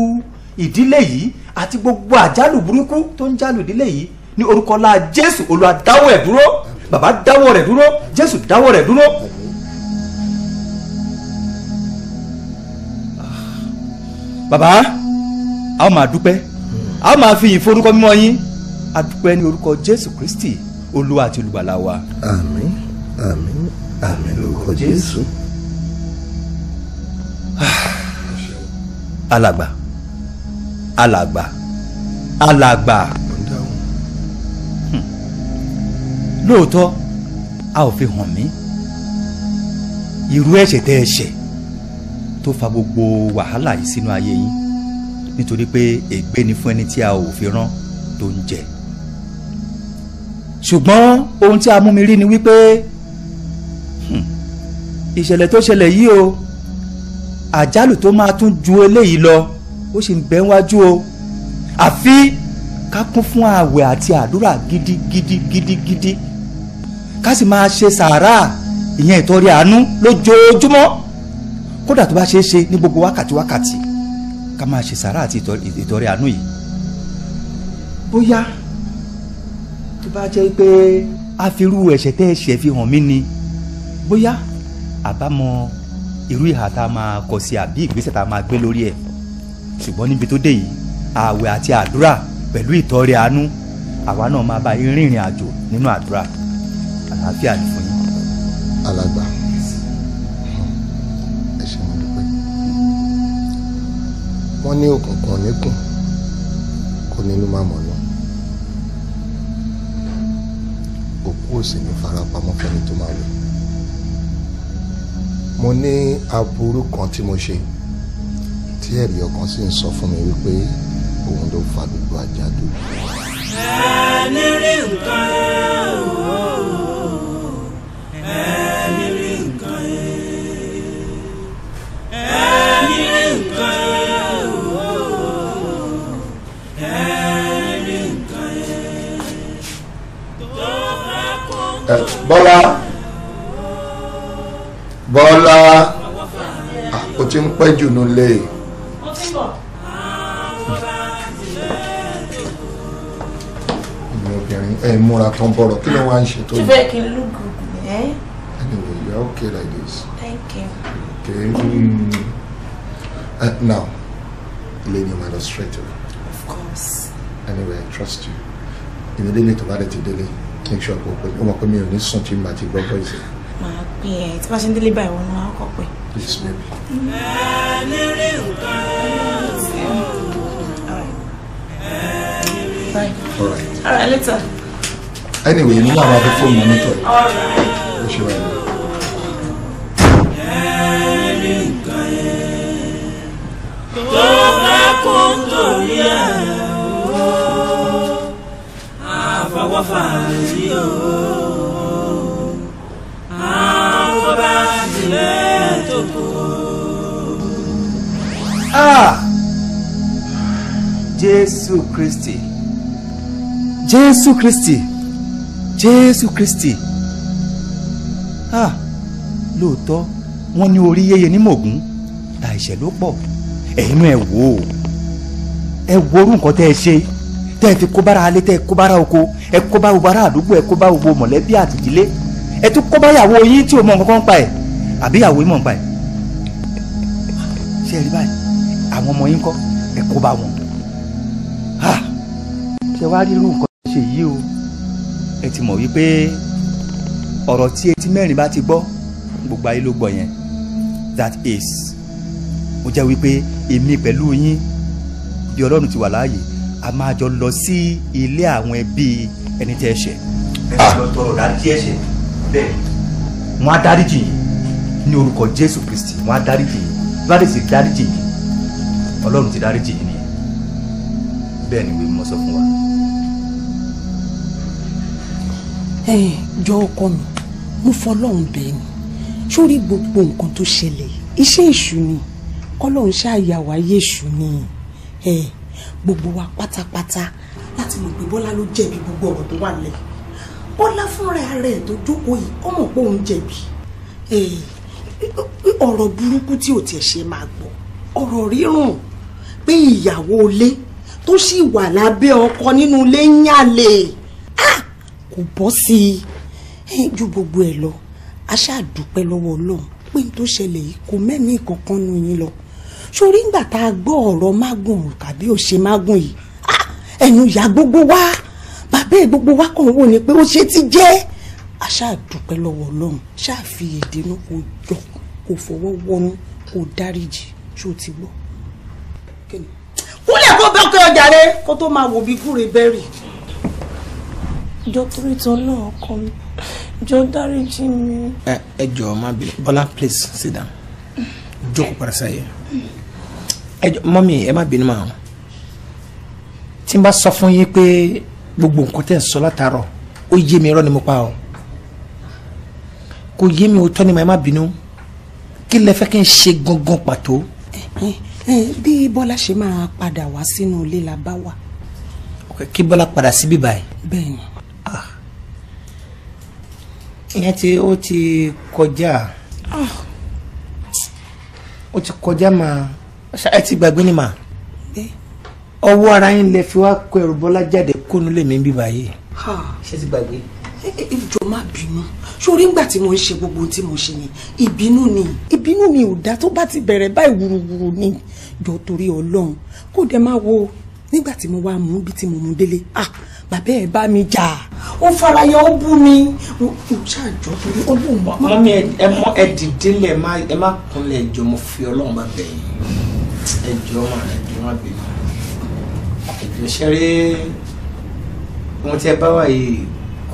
ìdílé yìí àti gbogbo àjálù burúkú tó ń jálù ìdílé yìí ní orúkọ la jésù olúwa dáwọ́ ẹ̀ dúró bàbá dáwọ́ rẹ̀ dúró jésù dáwọ́ rẹ̀ dúró. bàbá a ó máa dúpẹ́ a ó máa fi ìyìn forúkọ mímọ́ yín a dúpẹ́ ní orúkọ jésù kristi olúwa àti olùgbàlà wa. àmín àmín àmín lórúkọ jésù. alàgbà. Ah alàgbà alàgbà hmm. lóòótọ́ a ò fi hàn mí irú ẹ̀ṣẹ̀ tẹ́ ẹ ṣẹ̀ tó fa gbogbo wàhálà yìí sínú ayé yín nítorí pé ègbé ni fún ẹni tí a ò fi rán tó ń jẹ ṣùgbọ́n ohun tí a mú mi rí ni wípé hmm, ìṣẹ̀lẹ̀ tó ṣẹlẹ̀ yìí o àjálù tó máa tún ju eléyìí lọ ó sì ń bẹ wájú o àfi ká kún fún ààwẹ̀ àti àdúrà gidigidigidigidi ká sì máa ṣe sàárà ìyẹn ìtọrẹ àánú lójoojúmọ́ kódà tó bá ṣeé ṣe ní gbogbo wákàtí wákàtí ká máa ṣe sàárà àti ìtọrẹ àánú yìí bóyá tó bá jẹ́ pé àfirú ẹ̀ṣẹ̀ tẹ́ ẹ̀ṣẹ̀ fi hàn mí ni bóyá àbámọ̀ irú ìhà tá a máa kọ sí àbí ìgbésẹ̀ tá a máa gbé lórí ẹ̀ ṣùgbọ́n níbi tó dé yìí ààwẹ̀ àti àdúrà pẹ̀lú ìtọrẹ àánú àwa náà máa bá yín rìnrìn àjò nínú àdúrà àlàáfíà ni fún yín. alàgbà ẹ ṣe wọn dúpẹ́ wọ́n ní òkùnkùn níkùn kó nínú máa mọ̀ náà òkú òsì ní farapamọ́ fẹ́ni tó máa wò mo ní aburú kan tí mo ṣe tí ẹ̀rí ọkàn sì ń sọ fún mi wípé òun ló fa gbogbo àjálù. ẹni rí nǹkan ẹ o ẹni rí nǹkan ẹ ẹni rí nǹkan ẹ o ẹni rí nǹkan ẹ tó fẹ́ kó. bọ́lá bọ́lá ó ah, ti ń pẹ́ jù nílé yìí. ẹ múra tán bọ̀rọ̀ kí ló wá ń ṣe look good ni. anyway you are okay like this. thank you. okay mm. uh, now lady madam straight away. of course. anyway I trust you. ìdílé tó bá dé ti délé kí make sure you pé ó mọ̀ pé mi ò ní sùn tí màá ti gbọ́ Yeah, it's pè é by one ṣe ń délé báyìí wọn máa kọ Bye. All right. All right, later anyway mo máa ma fi fóònù mi tó ẹ ó ṣe wáyé. tó bá kó torí ẹ̀ o àfọwọ́fà yìí o àwọn bá tilẹ̀ tó kù. Jésù Kristi Jésù Kristi jésù kristi ah lóòótọ́ wọ́n ní orí yéye ní mògún ta ìṣẹ́ ló pọ̀ ẹ̀yin náà ẹ wò ó ẹ wo orú nǹkan tẹ́ ẹ ṣe tẹ́ ẹ fi kó bára alẹ́ tẹ́ ẹ kó bára oko ẹ kó bá gbogbo ará àdúgbò ẹ kó bá gbogbo mọ̀lẹ́bí àtìdílé ẹ tún kó bá ìyàwó yín tí o mọ̀ nǹkan pa ẹ̀ àbí ìyàwó yín mọ̀ pa ẹ̀ ṣé ẹ rí báyìí àwọn ọmọ yín kọ́ ẹ kó bá wọn ṣe wá rí irú nǹkan ṣe yìí o ẹ ti mọ̀ wípé ọ̀rọ̀ tí etí mẹ́rin bá ti gbọ́ gbogbo ayé ló gbọ́ yẹn that is ó jẹ́ wípé èmi pẹ̀lú yín bí ọlọ́run ti wà láàyè a máa jọ lọ sí ilé àwọn ẹbí ẹni tẹ́ ẹ ṣẹ̀ ẹ máa lọ tọrọ dáríjì ẹ̀ṣẹ̀ bẹ́ẹ̀ wọ́n á dáríjì yìí ní orúkọ Jésù Kristi wọ́n á dáríjì yìí bá lè sì dáríjì yìí ọlọ́run ti dáríjì yìí nìyẹn bẹ́ẹ̀ ni wí mo sọ fún wa ẹ jọ ọkọ mi mo fọlọ́run bẹ́ẹ̀ ni sórí gbogbo nǹkan tó ṣẹlẹ̀ iṣẹ́ èṣù ni kọ́lọ́run ṣáàyà wáyé èṣù ni ẹ gbogbo wa pátápátá láti mọ̀ pé bọ́lá ló jẹ̀bi gbogbo ọ̀rọ̀ tó wà lẹ̀ bọ́lá fúnra rẹ̀ tó jókòó yìí ọmọ pé òun jẹ̀bi ọ̀rọ̀ burúkú tí ò tiẹ̀ ṣe máa gbọ́ ọ̀rọ̀ rírùn pé ìyàwó ilé tó sì wà lábẹ́ ọkọ nínú ilé ń yàn lè kò bọ́ sí i ju gbogbo ẹ̀ lọ a ṣáà dúpẹ́ lọ́wọ́ ọlọ́run pé n tó ṣẹlẹ̀ yìí kò mẹ́mí kankan nu yín lọ sórí ńgbà tá a gbọ́ ọ̀rọ̀ mágùn tàbí òṣè mágùn yìí ẹnu ìyá gbogbo wa bàbá ẹ̀ gbogbo wa kàn wò ni pé ó ṣe ti jẹ́ a ṣáà dúpẹ́ lọ́wọ́ ọlọ́run ṣáà fi èdè inú kò jọ kò fọwọ́ wọnú kò dáríjì ṣó ti gbọ́. kúlẹ̀ kó bẹ́ẹ̀ kí ọjà rẹ kó tó máa wò bí kúrè bẹ́ẹ̀ rì jọ torí tán náà ọkọ mi jọ dáríjì mi. ẹ ẹ jọ má bẹ please sit down jókòó padà sáyé ẹ jọ mọ́mí ẹ má bínú màá tí n bá sọ fún yín pé gbogbo nǹkan tẹ̀ ń sọ látàárọ̀ ó mi irọ́ ni mo pa o kò yé mi òótọ́ ni màá má bínú kí lẹ fẹ́ kí n ṣe gangan pàtó. bí bọ́lá ṣe máa padà wá sínú ilé la bá wà. kí bọ́lá padà síbí báyìí. bẹ́ẹ̀ ni ìyẹn ti ó ti kọjá ah. ó ti kọjá mà ẹ ti gbàgbé ni mà ọwọ́ ara yín lẹ fi wá kọ ẹrù bọ́lá jáde kónú lèmi bíbá yìí ṣé ti gbàgbé. ìjọ má bínú sórí ngbà tí mo ń ṣe gbogbo ohun tí mo ṣe yẹn ìbínú ni. ìbínú ni ò dá tó bá ti bẹ̀rẹ̀ báyìí wúruwúru ni jọ torí ọlọ́run kó dẹ máa wo nígbà tí mo wá mú bí tí mo mú délé ah bàbá ẹ̀ bá mi jà ó faraya ó bú mi ó ṣàjọ torí ó bù wá. mọ́mí ẹ mọ́ ẹ dìde lẹ̀ ẹ má kúnlẹ̀ ẹjọ mo fi ọlọ́run bá bẹ̀ yín ẹjọ mà ẹjọ má bẹ̀ yín ẹjọ ṣeré wọn tí ẹ bá wà yìí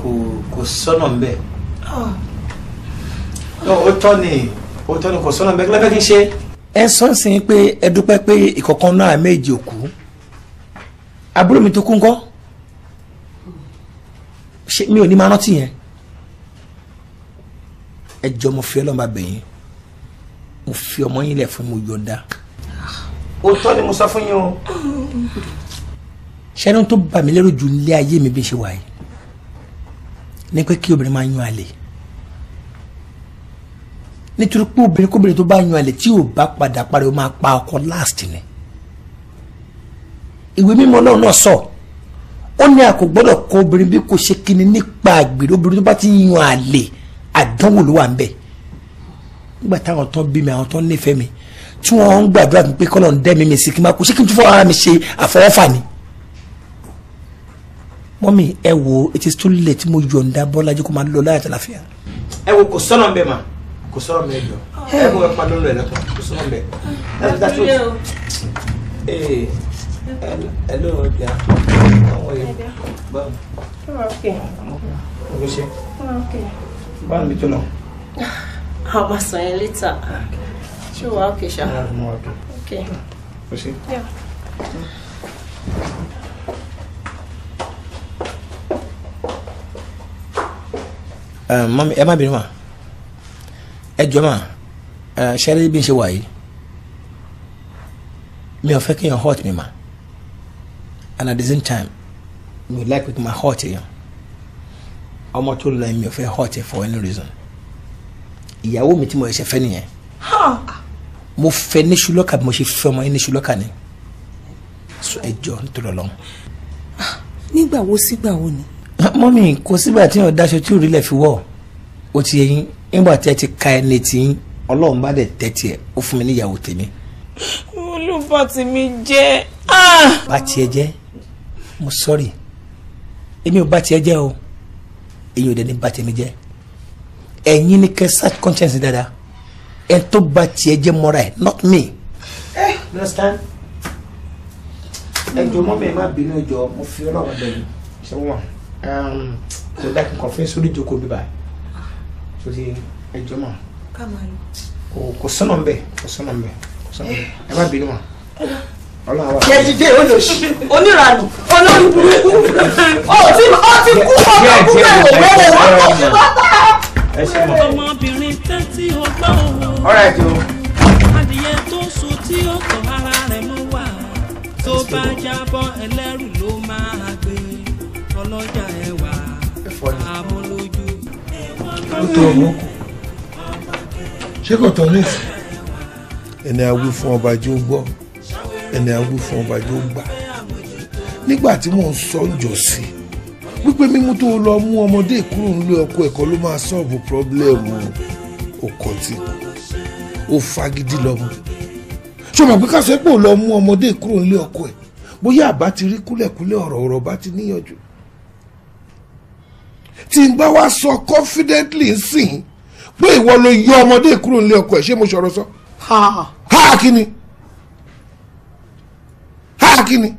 kò kò sọ́nà ń bẹ̀ ah. ó tọ́ ni ó tọ́ ni kò sọ́nà ń bẹ̀ kí kí n ṣe. ẹ sọ́nsìn pé ẹ dúpẹ́ pé ìkọ̀kan náà méjì òkú àbúrò mi tó kú ńkọ́ ṣe mi ò ní máa rántí yẹn ẹ jọ mo fi ọlọ́run bá bẹ̀ yín mo fi ọmọ yín lẹ̀ fún mo yọ̀ǹda òótọ́ ni mo sọ fún yín o ṣẹ́ni tó bà mí lérò jù nílé ayé mi bí ṣe wà yìí ni pé kí obìnrin máa yan àlè nítorí pé obìnrin kóbìnrin tó bá yan àlè tí ò bá padà pariwo máa pa ọkọ last ni ìwé mímọ́ Ọlọ́run náà sọ. So ó ní a gbọ́dọ̀ kọ obìnrin bí kò ṣe kíni nípa àgbèrè obìnrin tó bá ti yan àlè àdánwò ló wà ń bẹ̀ nígbà táwọn tán bí mi àwọn tán nífẹ̀ẹ́ mi tí wọ́n ń gbàdúrà pé kọ́lọ̀ ń dẹ́mi mi sí kí n máa kú ṣé kí n tún fọwọ́ ara mi ṣe àfọwọ́fà mọ́mí ẹ wo etí tó lè tí mo yọ̀ǹda bọ́lá jẹ́ kó máa lọ láyà tàlàfíà. ẹ wo kò sọ́nà bẹ́ẹ̀ mà kò sọ́nà bẹ́ẹ̀ ẹ wo ẹ pa lọ́lọ́ ẹ̀ lọ́tọ̀ kò sọ́nà bẹ́ẹ̀ Hello, dear. How are you? Báwo. Okay. Ogo ṣe. Okay. Báwo ni tó lọ? A máa sọ yẹn létà. Ṣé wàá okay ṣá? Ah, mo wà tó. Okay. O ṣe. Yeah. Eh, mọ́mí ẹ má bínú mà ẹ jọ mà eh, ṣẹ́rí bí n ṣe wà yìí mi ò fẹ́ kéèyàn hurt mi mà and at the same time me like with my heart yẹn ọmọ tó lọ mi ò fẹ́ hot for any reason ìyàwó mi tí mo ṣe fẹ́ nìyẹn mo fẹ́ ní ṣùlọ́kà bí mo ṣe fẹ́ ọmọ yẹn ní ṣùlọ́kà ni so ẹ jọ nítorí Ọlọ́run. Ah, nígbà wo sígbà wo ni. mọ́mí kò sígbà tí yóò daṣọ tí òrìlẹ̀ fi wọ̀ ó ti yẹyin nígbà tí ẹ ti ka ẹni tí Ọlọ́run bá dẹ̀ tẹ́tì ẹ̀ ó fún mi níyàwó tèmi. olùfà tèmi jẹ́. Ah. bá tiẹ̀ jẹ́ mo sọ́ọ̀rì èmi ò bá tiẹ̀ jẹ́ o èyí ò dẹ́ni bá tèmi jẹ́ ẹ̀yin ni kẹ́ search conscience Dada. ẹ̀ tó bá tiẹ̀ jẹ́ mọ́ra ẹ̀ not me. ẹ eh, understand ẹ jọ mọ́ mi má bínú ẹ jọ mo fi ọlọ́run bẹ̀rù ṣé wọ́n um, kò dá kí n kàn fún sórí ìjókòó bíbá sórí ẹ jọ mọ́ kò sọ́nà ń bẹ̀ kò sọ́nà ń bẹ̀ kò sọ́nà ń bẹ̀ ẹ má bínú mọ́ yẹjide olóṣì oníranù ọmọbìnrin tẹ́ tí o gbọ́ òun adìyẹ tó sùn tí ó kọ̀ ara rẹ̀ mú wá tó bá jábọ́ ẹlẹ́rù ló máa gbé ọlọ́jà ẹwà àmúlójú. ṣé kò tọ́ ní ẹni a fún ọba jí gbọ́ ẹni àwọn fún ọba yóò gbà nígbà tí mò ń sọ ǹjọ sí wípé mímú tó lọ mú ọmọdé kúrò nílé ọkọ ẹ̀kọ́ ló máa sọ́ọ̀bù pírọ́blẹ́mù òkọ̀tì ó fagídí lọ́mú ṣé o mọ̀ pé ká sọ pé ò lọ mú ọmọdé kúrò nílé ọkọ ẹ̀ bóyá àbá ti rí kúlẹ̀kúlẹ̀ ọ̀rọ̀ ọ̀rọ̀ bá ti níyànjú tí n bá wá sọ confidently sìn pé ìwọ ló yọ ọmọdé kúrò nílé ọkọ ẹ̀ ṣé mo sọ̀rọ̀ sọ. ha ha kí ni sáà ah, kí ni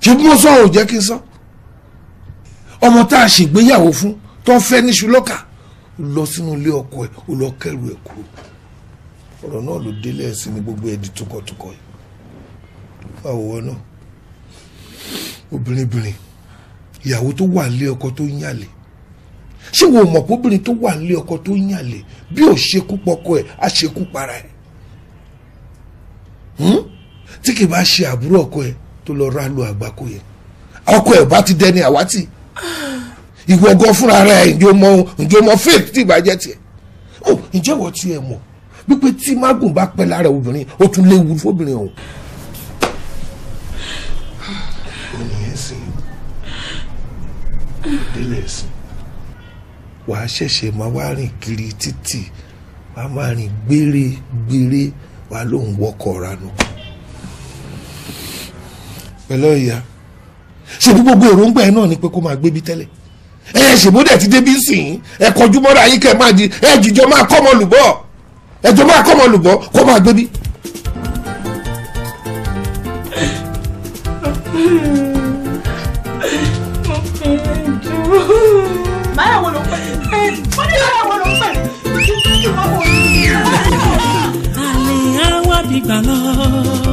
ṣe bí mo sọ ò jẹ́ kí n sọ ọmọ tá a ṣègbéyàwó fún tó ń fẹ́ níṣu lọ́kà lọ sínú ilé ọkọ ẹ̀ ó lọ kẹ́rù ẹ̀ kúrò ọ̀rọ̀ náà ló délé ẹ̀sìn ní gbogbo ẹ̀dí tukọ̀tukọ̀ yìí àwòrán náà obìnrinbìnrin ìyàwó tó wà nílé ọkọ tó ń yàlè ṣé wo mọ̀ pé obìnrin tó wà nílé ọkọ tó ń yàlè bí ò ṣekú pọkọ ẹ̀ á para ẹ̀. Hmm? tí kì bá ṣe àbúrò ọkọ ẹ tó lọ ra lu àgbákò yẹn ọkọ ẹ bá ti dẹni àwátì ìwọ gan fúnra rẹ ǹjọ mọ ǹjọ mọ faith tí ìbàjẹ́ tiẹ̀ ó oh, ǹjẹ́ wọ́n ti ẹ̀ mọ̀ wípé tí mágùn bá pẹ́ lára obìnrin ó tún léwu fóbìnrin ọ̀hún. oníyẹn sìn délé sìn wàá ṣẹ̀ṣẹ̀ máa wá rìn kiri títì wàá máa rìn gbére gbére wàá lóun wọkọ̀ ranù pẹ̀lú ìyá ṣèbí gbogbo èròǹgbà ẹ náà ni pé kó máa gbébi tẹ́lẹ̀ ẹ ṣèbó dẹ̀ ti débi sìn ẹ kọjú mọ́ra yín kẹ́ máa di ẹ jìjọ máa kọ́mọ lùbọ́ ẹ jọ máa kọ́mọ lùbọ́ kó máa gbébi. báyàwó ló pẹ́ wọ́n ní báyàwó ló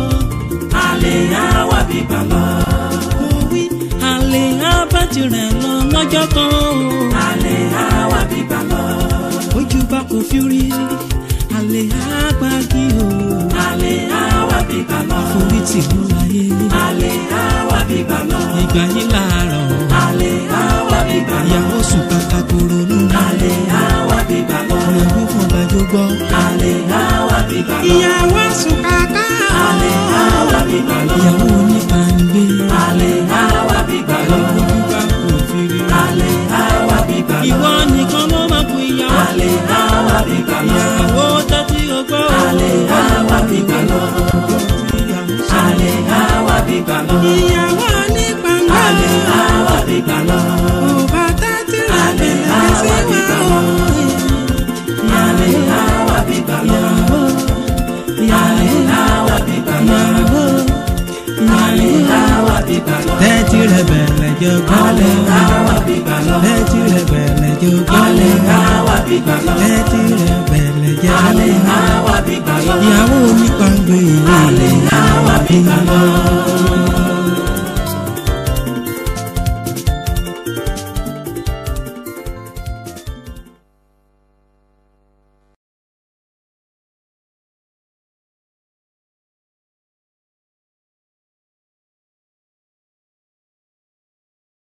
yá wà bí bàbá. Òwe àlè á bá tirẹ̀ lọ lọ́jọ́ kan o. Àlè á wà bí bàbá. Ojú bá kò fi rí àlè á gbági o. Àlè á wà bí bàbá. Forí tì mú láyé. Àlè á bí bàbá. Ìgbà yín láàárọ̀. Àlè á bí bàbá. Ìyàwó sùn kàkà kòrò nù. Àlè á àlè wíwọ̀n bàjọ́ gbọ́. àlè náwà bíbá lọ. ìyàwó sùn kàkà. àlè náwà bíbá lọ. ìyàwó onígbàǹgbé. àlè náwà bíbá lọ. olùkọ́ kò fèrè. àlè náwà bíbá lọ. ìwọ nìkan ló máa kú ìyàwó. àlè náwà bíbá lọ. ìyàwó tẹ́tí ọgbọ́. àlè náwà bíbá lọ. àlè náwà bíbá lọ. ìyàwó onígbàǹgbé. àlè náwà bíbá lọ. òbá our people love. Ali our people love. Ali our people love. Tẹ́tí rẹ̀ bẹ̀rẹ̀ jogún. Ali our people love. Tẹ́tí rẹ̀ bẹ̀rẹ̀ jogún. Ali our people love. Tẹ́tí rẹ̀ bẹ̀rẹ̀ jogún. Ali our people love. Ìyàwó mi kan gbé ìwé. Ali our people love.